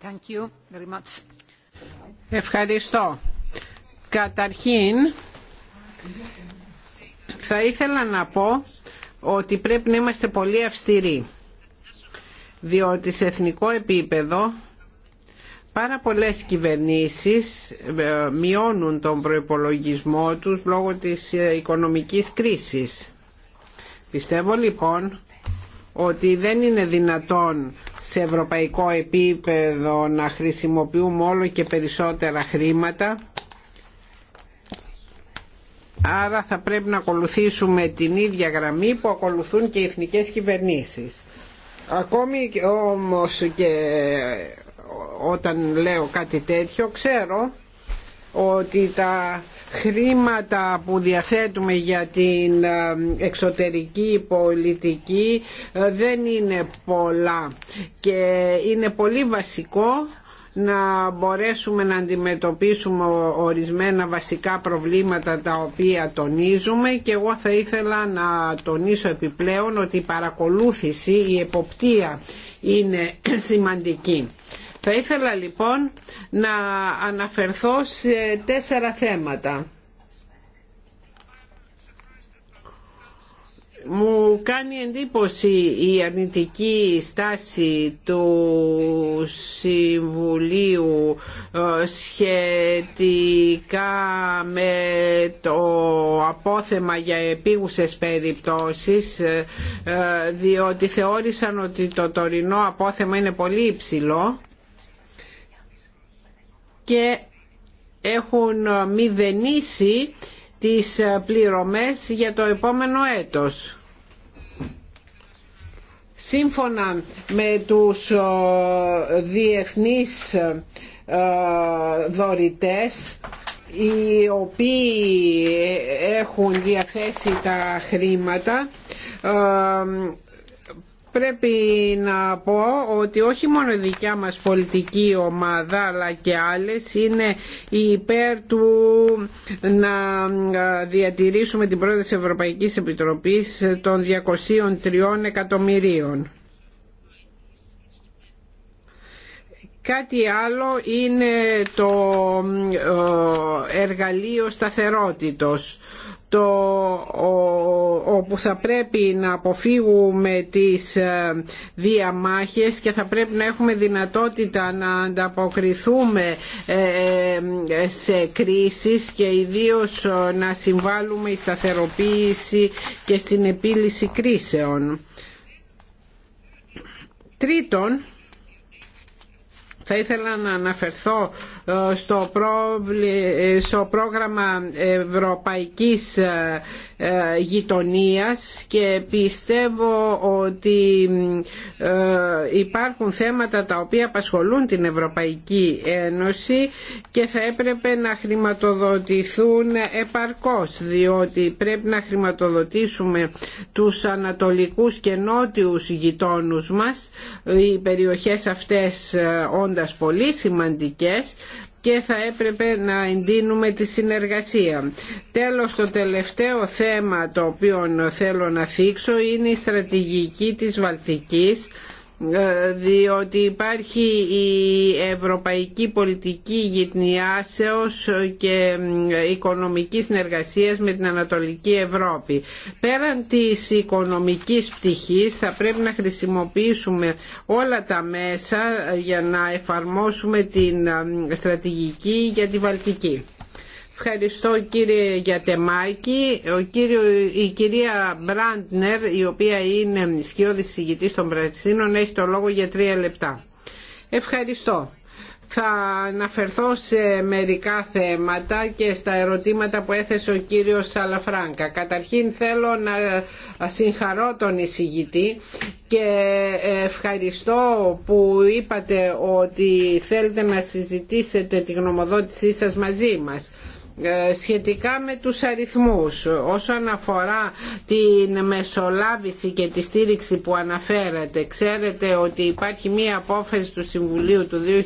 Thank Ευχαριστώ. Καταρχήν, θα ήθελα να πω ότι πρέπει να είμαστε πολύ αυστηροί διότι σε εθνικό επίπεδο πάρα πολλές κυβερνήσεις ε, μειώνουν τον προϋπολογισμό τους λόγω της ε, οικονομικής κρίσης. Πιστεύω λοιπόν ότι δεν είναι δυνατόν σε ευρωπαϊκό επίπεδο να χρησιμοποιούμε όλο και περισσότερα χρήματα άρα θα πρέπει να ακολουθήσουμε την ίδια γραμμή που ακολουθούν και οι εθνικές κυβερνήσεις. Ακόμη όμως και όταν λέω κάτι τέτοιο ξέρω ότι τα χρήματα που διαθέτουμε για την ε, εξωτερική πολιτική ε, δεν είναι πολλά και είναι πολύ βασικό να μπορέσουμε να αντιμετωπίσουμε ορισμένα βασικά προβλήματα τα οποία τονίζουμε και εγώ θα ήθελα να τονίσω επιπλέον ότι η παρακολούθηση, η εποπτεία είναι [clears throat] σημαντική. Θα ήθελα λοιπόν να αναφερθώ σε τέσσερα θέματα. μου κάνει εντύπωση η αρνητική στάση του Συμβουλίου ε, σχετικά με το απόθεμα για επίγουσες περιπτώσεις ε, ε, διότι θεώρησαν ότι το τωρινό απόθεμα είναι πολύ υψηλό και έχουν μηδενίσει τις πληρωμές για το επόμενο έτος. Σύμφωνα με τους ε, διεθνείς ε, δωρητές οι οποίοι έχουν διαθέσει τα χρήματα ε, Πρέπει να πω ότι όχι μόνο η δικιά μας πολιτική ομάδα αλλά και άλλες είναι υπέρ του να διατηρήσουμε την πρόταση Ευρωπαϊκής Επιτροπής των 203 εκατομμυρίων. Κάτι άλλο είναι το ε, εργαλείο σταθερότητος το, όπου θα πρέπει να αποφύγουμε τις ε, διαμάχες και θα πρέπει να έχουμε δυνατότητα να ανταποκριθούμε ε, ε, σε κρίσεις και ιδίως να συμβάλλουμε η σταθεροποίηση και στην επίλυση κρίσεων. Τρίτον, θα ήθελα να αναφερθώ στο, πρόγραμμα Ευρωπαϊκής ε, ε, Γειτονίας και πιστεύω ότι ε, υπάρχουν θέματα τα οποία απασχολούν την Ευρωπαϊκή Ένωση και θα έπρεπε να χρηματοδοτηθούν επαρκώς διότι πρέπει να χρηματοδοτήσουμε τους ανατολικούς και νότιους γειτόνους μας οι περιοχές αυτές όντας πολύ σημαντικές και θα έπρεπε να εντείνουμε τη συνεργασία. Τέλος, το τελευταίο θέμα το οποίο θέλω να θίξω είναι η στρατηγική της Βαλτικής ε, διότι υπάρχει η ευρωπαϊκή πολιτική γυτνιάσεως και οικονομική συνεργασία με την Ανατολική Ευρώπη. Πέραν της οικονομικής πτυχής θα πρέπει να χρησιμοποιήσουμε όλα τα μέσα για να εφαρμόσουμε την στρατηγική για τη Βαλτική. Ευχαριστώ κύριε Γιατεμάκη. Ο κύριο, η κυρία Μπραντνερ, η οποία είναι σκιώδης συγητής των Πρασίνων, έχει το λόγο για τρία λεπτά. Ευχαριστώ. Θα αναφερθώ σε μερικά θέματα και στα ερωτήματα που έθεσε ο κύριος Σαλαφράγκα. Καταρχήν θέλω να συγχαρώ τον εισηγητή και ευχαριστώ που είπατε ότι θέλετε να συζητήσετε τη γνωμοδότησή σας μαζί μας. Ε, σχετικά με τους αριθμούς όσον αφορά την μεσολάβηση και τη στήριξη που αναφέρατε ξέρετε ότι υπάρχει μία απόφαση του Συμβουλίου του 2009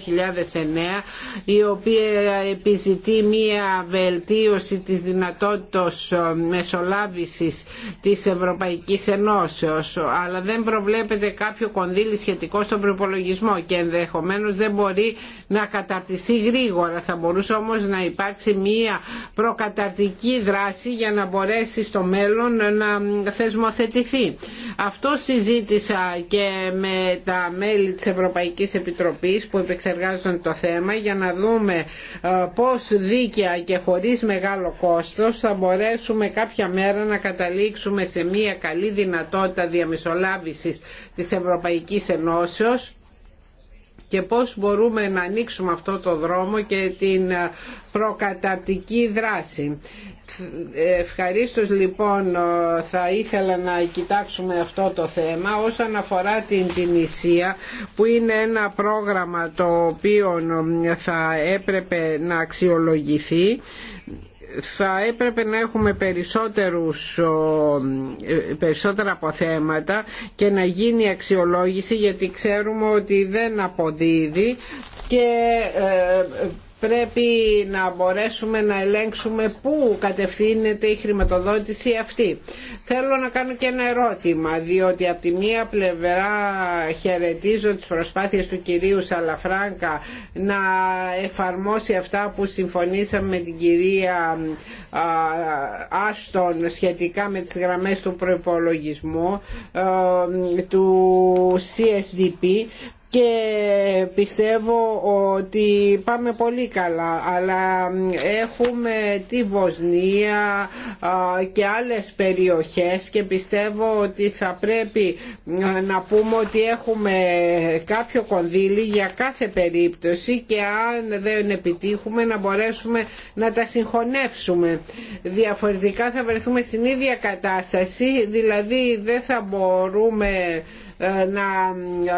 η οποία επιζητεί μία βελτίωση της δυνατότητας ε, μεσολάβησης της Ευρωπαϊκής Ενώσεως αλλά δεν προβλέπεται κάποιο κονδύλι σχετικό στον προπολογισμό και ενδεχομένως δεν μπορεί να καταρτιστεί γρήγορα θα μπορούσε όμως να υπάρξει μία προκαταρτική δράση για να μπορέσει στο μέλλον να θεσμοθετηθεί. Αυτό συζήτησα και με τα μέλη της Ευρωπαϊκής Επιτροπής που επεξεργάζονται το θέμα για να δούμε ε, πώς δίκαια και χωρίς μεγάλο κόστος θα μπορέσουμε κάποια μέρα να καταλήξουμε σε μια καλή δυνατότητα διαμεσολάβησης της Ευρωπαϊκής Ενώσεως και πώς μπορούμε να ανοίξουμε αυτό το δρόμο και την ε, προκατατική δράση. Ε, Ευχαρίστω λοιπόν ε, θα ήθελα να κοιτάξουμε αυτό το θέμα όσον αφορά την Τινησία που είναι ένα πρόγραμμα το οποίο θα έπρεπε να αξιολογηθεί θα έπρεπε να έχουμε περισσότερους, περισσότερα αποθέματα και να γίνει αξιολόγηση γιατί ξέρουμε ότι δεν αποδίδει και ε, πρέπει να μπορέσουμε να ελέγξουμε πού κατευθύνεται η χρηματοδότηση αυτή. Θέλω να κάνω και ένα ερώτημα, διότι από τη μία πλευρά χαιρετίζω τις προσπάθειες του κυρίου Σαλαφράγκα να εφαρμόσει αυτά που συμφωνήσαμε με την κυρία Άστον σχετικά με τις γραμμές του προϋπολογισμού ε, του CSDP και πιστεύω ότι πάμε πολύ καλά αλλά έχουμε τη Βοσνία και άλλες περιοχές και πιστεύω ότι θα πρέπει να πούμε ότι έχουμε κάποιο κονδύλι για κάθε περίπτωση και αν δεν επιτύχουμε να μπορέσουμε να τα συγχωνεύσουμε διαφορετικά θα βρεθούμε στην ίδια κατάσταση δηλαδή δεν θα μπορούμε ε, να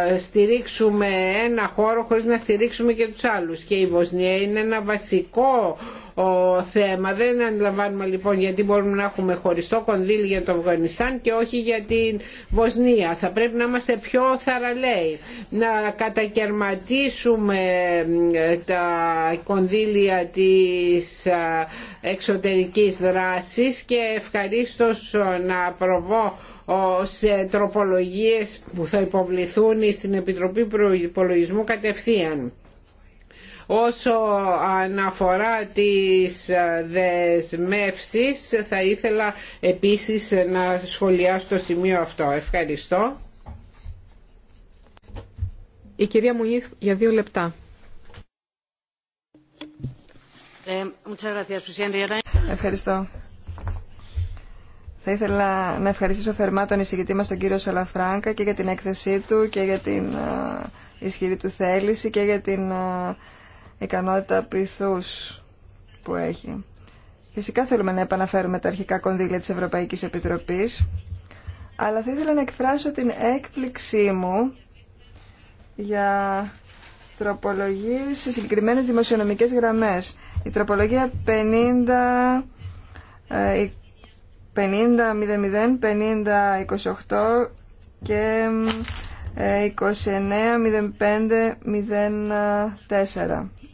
ε, στηρίξουμε ένα χώρο χωρίς να στηρίξουμε και τους άλλους. Και η Βοσνία είναι ένα βασικό ο θέμα. Δεν αντιλαμβάνουμε λοιπόν γιατί μπορούμε να έχουμε χωριστό κονδύλι για το Αφγανιστάν και όχι για την Βοσνία. Θα πρέπει να είμαστε πιο θαραλέοι, να κατακαιρματίσουμε τα κονδύλια της εξωτερικής δράσης και ευχαρίστως να προβώ σε τροπολογίες που θα υποβληθούν στην Επιτροπή Προϋπολογισμού κατευθείαν. Όσο αναφορά τις δεσμεύσεις θα ήθελα επίσης να σχολιάσω το σημείο αυτό. Ευχαριστώ. Η κυρία μου για δύο λεπτά. Ε, Ευχαριστώ. Θα ήθελα να ευχαριστήσω θερμά τον εισηγητή μας τον κύριο Σαλαφράνκα και για την έκθεσή του και για την ε, ισχυρή του θέληση και για την ε, ικανότητα πειθούς που έχει. Φυσικά θέλουμε να επαναφέρουμε τα αρχικά κονδύλια της Ευρωπαϊκής Επιτροπής, αλλά θα ήθελα να εκφράσω την έκπληξή μου για τροπολογίες σε συγκεκριμένες δημοσιονομικές γραμμές. Η τροπολογία 50... 28 ε, και 29.05.04. Ε,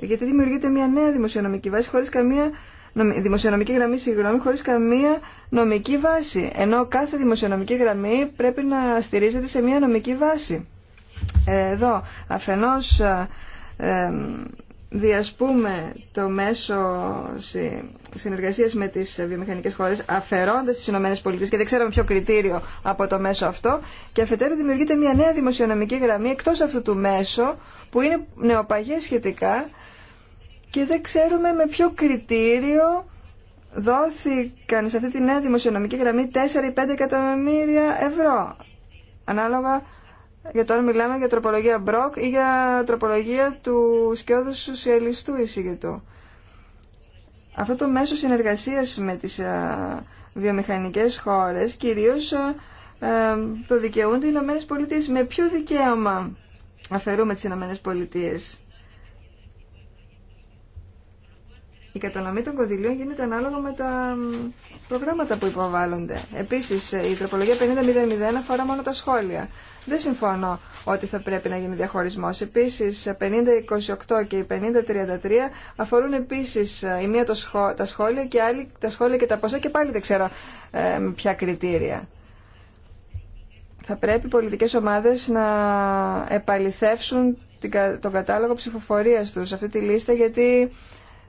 γιατί δημιουργείται μια νέα δημοσιονομική βάση χωρίς καμία δημοσιονομική γραμμή, συγγνώμη, χωρίς καμία νομική βάση. Ενώ κάθε δημοσιονομική γραμμή πρέπει να στηρίζεται σε μια νομική βάση. Ε, εδώ, αφενός ε, διασπούμε το μέσο συνεργασίας με τις βιομηχανικές χώρες αφαιρώντας τις Ηνωμένες Πολιτείες και δεν ξέραμε ποιο κριτήριο από το μέσο αυτό και αφετέρου δημιουργείται μια νέα δημοσιονομική γραμμή εκτός αυτού του μέσου που είναι νεοπαγές σχετικά και δεν ξέρουμε με ποιο κριτήριο δόθηκαν σε αυτή τη νέα δημοσιονομική γραμμή 4-5 εκατομμύρια ευρώ. Ανάλογα για τώρα μιλάμε για τροπολογία Μπροκ ή για τροπολογία του σκιώδου σοσιαλιστού εισηγητού. Αυτό το μέσο συνεργασίας με τις βιομηχανικές χώρες κυρίως ε, το δικαιούνται οι Ηνωμένε Πολιτείε. Με ποιο δικαίωμα αφαιρούμε τις Ηνωμένε Πολιτείες η κατανομή των κονδυλίων γίνεται ανάλογα με τα προγράμματα που υποβάλλονται. Επίση, η τροπολογία 50.00 αφορά μόνο τα σχόλια. Δεν συμφωνώ ότι θα πρέπει να γίνει διαχωρισμό. Επίση, 50.28 και η 50.33 αφορούν επίση ε, η μία το σχό, τα σχόλια και άλλη τα σχόλια και τα ποσά και πάλι δεν ξέρω ε, ποια κριτήρια. Θα πρέπει οι πολιτικές ομάδες να επαληθεύσουν τον κατάλογο ψηφοφορίας τους, αυτή τη λίστα, γιατί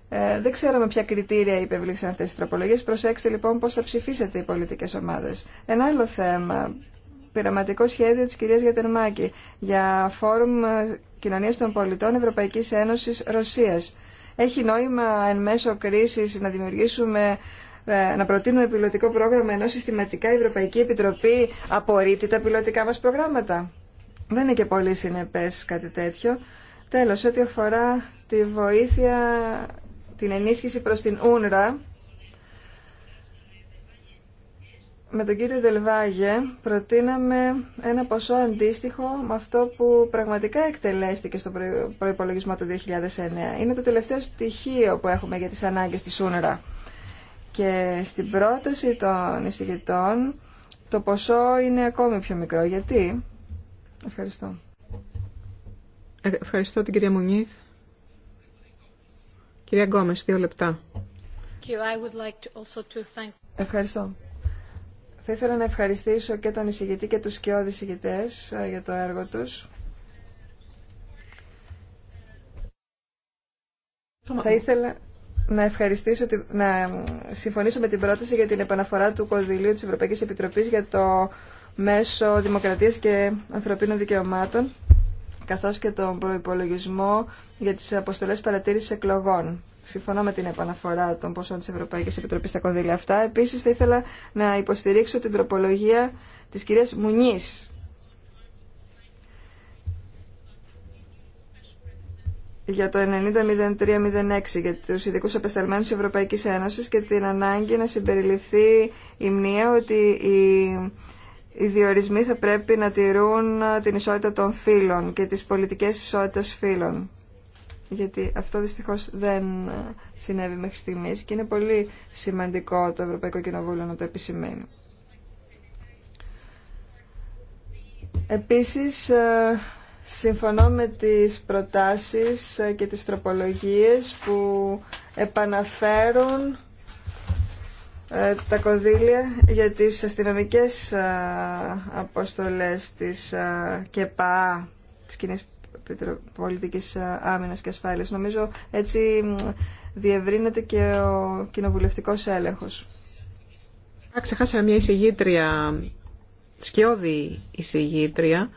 ε, δεν ξέραμε ποια κριτήρια υπευλήθησαν αυτές τι τροπολογίες. Προσέξτε λοιπόν πώς θα ψηφίσετε οι πολιτικές ομάδες. Ένα άλλο θέμα, πειραματικό σχέδιο της κυρίας Γιατερμάκη για Φόρουμ Κοινωνίας των Πολιτών Ευρωπαϊκής Ένωσης Ρωσίας. Έχει νόημα εν μέσω κρίσης να δημιουργήσουμε ε, να προτείνουμε πιλωτικό πρόγραμμα ενώ συστηματικά η Ευρωπαϊκή Επιτροπή απορρίπτει τα πιλωτικά μας προγράμματα. Δεν είναι και πολύ συνεπές κάτι τέτοιο. Τέλος, ό,τι αφορά τη βοήθεια την ενίσχυση προς την Ούνρα με τον κύριο Δελβάγε προτείναμε ένα ποσό αντίστοιχο με αυτό που πραγματικά εκτελέστηκε στο προϋπολογισμό του 2009. Είναι το τελευταίο στοιχείο που έχουμε για τις ανάγκες της Ούνρα. Και στην πρόταση των εισηγητών το ποσό είναι ακόμη πιο μικρό. Γιατί? Ευχαριστώ. Ε, ευχαριστώ την κυρία Μουνίθ. Κυρία Γκόμες, δύο λεπτά. Ευχαριστώ. Θα ήθελα να ευχαριστήσω και τον εισηγητή και τους σκιώδης εισηγητές ε, για το έργο τους. Θα ήθελα να ευχαριστήσω, να συμφωνήσω με την πρόταση για την επαναφορά του κονδυλίου της Ευρωπαϊκής Επιτροπής για το μέσο δημοκρατίας και ανθρωπίνων δικαιωμάτων καθώς και τον προϋπολογισμό για τις αποστολές παρατήρησης εκλογών. Συμφωνώ με την επαναφορά των ποσών της Ευρωπαϊκής Επιτροπής στα κονδύλια αυτά. Επίσης θα ήθελα να υποστηρίξω την τροπολογία της κυρίας Μουνής για το 90.03.06 για τους ειδικού απεσταλμένους της Ευρωπαϊκής Ένωσης και την ανάγκη να συμπεριληφθεί η μνήμα ότι η οι διορισμοί θα πρέπει να τηρούν ε, την ισότητα των φύλων και τις πολιτικές ισότητες φύλων. Γιατί αυτό δυστυχώς δεν ε, συνέβη μέχρι στιγμής και είναι πολύ σημαντικό το Ευρωπαϊκό Κοινοβούλιο να το επισημαίνει. Επίσης, ε, συμφωνώ με τις προτάσεις και τις τροπολογίες που επαναφέρουν ε, τα κονδύλια για τις αστυνομικές ε, αποστολές της ε, ΚΕΠΑ, της Κοινής Πολιτικής Άμυνας και Ασφάλειας. Νομίζω έτσι διευρύνεται και ο κοινοβουλευτικός έλεγχος. Ξεχάσαμε μια εισηγήτρια, σκιώδη εισηγήτρια,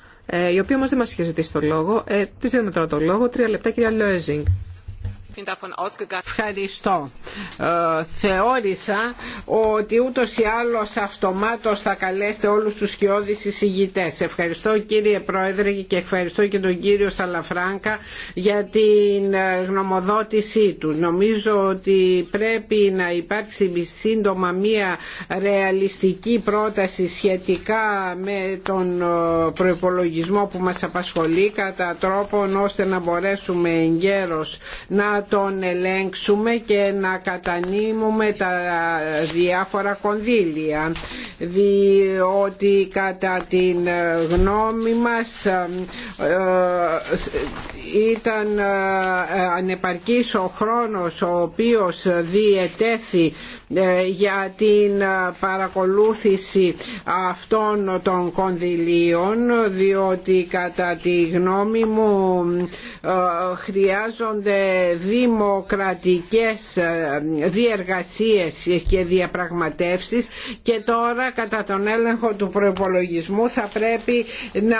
η οποία όμως δεν μας είχε ζητήσει το λόγο. Ε, της δίνουμε τώρα το λόγο. Τρία λεπτά, κυρία Λόεζινγκ. Ευχαριστώ. Ε, θεώρησα ότι ούτως ή άλλως αυτομάτως θα καλέσετε όλους τους σκιώδεις εισηγητές. Ευχαριστώ κύριε Πρόεδρε και ευχαριστώ και τον κύριο Σαλαφράνκα για την ε, γνωμοδότησή του. Νομίζω ότι πρέπει να υπάρξει σύντομα μία ρεαλιστική πρόταση σχετικά με τον ε, προϋπολογισμό που μας απασχολεί κατά τρόπον ώστε να μπορέσουμε εγκαίρως να τον ελέγξουμε και να κατανείμουμε τα διάφορα κονδύλια διότι κατά την γνώμη μας ε, ε, ήταν ε, ανεπαρκής ο χρόνος ο οποίος διετέθη ε, για την ε, παρακολούθηση αυτών των κονδυλίων διότι κατά τη γνώμη μου ε, χρειάζονται δημοκρατικές διεργασίες και διαπραγματεύσεις και τώρα κατά τον έλεγχο του προϋπολογισμού θα πρέπει να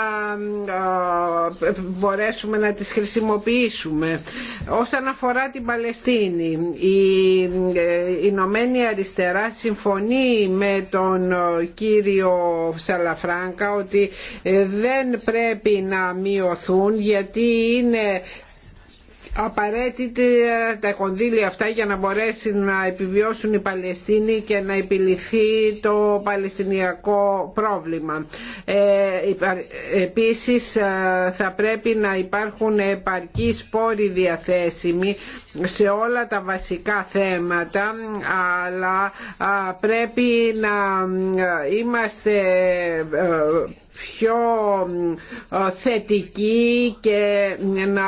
μπορέσουμε να τις χρησιμοποιήσουμε. Όσον αφορά την Παλαιστίνη, η Ηνωμένη Αριστερά συμφωνεί με τον ε, κύριο Σαλαφράγκα ότι ε, δεν πρέπει να μειωθούν γιατί είναι απαραίτητα ε, τα κονδύλια αυτά για να μπορέσει να επιβιώσουν οι Παλαιστίνοι και να επιληθεί το παλαιστινιακό πρόβλημα. Ε, επίσης ε, θα πρέπει να υπάρχουν επαρκείς πόροι διαθέσιμοι σε όλα τα βασικά θέματα αλλά πρέπει να ε, είμαστε πιο ε, θετική και να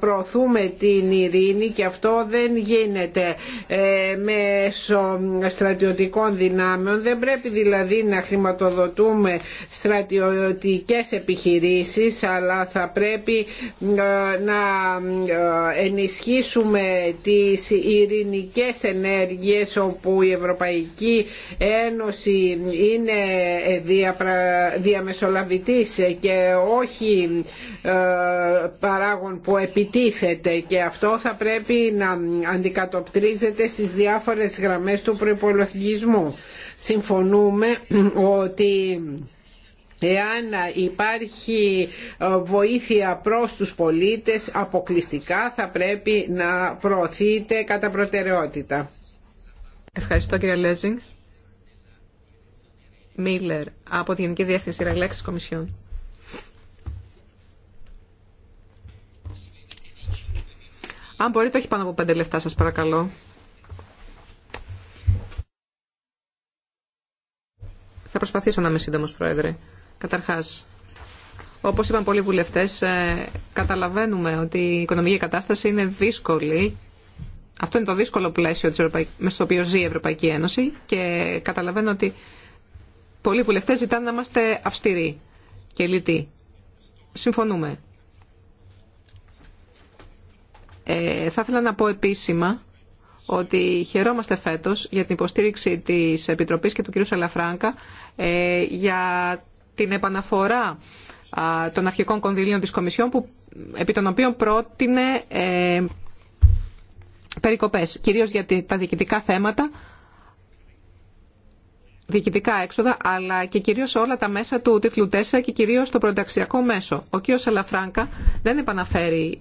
προωθούμε την ειρήνη και αυτό δεν γίνεται ε, μέσω στρατιωτικών δυνάμεων. Δεν πρέπει δηλαδή να χρηματοδοτούμε στρατιωτικές επιχειρήσεις αλλά θα πρέπει ε, να ενισχύσουμε τις ειρηνικές ενέργειες όπου η Ευρωπαϊκή Ένωση είναι διαμεσολαβητική και όχι ε, παράγων που επιτίθεται και αυτό θα πρέπει να αντικατοπτρίζεται στις διάφορες γραμμές του προϋπολογισμού. Συμφωνούμε ότι εάν υπάρχει ε, βοήθεια προς τους πολίτες αποκλειστικά θα πρέπει να προωθείται κατά προτεραιότητα. Ευχαριστώ κύριε Λέζινγκ. Μίλλερ από τη Γενική Διεύθυνση Ραγλέξης Κομισιόν. Αν μπορείτε, όχι πάνω από πέντε λεφτά, σας παρακαλώ. Θα προσπαθήσω να είμαι σύντομο, Πρόεδρε. Καταρχάς, όπως είπαν πολλοί βουλευτές, ε, καταλαβαίνουμε ότι η οικονομική κατάσταση είναι δύσκολη. Αυτό είναι το δύσκολο πλαίσιο της στο οποίο ζει η Ευρωπαϊκή Ένωση και καταλαβαίνω ότι Πολλοί βουλευτές ζητάνε να είμαστε αυστηροί και λυτοί. Συμφωνούμε. Ε, θα ήθελα να πω επίσημα ότι χαιρόμαστε φέτος για την υποστήριξη της Επιτροπής και του κ. Σαλαφράγκα ε, για την επαναφορά των αρχικών κονδυλίων της Κομισιόν που, επί των οποίων πρότεινε ε, περικοπές, κυρίως για τα διοικητικά θέματα διοικητικά έξοδα, αλλά και κυρίω όλα τα μέσα του τίτλου 4 και κυρίω το πρωταξιακό μέσο. Ο κ. Σαλαφράγκα δεν επαναφέρει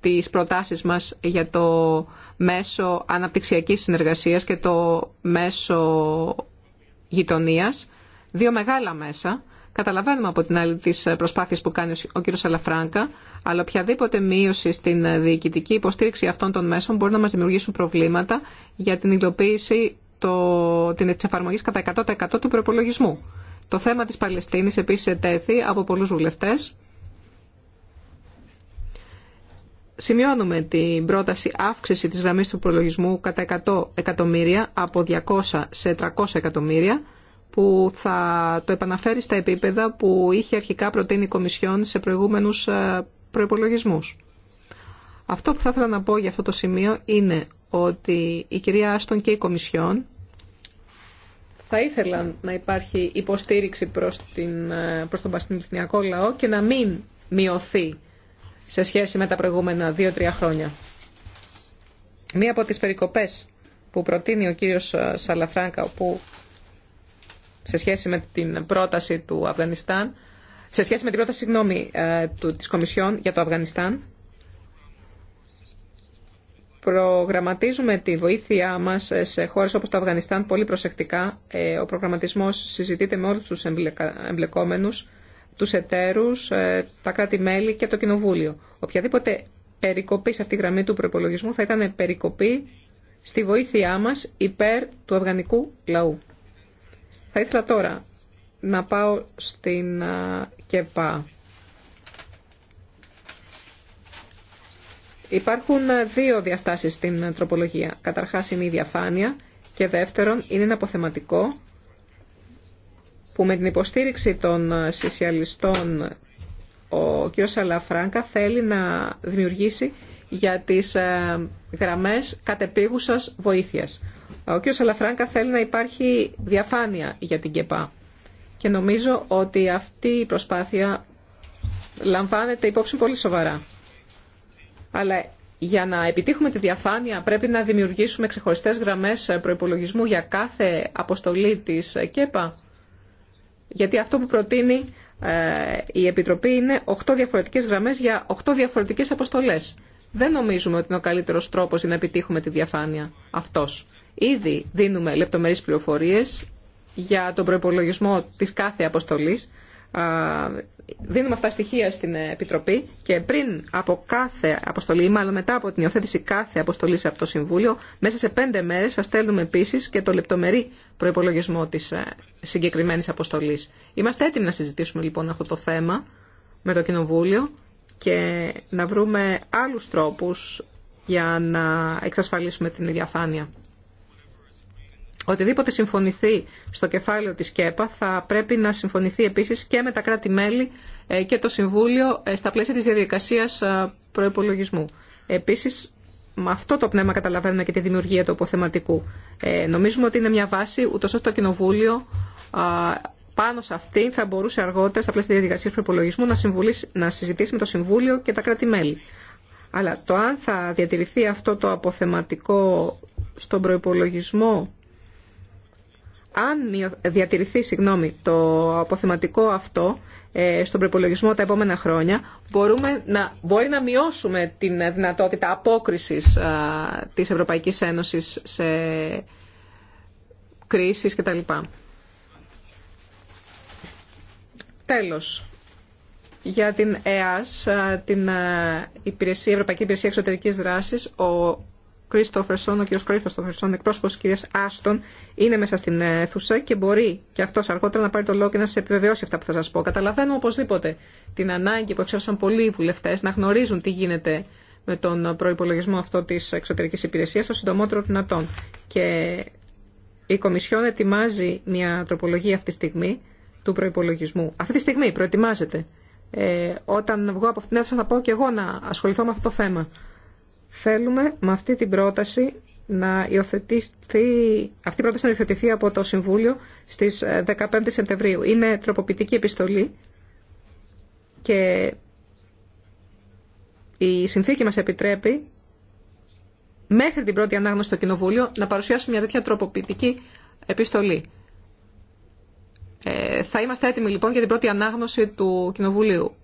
τι προτάσει μα για το μέσο αναπτυξιακή συνεργασία και το μέσο γειτονία. Δύο μεγάλα μέσα. Καταλαβαίνουμε από την άλλη τις προσπάθειες που κάνει ο κ. Σαλαφράγκα, αλλά οποιαδήποτε μείωση στην διοικητική υποστήριξη αυτών των μέσων μπορεί να μας δημιουργήσουν προβλήματα για την υλοποίηση το, την εφαρμογή κατά 100% του προπολογισμού. Το θέμα της Παλαιστίνης επίσης ετέθη από πολλούς βουλευτές. Σημειώνουμε την πρόταση αύξηση της γραμμής του προλογισμού κατά 100 εκατομμύρια από 200 σε 300 εκατομμύρια που θα το επαναφέρει στα επίπεδα που είχε αρχικά προτείνει η Κομισιόν σε προηγούμενους ε, προϋπολογισμούς. Αυτό που θα ήθελα να πω για αυτό το σημείο είναι ότι η κυρία Άστον και η Κομισιόν θα ήθελα να υπάρχει υποστήριξη προς, την, προς τον παστινιακό λαό και να μην μειωθεί σε σχέση με τα προηγούμενα δύο-τρία χρόνια. Μία από τις περικοπές που προτείνει ο κύριος Σαλαφράγκα που σε σχέση με την πρόταση του Αφγανιστάν σε σχέση με την πρόταση συγγνώμη, ε, της Κομισιόν για το Αφγανιστάν προγραμματίζουμε τη βοήθειά μας σε χώρες όπως το Αφγανιστάν πολύ προσεκτικά. Ε, ο προγραμματισμός συζητείται με όλους τους εμπλεκόμενους, τους εταίρους, ε, τα κράτη-μέλη και το Κοινοβούλιο. Οποιαδήποτε περικοπή σε αυτή τη γραμμή του προπολογισμού θα ήταν περικοπή στη βοήθειά μας υπέρ του αφγανικού λαού. Θα ήθελα τώρα να πάω στην ΚΕΠΑ. Υπάρχουν ε, δύο διαστάσεις στην ε, τροπολογία. Καταρχάς είναι η διαφάνεια και δεύτερον είναι ένα αποθεματικό που με την υποστήριξη των ε, συσιαλιστών ο κ. Σαλαφράγκα θέλει να δημιουργήσει για τις γραμμές κατεπίγουσας βοήθειας. Ο κ. Σαλαφράγκα θέλει να υπάρχει διαφάνεια για την ΚΕΠΑ και νομίζω ότι αυτή η προσπάθεια λαμβάνεται υπόψη πολύ σοβαρά. Αλλά για να επιτύχουμε τη διαφάνεια πρέπει να δημιουργήσουμε ξεχωριστές γραμμές προϋπολογισμού για κάθε αποστολή της ΚΕΠΑ. Γιατί αυτό που προτείνει ε, η Επιτροπή είναι 8 διαφορετικές γραμμές για 8 διαφορετικές αποστολές. Δεν νομίζουμε ότι είναι ο καλύτερος τρόπος για να επιτύχουμε τη διαφάνεια αυτός. Ήδη δίνουμε λεπτομερείς πληροφορίες για τον προϋπολογισμό της κάθε αποστολής, δίνουμε αυτά στοιχεία στην Επιτροπή και πριν από κάθε αποστολή, ή μάλλον μετά από την υιοθέτηση κάθε αποστολή από το Συμβούλιο, μέσα σε πέντε μέρε σα στέλνουμε επίση και το λεπτομερή προπολογισμό τη ε, συγκεκριμένη αποστολή. Είμαστε έτοιμοι να συζητήσουμε λοιπόν αυτό το θέμα με το Κοινοβούλιο και να βρούμε άλλους τρόπους για να εξασφαλίσουμε την διαφάνεια. Οτιδήποτε συμφωνηθεί στο κεφάλαιο της ΚΕΠΑ θα πρέπει να συμφωνηθεί επίσης και με τα κράτη-μέλη ε, και το Συμβούλιο ε, στα πλαίσια της διαδικασίας ε, προϋπολογισμού. Επίσης, με αυτό το πνεύμα καταλαβαίνουμε και τη δημιουργία του αποθεματικού. Ε, νομίζουμε ότι είναι μια βάση ούτω ώστε το Κοινοβούλιο πάνω σε αυτή θα μπορούσε αργότερα στα πλαίσια της διαδικασία προϋπολογισμού να, να συζητήσει με το Συμβούλιο και τα κράτη-μέλη. Αλλά το αν θα διατηρηθεί αυτό το αποθεματικό στον προπολογισμό αν διατηρηθεί συγγνώμη, το αποθεματικό αυτό ε, στον προπολογισμό τα επόμενα χρόνια, μπορούμε να, μπορεί να μειώσουμε την δυνατότητα απόκρισης της Ευρωπαϊκής Ένωσης σε κρίσεις κτλ. Τέλος, για την ΕΑΣ, την Υπηρεσία, Ευρωπαϊκή Υπηρεσία Εξωτερικής Δράσης, ο Κρίστοφερσον, ο κ. Κρίστοφερσον, εκπρόσωπο τη κυρία Άστον, είναι μέσα στην αίθουσα και μπορεί και αυτό αργότερα να πάρει το λόγο και να σα επιβεβαιώσει αυτά που θα σα πω. Καταλαβαίνουμε οπωσδήποτε την ανάγκη που εξέφρασαν πολλοί βουλευτέ να γνωρίζουν τι γίνεται με τον προπολογισμό αυτό τη εξωτερική υπηρεσία το συντομότερο δυνατόν. Και η Κομισιόν ετοιμάζει μια τροπολογία αυτή τη στιγμή του προπολογισμού. Αυτή τη στιγμή προετοιμάζεται. Ε, όταν βγω από αυτήν την αίθουσα θα πω και εγώ να ασχοληθώ με αυτό το θέμα. Θέλουμε με αυτή την πρόταση να υιοθετηθεί, αυτή η πρόταση να υιοθετηθεί από το Συμβούλιο στις 15 ε, Σεπτεμβρίου. Είναι τροποποιητική επιστολή και η συνθήκη μας επιτρέπει μέχρι την πρώτη ανάγνωση στο Κοινοβούλιο να παρουσιάσουμε μια τέτοια τροποποιητική επιστολή. Ε, θα είμαστε έτοιμοι λοιπόν για την πρώτη ανάγνωση του Κοινοβουλίου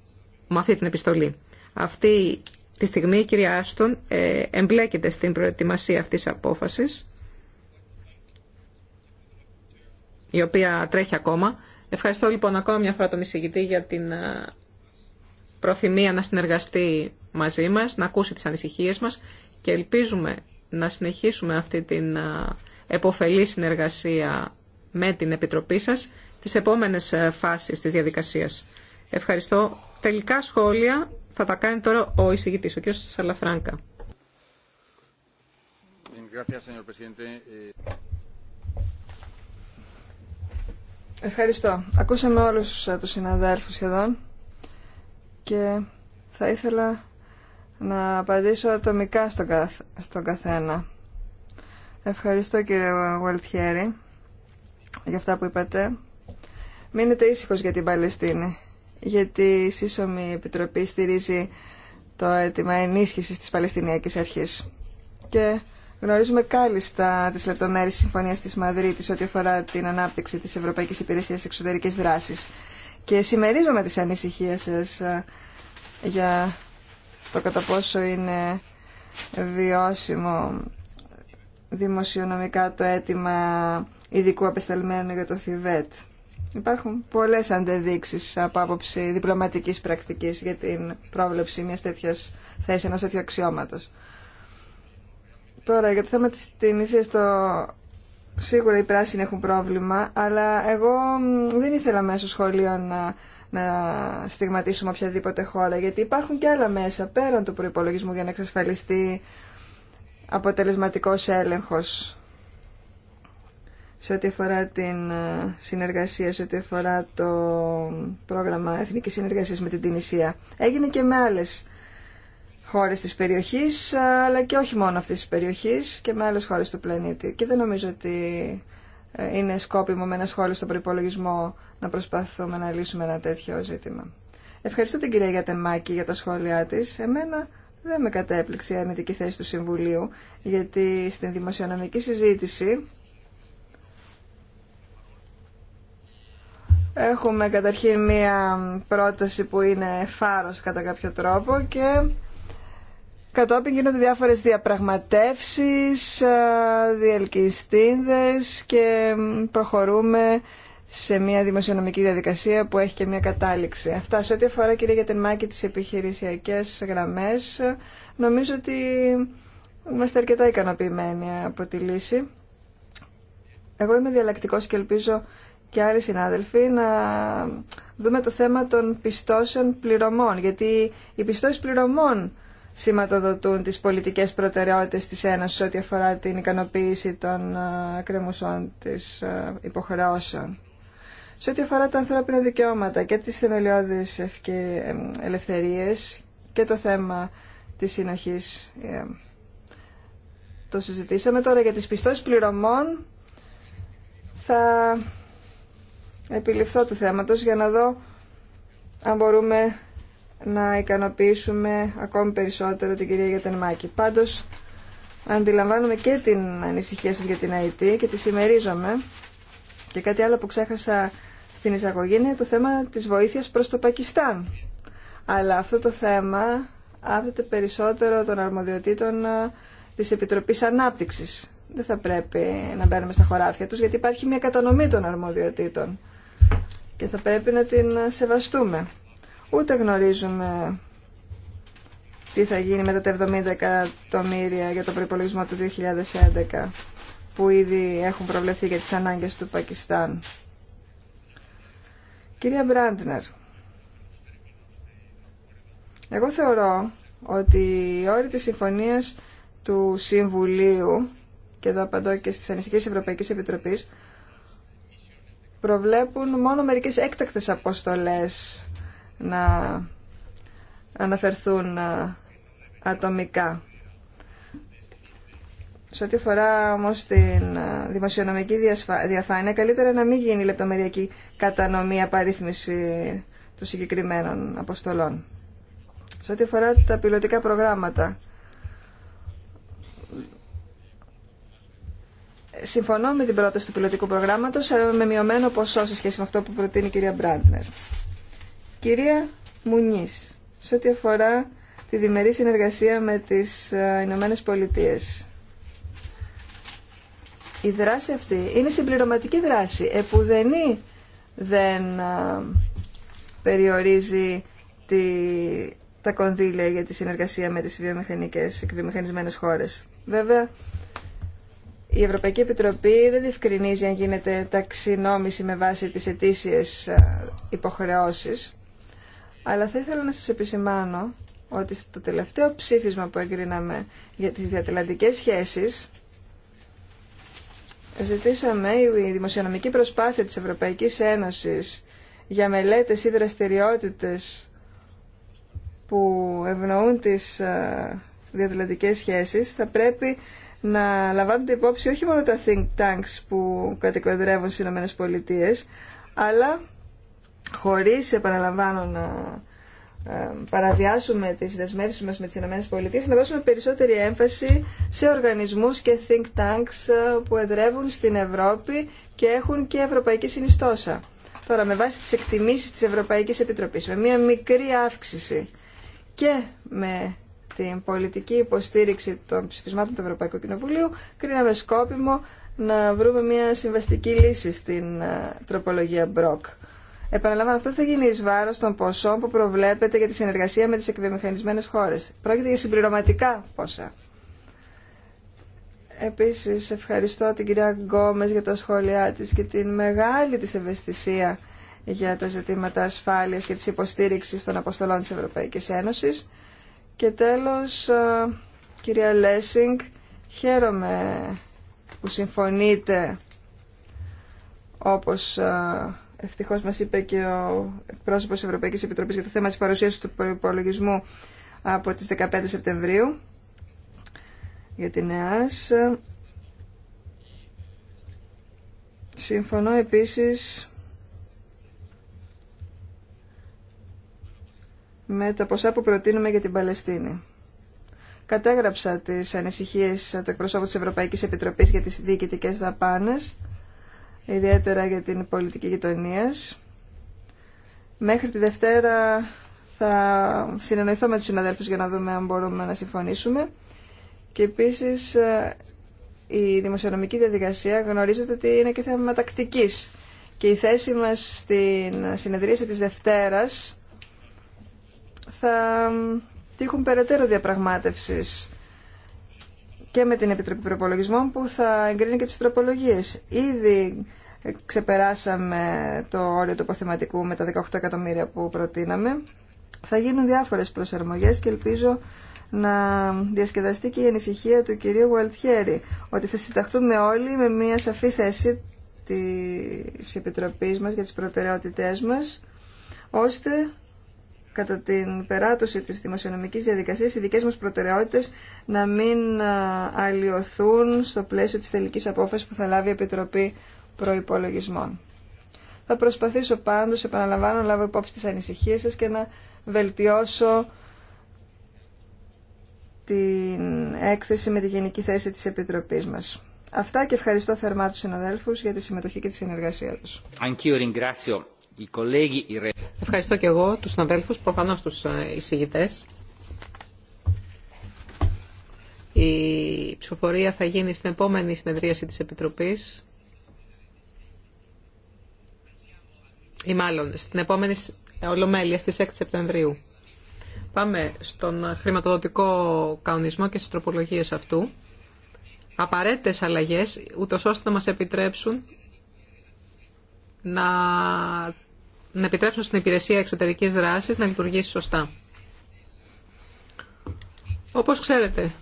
με αυτή την επιστολή. Αυτή τη στιγμή η κυρία Άστον ε, εμπλέκεται στην προετοιμασία αυτής της απόφασης, η οποία τρέχει ακόμα. Ευχαριστώ λοιπόν ακόμα μια φορά τον εισηγητή για την ε, προθυμία να συνεργαστεί μαζί μας, να ακούσει τις ανησυχίες μας και ελπίζουμε να συνεχίσουμε αυτή την ε, εποφελή συνεργασία με την Επιτροπή σας τις επόμενες φάσεις της διαδικασίας. Ευχαριστώ. Τελικά σχόλια θα τα κάνει τώρα ο εισηγητής, ο κ. Σαλαφράγκα. Ευχαριστώ. Ακούσαμε όλους ε, τους συναδέλφους σχεδόν και θα ήθελα να απαντήσω ατομικά στον, καθ, καθένα. Ευχαριστώ κύριε Γουαλτιέρη για αυτά που είπατε. Μείνετε ήσυχος για την Παλαιστίνη γιατί η Σύσσωμη Επιτροπή στηρίζει το αίτημα ενίσχυση τη Παλαιστινιακής Αρχή. Και γνωρίζουμε κάλλιστα τι λεπτομέρειε τη Συμφωνία της Μαδρίτης ό,τι αφορά την ανάπτυξη της Ευρωπαϊκής Υπηρεσίας Εξωτερική δράση. Και συμμερίζομαι τις ανησυχίες σα ε, για το κατά πόσο είναι βιώσιμο δημοσιονομικά το αίτημα ειδικού απεσταλμένου για το Θιβέτ. Υπάρχουν πολλές αντεδείξει από άποψη διπλωματικής πρακτικής για την πρόβλεψη μιας τέτοια θέση ενό τέτοιου αξιώματο. Τώρα, για το θέμα τη Τινησία, το... σίγουρα οι πράσινοι έχουν πρόβλημα, αλλά εγώ δεν ήθελα μέσω σχολείων να, να στιγματίσουμε οποιαδήποτε χώρα, γιατί υπάρχουν και άλλα μέσα πέραν του προπολογισμού για να εξασφαλιστεί αποτελεσματικό έλεγχο σε ό,τι αφορά την ε, συνεργασία, σε ό,τι αφορά το πρόγραμμα Εθνικής Συνεργασίας με την Τινησία. Έγινε και με άλλες χώρες της περιοχής, ε, αλλά και όχι μόνο αυτής της περιοχής και με άλλες χώρες του πλανήτη. Και δεν νομίζω ότι ε, είναι σκόπιμο με ένα σχόλιο στον προπολογισμό να προσπαθούμε να λύσουμε ένα τέτοιο ζήτημα. Ευχαριστώ την κυρία Γιατεμάκη για τα σχόλιά της. Εμένα δεν με κατέπληξε η αρνητική θέση του Συμβουλίου, γιατί στην δημοσιονομική συζήτηση Έχουμε καταρχήν μία πρόταση που είναι φάρος κατά κάποιο τρόπο και κατόπιν γίνονται διάφορες διαπραγματεύσεις, διελκυστίνδες και προχωρούμε σε μια δημοσιονομική διαδικασία που έχει και μια κατάληξη. Αυτά σε ό,τι αφορά κύριε για την μάκη τις επιχειρησιακές γραμμές νομίζω ότι είμαστε αρκετά ικανοποιημένοι από τη λύση. Εγώ είμαι διαλλακτικός και ελπίζω και άλλοι συνάδελφοι να δούμε το θέμα των πιστώσεων πληρωμών, γιατί οι πιστώσεις πληρωμών σηματοδοτούν τις πολιτικές προτεραιότητες της Ένωσης ό,τι αφορά την ικανοποίηση των ε, κρεμουσών της ε, υποχρεώσεων. Σε ό,τι αφορά τα ανθρώπινα δικαιώματα και τις θεμελιώδεις ελευθερίες και το θέμα της συνοχής ε, το συζητήσαμε τώρα για τις πιστώσεις πληρωμών θα επιληφθώ του θέματος για να δω αν μπορούμε να ικανοποιήσουμε ακόμη περισσότερο την κυρία Γιατενμάκη. Πάντως, αντιλαμβάνομαι και την ανησυχία σας για την ΑΕΤ και τη συμμερίζομαι. Και κάτι άλλο που ξέχασα στην εισαγωγή είναι το θέμα της βοήθειας προς το Πακιστάν. Αλλά αυτό το θέμα άφεται περισσότερο των αρμοδιοτήτων ε, της Επιτροπής Ανάπτυξης. Δεν θα πρέπει να μπαίνουμε στα χωράφια τους, γιατί υπάρχει μια κατανομή των αρμοδιοτήτων και θα πρέπει να την ε, σεβαστούμε. Ούτε γνωρίζουμε τι θα γίνει με τα 70 εκατομμύρια για το προϋπολογισμό του 2011 που ήδη έχουν προβλεφθεί για τις ανάγκες του Πακιστάν. Κυρία Μπράντνερ, εγώ θεωρώ ότι οι όροι της συμφωνίας του Συμβουλίου και εδώ απαντώ και στις ανησυχίες Ευρωπαϊκής Επιτροπής προβλέπουν μόνο μερικές έκτακτες αποστολές να αναφερθούν ε, ατομικά. Σε ό,τι αφορά όμω την ε, δημοσιονομική διαφάνεια, καλύτερα να μην γίνει η λεπτομεριακή κατανομή απαρίθμηση των συγκεκριμένων αποστολών. Σε ό,τι αφορά τα πιλωτικά προγράμματα, συμφωνώ με την πρόταση του πιλωτικού προγράμματο, αλλά ε, με μειωμένο ποσό σε σχέση με αυτό που προτείνει η κυρία Μπράντνερ. Κυρία Μουνή, σε ό,τι αφορά τη διμερή συνεργασία με τις ε, Ηνωμένε Πολιτείε. Η δράση αυτή είναι συμπληρωματική δράση, επουδενή δεν ε, περιορίζει τη, τα κονδύλια για τη συνεργασία με τις βιομηχανικές εκβιομηχανισμένες χώρες. Βέβαια, η Ευρωπαϊκή Επιτροπή δεν διευκρινίζει αν γίνεται ταξινόμηση με βάση τις ετήσιες ε, υποχρεώσεις, αλλά θα ήθελα να σας επισημάνω ότι στο τελευταίο ψήφισμα που εγκρίναμε για τις διατελαντικές σχέσεις ζητήσαμε η δημοσιονομική προσπάθεια της Ευρωπαϊκής Ένωσης για μελέτες ή δραστηριότητε που ευνοούν τις ε, διατελαντικές σχέσεις θα πρέπει να την υπόψη όχι μόνο τα think tanks που κατοικοδρεύουν στι ΗΠΑ, αλλά χωρί επαναλαμβάνω, να ε, παραβιάσουμε τις δεσμεύσει μας με τις ΗΠΑ, να δώσουμε περισσότερη έμφαση σε οργανισμούς και think tanks ε, που εδρεύουν στην Ευρώπη και έχουν και ευρωπαϊκή συνιστόσα. Τώρα, με βάση τις εκτιμήσεις της Ευρωπαϊκής Επιτροπής, με μια μικρή αύξηση και με την πολιτική υποστήριξη των ψηφισμάτων του Ευρωπαϊκού Κοινοβουλίου, κρίναμε σκόπιμο να βρούμε μια συμβαστική λύση στην ε, τροπολογία Μπροκ. Επαναλαμβάνω, αυτό θα γίνει ει βάρο των ποσών που προβλέπεται για τη συνεργασία με τι εκβιομηχανισμένε χώρε. Πρόκειται για συμπληρωματικά ποσά. Επίση, ευχαριστώ την κυρία Γκόμε για τα σχόλιά τη και την μεγάλη τη ευαισθησία για τα ζητήματα ασφάλεια και τη υποστήριξη των αποστολών τη Ευρωπαϊκή Ένωση. Και τέλος, ε, κυρία Λέσινγκ, χαίρομαι που συμφωνείτε όπως ε, ευτυχώς μας είπε και ο πρόσωπος της Ευρωπαϊκής Επιτροπής για το θέμα της παρουσίασης του προϋπολογισμού από τις 15 Σεπτεμβρίου για την ΕΑΣ. Συμφωνώ επίσης με τα ποσά που προτείνουμε για την Παλαιστίνη. Κατέγραψα τις ανησυχίες του εκπροσώπου της Ευρωπαϊκής Επιτροπής για τις διοικητικές δαπάνες, ιδιαίτερα για την πολιτική γειτονία. Μέχρι τη Δευτέρα θα συνεννοηθώ με τους συναδέλφους για να δούμε αν μπορούμε να συμφωνήσουμε. Και επίσης ε, η δημοσιονομική διαδικασία γνωρίζεται ότι είναι και θέμα τακτικής. Και η θέση μας στην συνεδρίαση της Δευτέρας θα τύχουν περαιτέρω διαπραγμάτευση και με την Επιτροπή Προπολογισμών που θα εγκρίνει και τις τροπολογίε. Ήδη ξεπεράσαμε το όριο του αποθεματικού με τα 18 εκατομμύρια που προτείναμε. Θα γίνουν διάφορες προσαρμογέ και ελπίζω να διασκεδαστεί και η ανησυχία του κυρίου Γουαλτιέρη ότι θα συνταχτούμε όλοι με μια σαφή θέση της Επιτροπής μας για τις προτεραιότητές μας ώστε κατά την περάτωση της δημοσιονομικής διαδικασίας οι δικές μας προτεραιότητες να μην ε, αλλοιωθούν στο πλαίσιο της τελικής απόφασης που θα λάβει η Επιτροπή Προϋπολογισμών. Θα προσπαθήσω πάντως, επαναλαμβάνω, να λάβω υπόψη τις ανησυχίες σας και να βελτιώσω την έκθεση με τη γενική θέση της Επιτροπής μας. Αυτά και ευχαριστώ θερμά τους συναδέλφους για τη συμμετοχή και τη συνεργασία τους. Ευχαριστώ και εγώ τους συναδέλφους, προφανώς τους ε, εισηγητές. Η ψηφοφορία θα γίνει στην επόμενη συνεδρίαση της Επιτροπής ή μάλλον στην επόμενη Ολομέλεια στις 6 Σεπτεμβρίου. Πάμε στον χρηματοδοτικό κανονισμό και στις τροπολογίες αυτού. Απαραίτητες αλλαγές, ούτως ώστε να μας επιτρέψουν να να επιτρέψουν στην υπηρεσία εξωτερικής δράσης να λειτουργήσει σωστά. Όπως ξέρετε,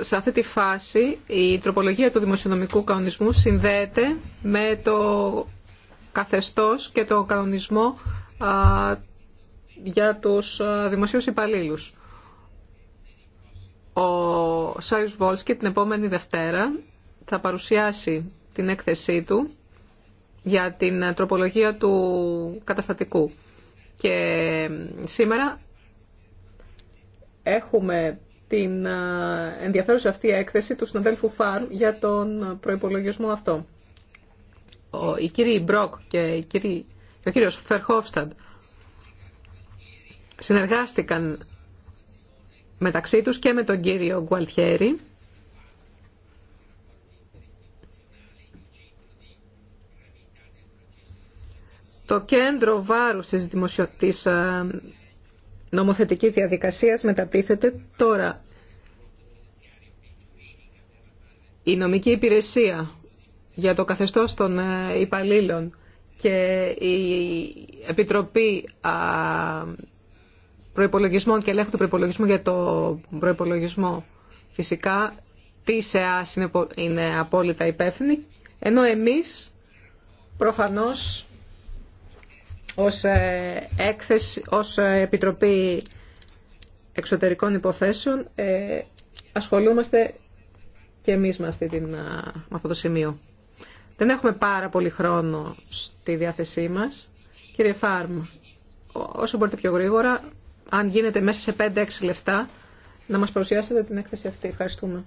σε αυτή τη φάση η τροπολογία του δημοσιονομικού κανονισμού συνδέεται με το καθεστώς και το κανονισμό για τους δημοσίους υπαλλήλους. Ο Σάριος Βόλσκι την επόμενη Δευτέρα θα παρουσιάσει την έκθεσή του για την τροπολογία του καταστατικού. Και σήμερα έχουμε την ε, ενδιαφέρουσα αυτή έκθεση του συναδέλφου φάρ για τον προϋπολογισμό αυτό. Ο, οι κύριοι Μπροκ και οι ο κύριος Φερχόφσταντ συνεργάστηκαν μεταξύ τους και με τον κύριο Γκουαλτιέρη το κέντρο βάρους της, δημοσιο... της ε, νομοθετικής διαδικασίας μετατίθεται τώρα. Η νομική υπηρεσία για το καθεστώς των ε, υπαλλήλων και η Επιτροπή Προϋπολογισμών και Ελέγχου του Προϋπολογισμού για το προϋπολογισμό φυσικά της ΕΑΣ είναι απόλυτα υπεύθυνη, ενώ εμείς προφανώς ως, ε, έκθεση, ως ε, Επιτροπή Εξωτερικών Υποθέσεων ε, ασχολούμαστε και εμείς με, αυτή την, αυτό το σημείο. Δεν έχουμε πάρα πολύ χρόνο στη διάθεσή μας. Κύριε Φάρμ, όσο μπορείτε πιο γρήγορα, αν γίνεται μέσα σε 5-6 λεπτά, να μας παρουσιάσετε την έκθεση αυτή. Ευχαριστούμε.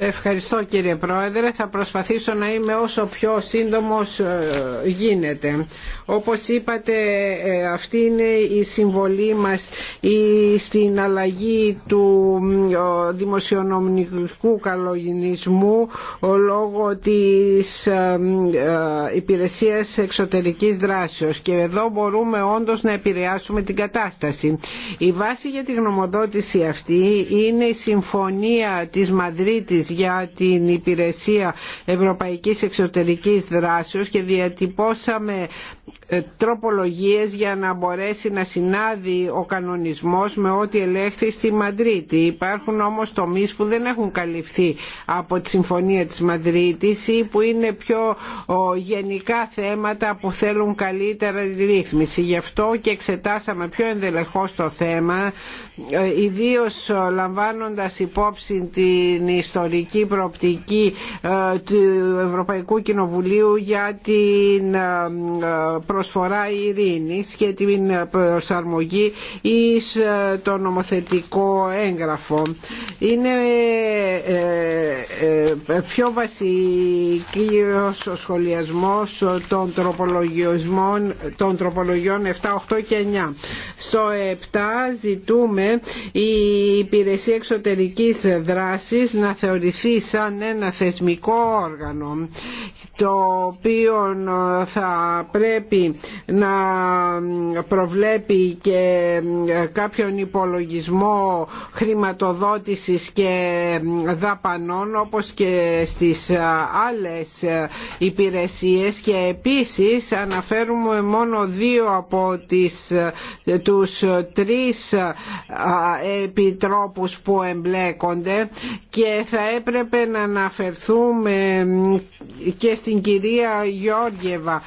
Ευχαριστώ κύριε Πρόεδρε. Θα προσπαθήσω να είμαι όσο πιο σύντομος ε, γίνεται. Όπως είπατε ε, αυτή είναι η συμβολή μας στην αλλαγή του δημοσιονομικού καλογινισμού λόγω της ε, υπηρεσίας εξωτερικής δράσεως και εδώ μπορούμε όντως να επηρεάσουμε την κατάσταση. Η βάση για τη γνωμοδότηση αυτή είναι η συμφωνία της Μαδρίτης για την υπηρεσία ευρωπαϊκής εξωτερικής δράσεως και διατυπώσαμε ε, τροπολογίες για να μπορέσει να συνάδει ο κανονισμός με ό,τι ελέγχθη στη Μαδρίτη. Υπάρχουν όμως τομείς που δεν έχουν καλυφθεί από τη Συμφωνία της Μαδρίτης ή που είναι πιο γενικά θέματα που θέλουν καλύτερα ρύθμιση. Γι' αυτό και εξετάσαμε πιο ενδελεχώς το θέμα ε, ιδίως ε, λαμβάνοντας υπόψη την ιστορική προοπτική ε, του Ευρωπαϊκού Κοινοβουλίου για την προσφορά ειρήνης και την προσαρμογή εις το νομοθετικό έγγραφο. Είναι πιο βασικός ο σχολιασμός των τροπολογιών, των τροπολογιών 7, 8 και 9. Στο 7 ζητούμε η υπηρεσία εξωτερικής δράσης να θεωρηθεί σαν ένα θεσμικό όργανο το οποίο ε, θα πρέπει να προβλέπει και ε, κάποιον υπολογισμό χρηματοδότησης και δαπανών όπως και στις ε, άλλες υπηρεσίες και επίσης αναφέρουμε μόνο δύο από τις, τους τρεις επιτρόπους που εμπλέκονται και θα έπρεπε να αναφερθούμε και στην κυρία Γιώργεβα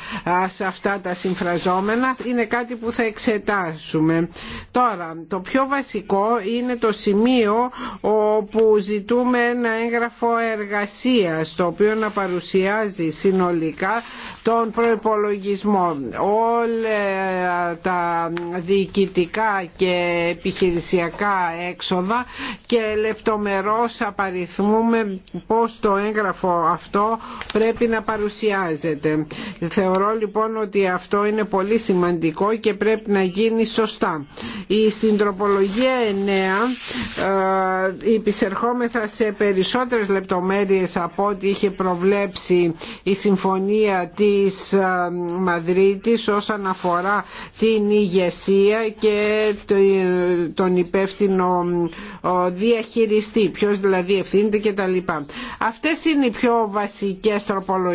σε αυτά τα συμφραζόμενα είναι κάτι που θα εξετάσουμε. Τώρα, το πιο βασικό είναι το σημείο όπου ζητούμε ένα έγγραφο εργασίας το οποίο να παρουσιάζει συνολικά τον προϋπολογισμό. Όλα τα διοικητικά και επιχειρησιακά έξοδα και λεπτομερώς απαριθμούμε πώς το έγγραφο αυτό πρέπει να παρουσιάζεται. Θεωρώ λοιπόν ότι αυτό είναι πολύ σημαντικό και πρέπει να γίνει σωστά. Στην τροπολογία 9 ε, υπησερχόμεθα σε περισσότερες λεπτομέρειες από ό,τι είχε προβλέψει η Συμφωνία της ε, Μαδρίτης όσον αφορά την ηγεσία και τον υπεύθυνο διαχειριστή, ποιος δηλαδή ευθύνεται κτλ. Αυτές είναι οι πιο βασικές τροπολογίες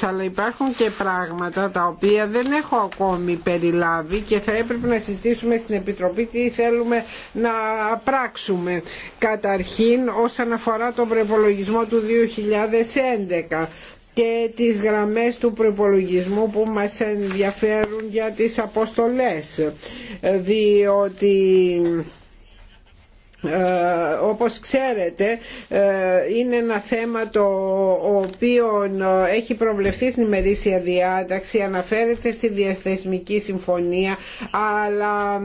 αλλά υπάρχουν και πράγματα τα οποία δεν έχω ακόμη περιλάβει και θα έπρεπε να συζητήσουμε στην Επιτροπή τι θέλουμε να πράξουμε. Καταρχήν όσον αφορά τον προπολογισμό του 2011 και τις γραμμές του προπολογισμού που μας ενδιαφέρουν για τις αποστολές διότι ε, όπως ξέρετε ε, είναι ένα θέμα το οποίο ε, έχει προβλεφθεί στην ημερήσια διάταξη αναφέρεται στη διαθεσμική Συμφωνία αλλά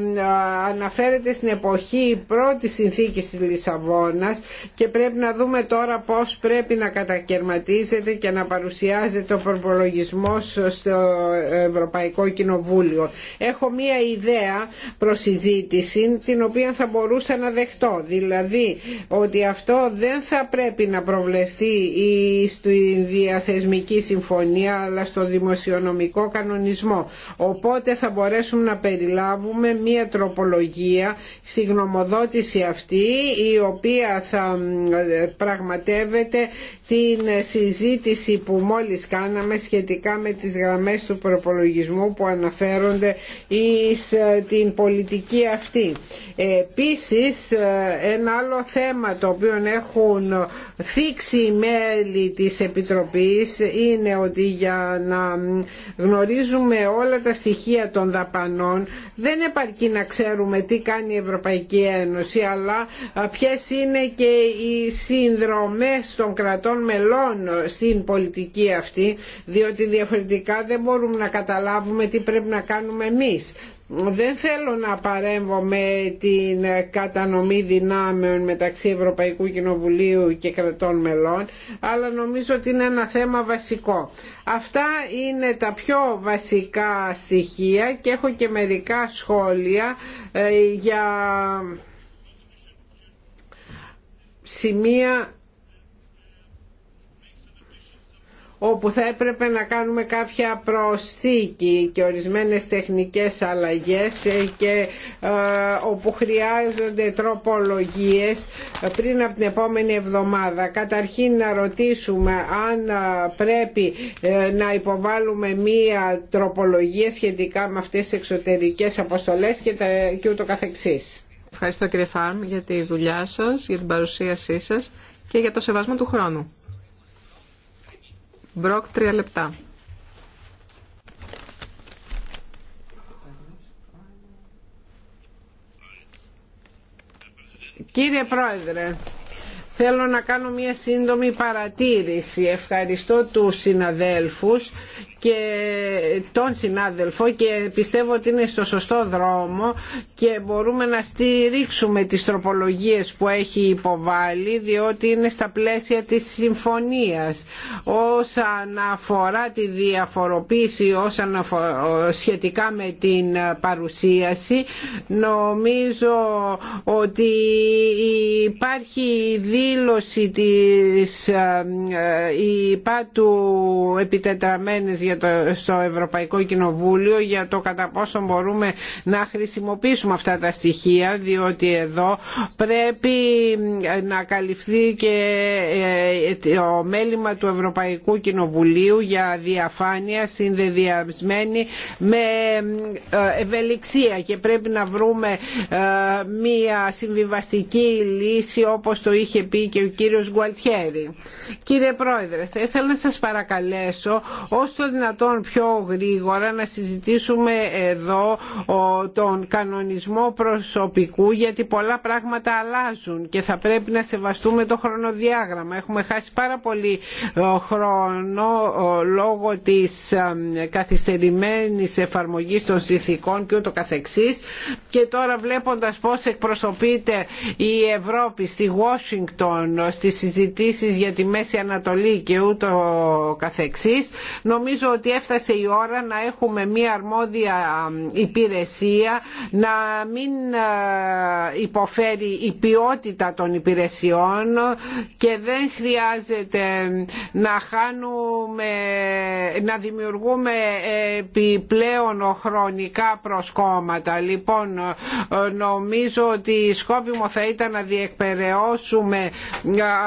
αναφέρεται στην εποχή πρώτης συνθήκης της Λισαβόνας και πρέπει να δούμε τώρα πώς πρέπει να κατακαιρματίζεται και να παρουσιάζεται ο προπολογισμό στο Ευρωπαϊκό Κοινοβούλιο. Έχω μία ιδέα προς την οποία θα μπορούσα να δεχτώ αυτό. Δηλαδή ότι αυτό δεν θα πρέπει να προβλεφθεί στη διαθεσμική συμφωνία αλλά στο δημοσιονομικό κανονισμό. Οπότε θα μπορέσουμε να περιλάβουμε μία τροπολογία στη γνωμοδότηση αυτή η οποία θα πραγματεύεται την συζήτηση που μόλις κάναμε σχετικά με τις γραμμές του προπολογισμού που αναφέρονται στην ε, την πολιτική αυτή. Επίσης ε, ένα άλλο θέμα το οποίο έχουν θίξει οι μέλη της Επιτροπής είναι ότι για να γνωρίζουμε όλα τα στοιχεία των δαπανών δεν επαρκεί να ξέρουμε τι κάνει η Ευρωπαϊκή Ένωση αλλά ποιες είναι και οι συνδρομές των κρατών μελών στην πολιτική αυτή διότι διαφορετικά δεν μπορούμε να καταλάβουμε τι πρέπει να κάνουμε εμείς δεν θέλω να παρέμβω με την κατανομή δυνάμεων μεταξύ Ευρωπαϊκού Κοινοβουλίου και κρατών μελών, αλλά νομίζω ότι είναι ένα θέμα βασικό. Αυτά είναι τα πιο βασικά στοιχεία και έχω και μερικά σχόλια ε, για σημεία όπου θα έπρεπε να κάνουμε κάποια προσθήκη και ορισμένες τεχνικές αλλαγές ε, και ε, όπου χρειάζονται τροπολογίες πριν από την επόμενη εβδομάδα. Καταρχήν να ρωτήσουμε αν ε, πρέπει να υποβάλουμε μία τροπολογία σχετικά με αυτές τις εξωτερικές αποστολές και, το ούτω καθεξής. Ευχαριστώ κύριε Φάρμ για τη δουλειά σας, για την παρουσίασή σας και για το σεβασμό του χρόνου. Μπροκ, τρία λεπτά. Κύριε Πρόεδρε, θέλω να κάνω μια σύντομη παρατήρηση. Ευχαριστώ τους συναδέλφους και τον συνάδελφο και πιστεύω ότι είναι στο σωστό δρόμο και μπορούμε να στηρίξουμε τις τροπολογίες που έχει υποβάλει διότι είναι στα πλαίσια της συμφωνίας όσον αφορά τη διαφοροποίηση όσον σχετικά με την παρουσίαση νομίζω ότι υπάρχει δήλωση της υπάτου ε, ε, του επιτετραμένης για το, στο Ευρωπαϊκό Κοινοβούλιο για το κατά πόσο μπορούμε να χρησιμοποιήσουμε αυτά τα στοιχεία διότι εδώ πρέπει να καλυφθεί και ε, το μέλημα του Ευρωπαϊκού Κοινοβουλίου για διαφάνεια συνδεδιασμένη με ε, ευελιξία και πρέπει να βρούμε ε, μία συμβιβαστική λύση όπως το είχε πει και ο κύριος Γκουαλτιέρη. Κύριε Πρόεδρε, θα ήθελα να σας παρακαλέσω ώστε δυνατόν πιο γρήγορα να συζητήσουμε εδώ τον κανονισμό προσωπικού γιατί πολλά πράγματα αλλάζουν και θα πρέπει να σεβαστούμε το χρονοδιάγραμμα. Έχουμε χάσει πάρα πολύ ε, χρόνο ε, λόγω της ε, καθυστερημένης εφαρμογής των συνθηκών και ούτω καθεξής και τώρα βλέποντας πώς εκπροσωπείται η Ευρώπη στη Washington στις συζητήσεις για τη Μέση Ανατολή και ούτω καθεξής νομίζω ότι έφτασε η ώρα να έχουμε μία αρμόδια υπηρεσία, να μην υποφέρει η ποιότητα των υπηρεσιών και δεν χρειάζεται να χάνουμε, να δημιουργούμε επιπλέον χρονικά προσκόμματα. Λοιπόν, νομίζω ότι σκόπιμο θα ήταν να διεκπαιρεώσουμε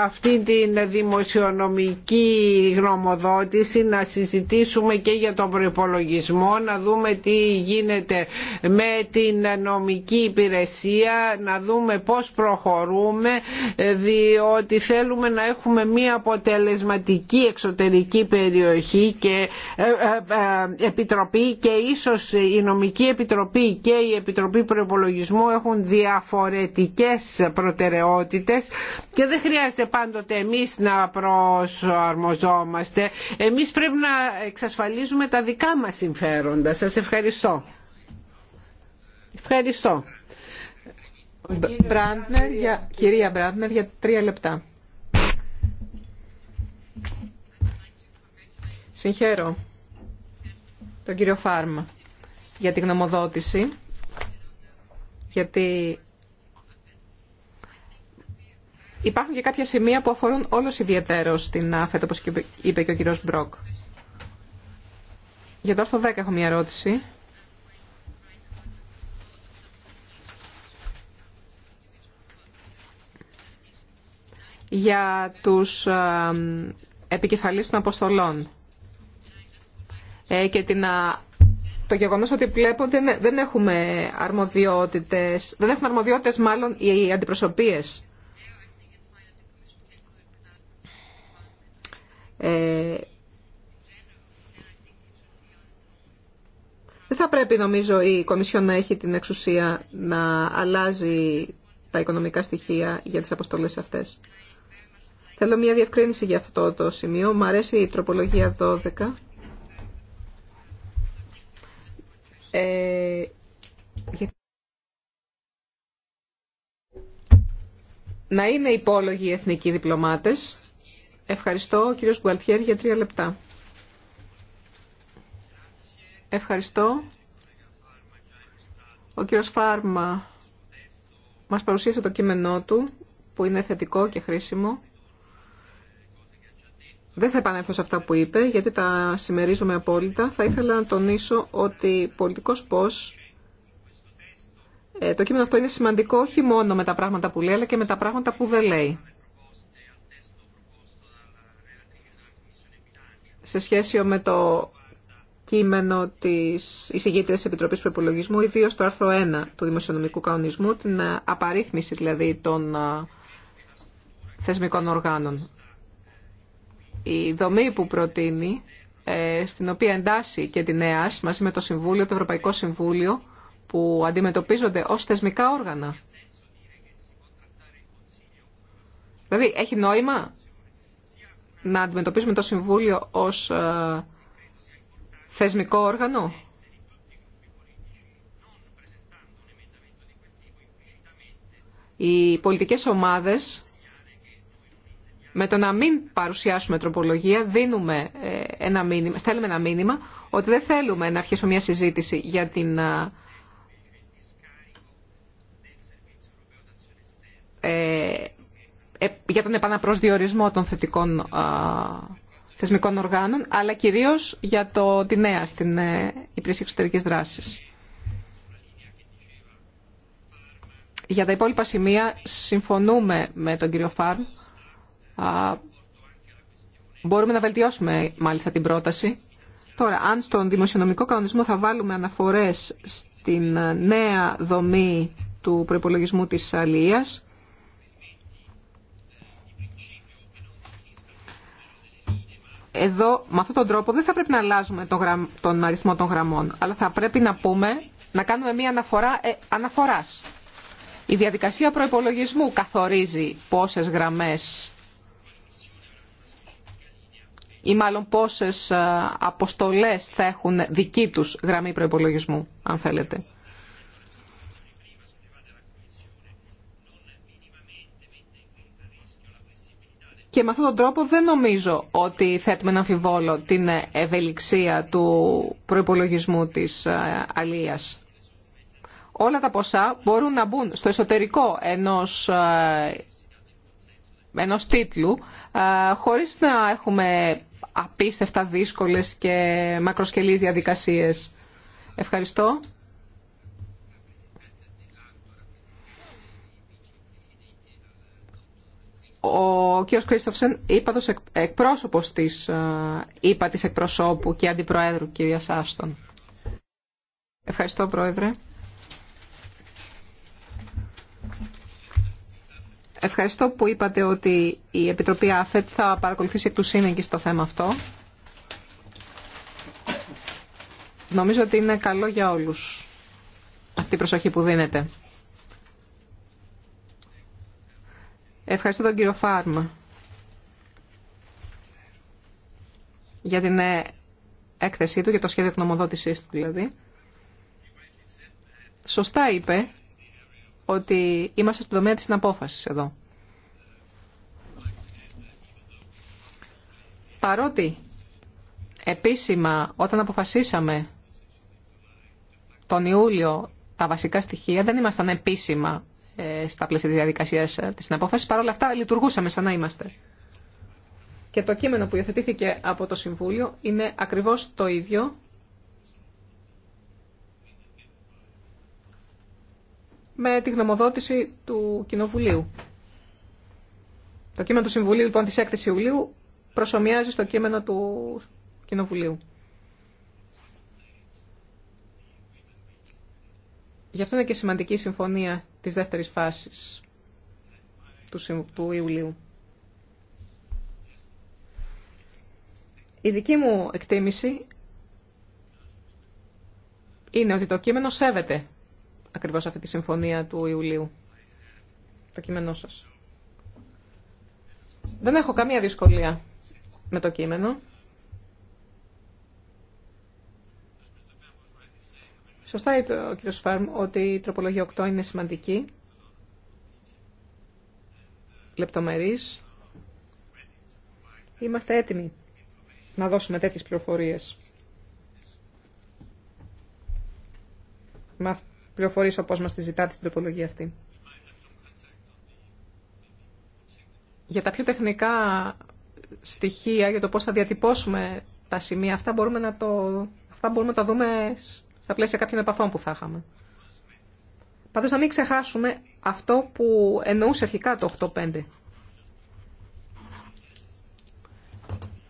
αυτή την δημοσιονομική γνωμοδότηση, να συζητήσουμε μιλήσουμε και για τον προπολογισμό, να δούμε τι γίνεται με την νομική υπηρεσία, να δούμε πώς προχωρούμε, διότι θέλουμε να έχουμε μία αποτελεσματική εξωτερική περιοχή και ε, ε, ε, επιτροπή και ίσως η νομική επιτροπή και η επιτροπή προπολογισμού έχουν διαφορετικές προτεραιότητες και δεν χρειάζεται πάντοτε εμείς να προσαρμοζόμαστε. Εμείς πρέπει να εξασφαλίζουμε τα δικά μας συμφέροντα. Σας ευχαριστώ. Ευχαριστώ. Μπραντνερ, Κυρία Μπραντνερ, για τρία λεπτά. Συγχαίρω τον κύριο Φάρμα για τη γνωμοδότηση, γιατί υπάρχουν και κάποια σημεία που αφορούν όλος ιδιαίτερος την ΑΦΕΤ, όπως είπε και ο κύριος Μπροκ. Για το άρθρο 10 έχω μια ερώτηση. Για τους ε, επικεφαλής των αποστολών ε, και την, το γεγονός ότι ότι δεν έχουμε αρμοδιότητες, δεν έχουν αρμοδιότητες μάλλον οι αντιπροσωπείες. Ε, Δεν θα πρέπει νομίζω η Κομισιόν να έχει την εξουσία να αλλάζει τα οικονομικά στοιχεία για τις αποστολές αυτές. Θέλω μια διευκρίνηση για αυτό το σημείο. Μ' αρέσει η τροπολογία 12. Ε, να είναι υπόλογοι οι εθνικοί διπλωμάτες. Ευχαριστώ, κύριος Γκουαλτιέρη, για τρία λεπτά. Ευχαριστώ. Ο κύριος Φάρμα μας παρουσίασε το κείμενό του, που είναι θετικό και χρήσιμο. Δεν θα επανέλθω σε αυτά που είπε, γιατί τα συμμερίζομαι απόλυτα. Θα ήθελα να τονίσω ότι πολιτικός πώς ε, το κείμενο αυτό είναι σημαντικό όχι μόνο με τα πράγματα που λέει, αλλά και με τα πράγματα που δεν λέει. Σε σχέση με το κείμενο της εισηγήτρια της Επιτροπής Προπολογισμού, ιδίω το άρθρο 1 του Δημοσιονομικού Κανονισμού, την ε, απαρίθμηση δηλαδή των ε, θεσμικών οργάνων. Η δομή που προτείνει, ε, στην οποία εντάσσει και την ΕΑΣ μαζί με το Συμβούλιο, το Ευρωπαϊκό Συμβούλιο, που αντιμετωπίζονται ως θεσμικά όργανα. Δηλαδή, έχει νόημα να αντιμετωπίσουμε το Συμβούλιο ως θεσμικό όργανο. Οι πολιτικές ομάδες με το να μην παρουσιάσουμε τροπολογία δίνουμε ε, ένα μήνυμα, στέλνουμε ένα μήνυμα ότι δεν θέλουμε να αρχίσουμε μια συζήτηση για την ε, ε, για τον επαναπροσδιορισμό των θετικών θεσμικών οργάνων, αλλά κυρίω για το, τη νέα στην ε, υπηρεσία εξωτερική δράση. Για τα υπόλοιπα σημεία συμφωνούμε με τον κύριο Φάρν. Μπορούμε να βελτιώσουμε μάλιστα την πρόταση. Τώρα, αν στον δημοσιονομικό κανονισμό θα βάλουμε αναφορές στην ε, νέα δομή του προϋπολογισμού της Αλίας, εδώ με αυτόν τον τρόπο δεν θα πρέπει να αλλάζουμε τον αριθμό των γραμμών, αλλά θα πρέπει να πούμε, να κάνουμε μία αναφορά ε, αναφοράς. Η διαδικασία προϋπολογισμού καθορίζει πόσες γραμμές ή μάλλον πόσες ε, αποστολές θα έχουν δική τους γραμμή προϋπολογισμού, αν θέλετε. Και με αυτόν τον τρόπο δεν νομίζω ότι θέτουμε να αμφιβόλο την ευελιξία του προϋπολογισμού της ε, αλίας. Όλα τα ποσά μπορούν να μπουν στο εσωτερικό ενός, ε, ενός τίτλου ε, χωρίς να έχουμε απίστευτα δύσκολες και μακροσκελείς διαδικασίες. Ευχαριστώ. Ο κ. Κρίστοφσεν, εκ, εκπρόσωπος της ε, είπα της εκπροσώπου και αντιπροέδρου κ. Σάστον. Ευχαριστώ, Πρόεδρε. Ευχαριστώ που είπατε ότι η Επιτροπή ΑΦΕΤ θα παρακολουθήσει εκ του σύνεγγυ στο θέμα αυτό. Νομίζω ότι είναι καλό για όλους αυτή η προσοχή που δίνεται. Ευχαριστώ τον κύριο Φάρμα για την ε, έκθεσή του, για το σχέδιο εκνομοδότησής του δηλαδή. Σωστά είπε ότι είμαστε στον τομέα της συναπόφασης εδώ. Παρότι επίσημα όταν αποφασίσαμε τον Ιούλιο τα βασικά στοιχεία δεν ήμασταν επίσημα ε, στα πλαίσια τη διαδικασίας ε, της συναπόφασης. Παρ' όλα αυτά λειτουργούσαμε σαν να είμαστε. Και το κείμενο που υιοθετήθηκε από το Συμβούλιο είναι ακριβώς το ίδιο με τη γνωμοδότηση του Κοινοβουλίου. Το κείμενο του Συμβουλίου λοιπόν της 6 Ιουλίου προσωμιάζει στο κείμενο του Κοινοβουλίου. Γι' αυτό είναι και σημαντική η συμφωνία της δεύτερης φάσης του, του Ιουλίου. Η δική μου εκτίμηση είναι ότι το κείμενο σέβεται ακριβώς αυτή τη συμφωνία του Ιουλίου. Το κείμενό σας. Δεν έχω καμία δυσκολία με το κείμενο. Σωστά είπε ο κ. Φάρμ ότι η τροπολογία 8 είναι σημαντική, λεπτομερής. Είμαστε έτοιμοι να δώσουμε τέτοιες πληροφορίες. Με πληροφορίες όπως μας τη ζητάτε στην τροπολογία αυτή. Για τα πιο τεχνικά στοιχεία, για το πώς θα διατυπώσουμε τα σημεία, αυτά μπορούμε να, το, αυτά μπορούμε να τα δούμε στα πλαίσια κάποιων επαφών που θα είχαμε. Πάντω να μην ξεχάσουμε αυτό που εννοούσε αρχικά το 8-5.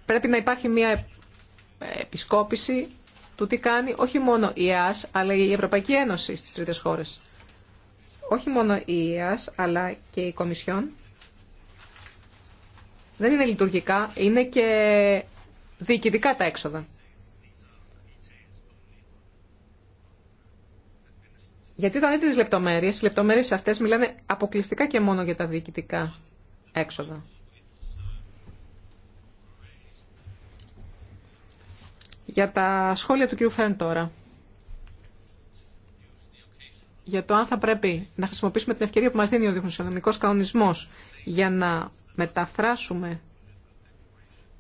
Πρέπει να υπάρχει μια επισκόπηση του τι κάνει όχι μόνο η ΕΑΣ, αλλά η Ευρωπαϊκή Ένωση στις τρίτες χώρες. Όχι μόνο η ΕΑΣ, αλλά και η Κομισιόν. Δεν είναι λειτουργικά, είναι και διοικητικά τα έξοδα. Γιατί όταν δείτε τι λεπτομέρειες, οι λεπτομέρειε αυτές μιλάνε αποκλειστικά και μόνο για τα διοικητικά έξοδα. Για τα σχόλια του κ. Φέρν τώρα. Για το αν θα πρέπει να χρησιμοποιήσουμε την ευκαιρία που μας δίνει ο δημοσιονομικός κανονισμός για να μεταφράσουμε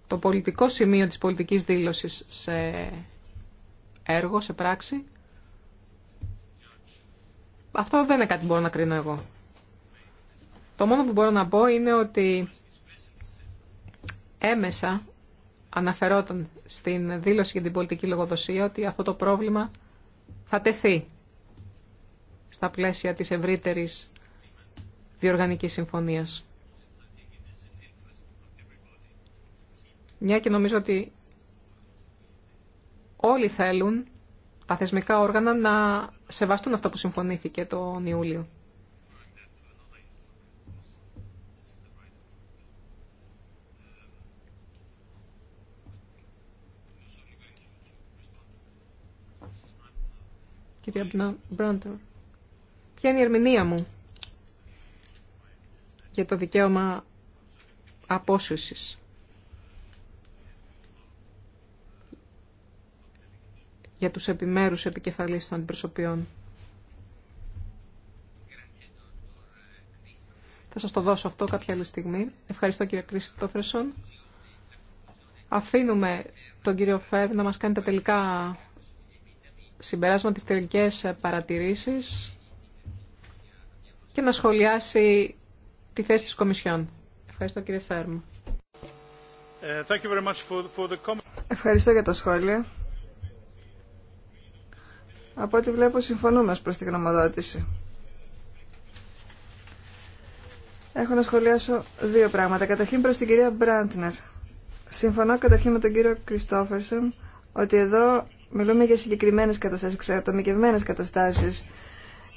το πολιτικό σημείο της πολιτικής δήλωσης σε έργο, σε πράξη. Αυτό δεν είναι κάτι που μπορώ να κρίνω εγώ. Το μόνο που μπορώ να πω είναι ότι έμεσα αναφερόταν στην δήλωση για την πολιτική λογοδοσία ότι αυτό το πρόβλημα θα τεθεί στα πλαίσια της ευρύτερης διοργανικής συμφωνίας. Μια και νομίζω ότι όλοι θέλουν τα θεσμικά όργανα να σεβαστούν αυτό που συμφωνήθηκε τον Ιούλιο. Κυρία Μπράντερ, ποια είναι η ερμηνεία μου για το δικαίωμα απόσυρσης. για τους επιμέρους επικεφαλής των αντιπροσωπιών. Θα σας το δώσω αυτό κάποια άλλη στιγμή. Ευχαριστώ κύριε Κρίστοφερσον. Αφήνουμε τον κύριο Φεύ να μας κάνει τα τελικά συμπεράσματα, τις τελικές παρατηρήσεις και να σχολιάσει τη θέση της Κομισιόν. Ευχαριστώ κύριε Φέρμα. Ε, Ευχαριστώ για τα σχόλια. Από ό,τι βλέπω συμφωνούμε ως προς τη γνωμοδότηση. Έχω να σχολιάσω δύο πράγματα. Καταρχήν προς την κυρία Μπράντνερ. Συμφωνώ καταρχήν με τον κύριο Κριστόφερσον ότι εδώ μιλούμε για συγκεκριμένες καταστάσεις, εξατομικευμένες καταστάσεις.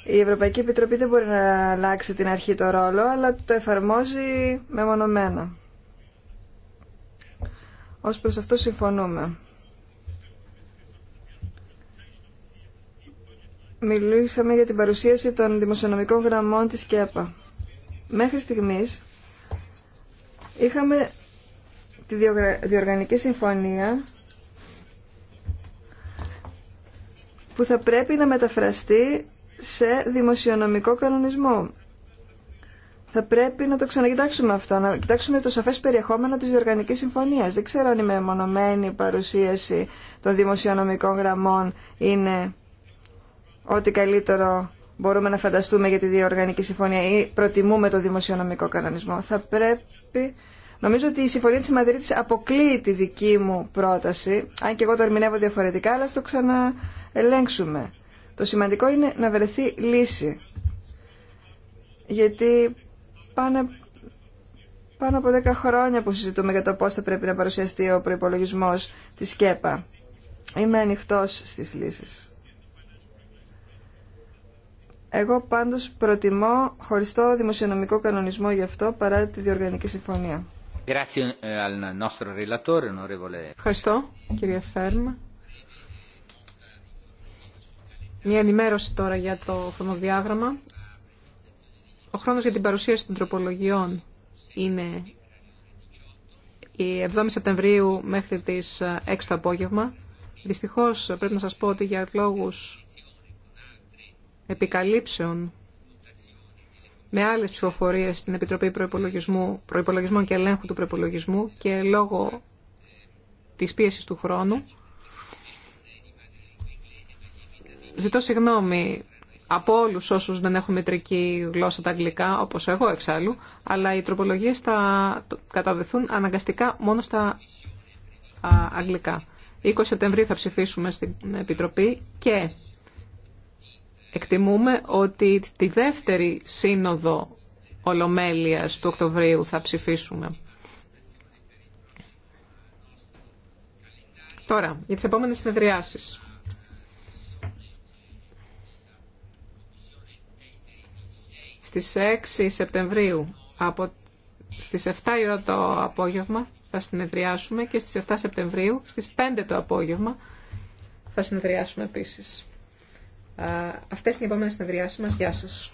Η Ευρωπαϊκή Επιτροπή δεν μπορεί να αλλάξει την αρχή το ρόλο, αλλά το εφαρμόζει μεμονωμένα. Ως προς αυτό συμφωνούμε. μιλήσαμε για την παρουσίαση των δημοσιονομικών γραμμών της ΚΕΠΑ. Μέχρι στιγμής είχαμε τη διοργανική συμφωνία που θα πρέπει να μεταφραστεί σε δημοσιονομικό κανονισμό. Θα πρέπει να το ξανακοιτάξουμε αυτό, να κοιτάξουμε το σαφές περιεχόμενο της διοργανικής συμφωνίας. Δεν ξέρω αν η μεμονωμένη παρουσίαση των δημοσιονομικών γραμμών είναι ό,τι καλύτερο μπορούμε να φανταστούμε για τη διοργανική συμφωνία ή προτιμούμε το δημοσιονομικό κανονισμό. Θα πρέπει... Νομίζω ότι η συμφωνία της Μαδρίτης αποκλείει τη δική μου πρόταση, αν και εγώ το ερμηνεύω διαφορετικά, αλλά στο ξαναελέγξουμε. Το σημαντικό είναι να βρεθεί λύση. Γιατί πάνε πάνω από 10 χρόνια που συζητούμε για το πώ θα πρέπει να παρουσιαστεί ο προπολογισμό τη ΚΕΠΑ. Είμαι ανοιχτό στι λύσει. Εγώ πάντως προτιμώ χωριστό δημοσιονομικό κανονισμό γι' αυτό παρά τη διοργανική συμφωνία. Ε, Ευχαριστώ κύριε Φέρμ. Μια ενημέρωση τώρα για το χρονοδιάγραμμα. Ο χρόνος για την παρουσίαση των τροπολογιών είναι η 7η Σεπτεμβρίου μέχρι τις 6 ε, το απόγευμα. Δυστυχώς πρέπει να σας πω ότι για λόγους επικαλύψεων με άλλες ψηφοφορίες στην Επιτροπή Προϋπολογισμού, Προϋπολογισμών και Ελέγχου του Προϋπολογισμού και λόγω της πίεσης του χρόνου. Ζητώ συγγνώμη από όλους όσους δεν έχουν μετρική γλώσσα τα αγγλικά, όπως εγώ εξάλλου, αλλά οι τροπολογίες θα καταδεθούν αναγκαστικά μόνο στα αγγλικά. 20 Σεπτεμβρίου θα ψηφίσουμε στην Επιτροπή και Εκτιμούμε ότι τη δεύτερη σύνοδο Ολομέλειας του Οκτωβρίου θα ψηφίσουμε. Τώρα, για τις επόμενες συνεδριάσεις. Στις 6 Σεπτεμβρίου, από στις 7 η ώρα το απόγευμα, θα συνεδριάσουμε και στις 7 Σεπτεμβρίου, στις 5 το απόγευμα, θα συνεδριάσουμε επίσης αυτές είναι οι επόμενες συνεδριάσεις μας. Γεια σας.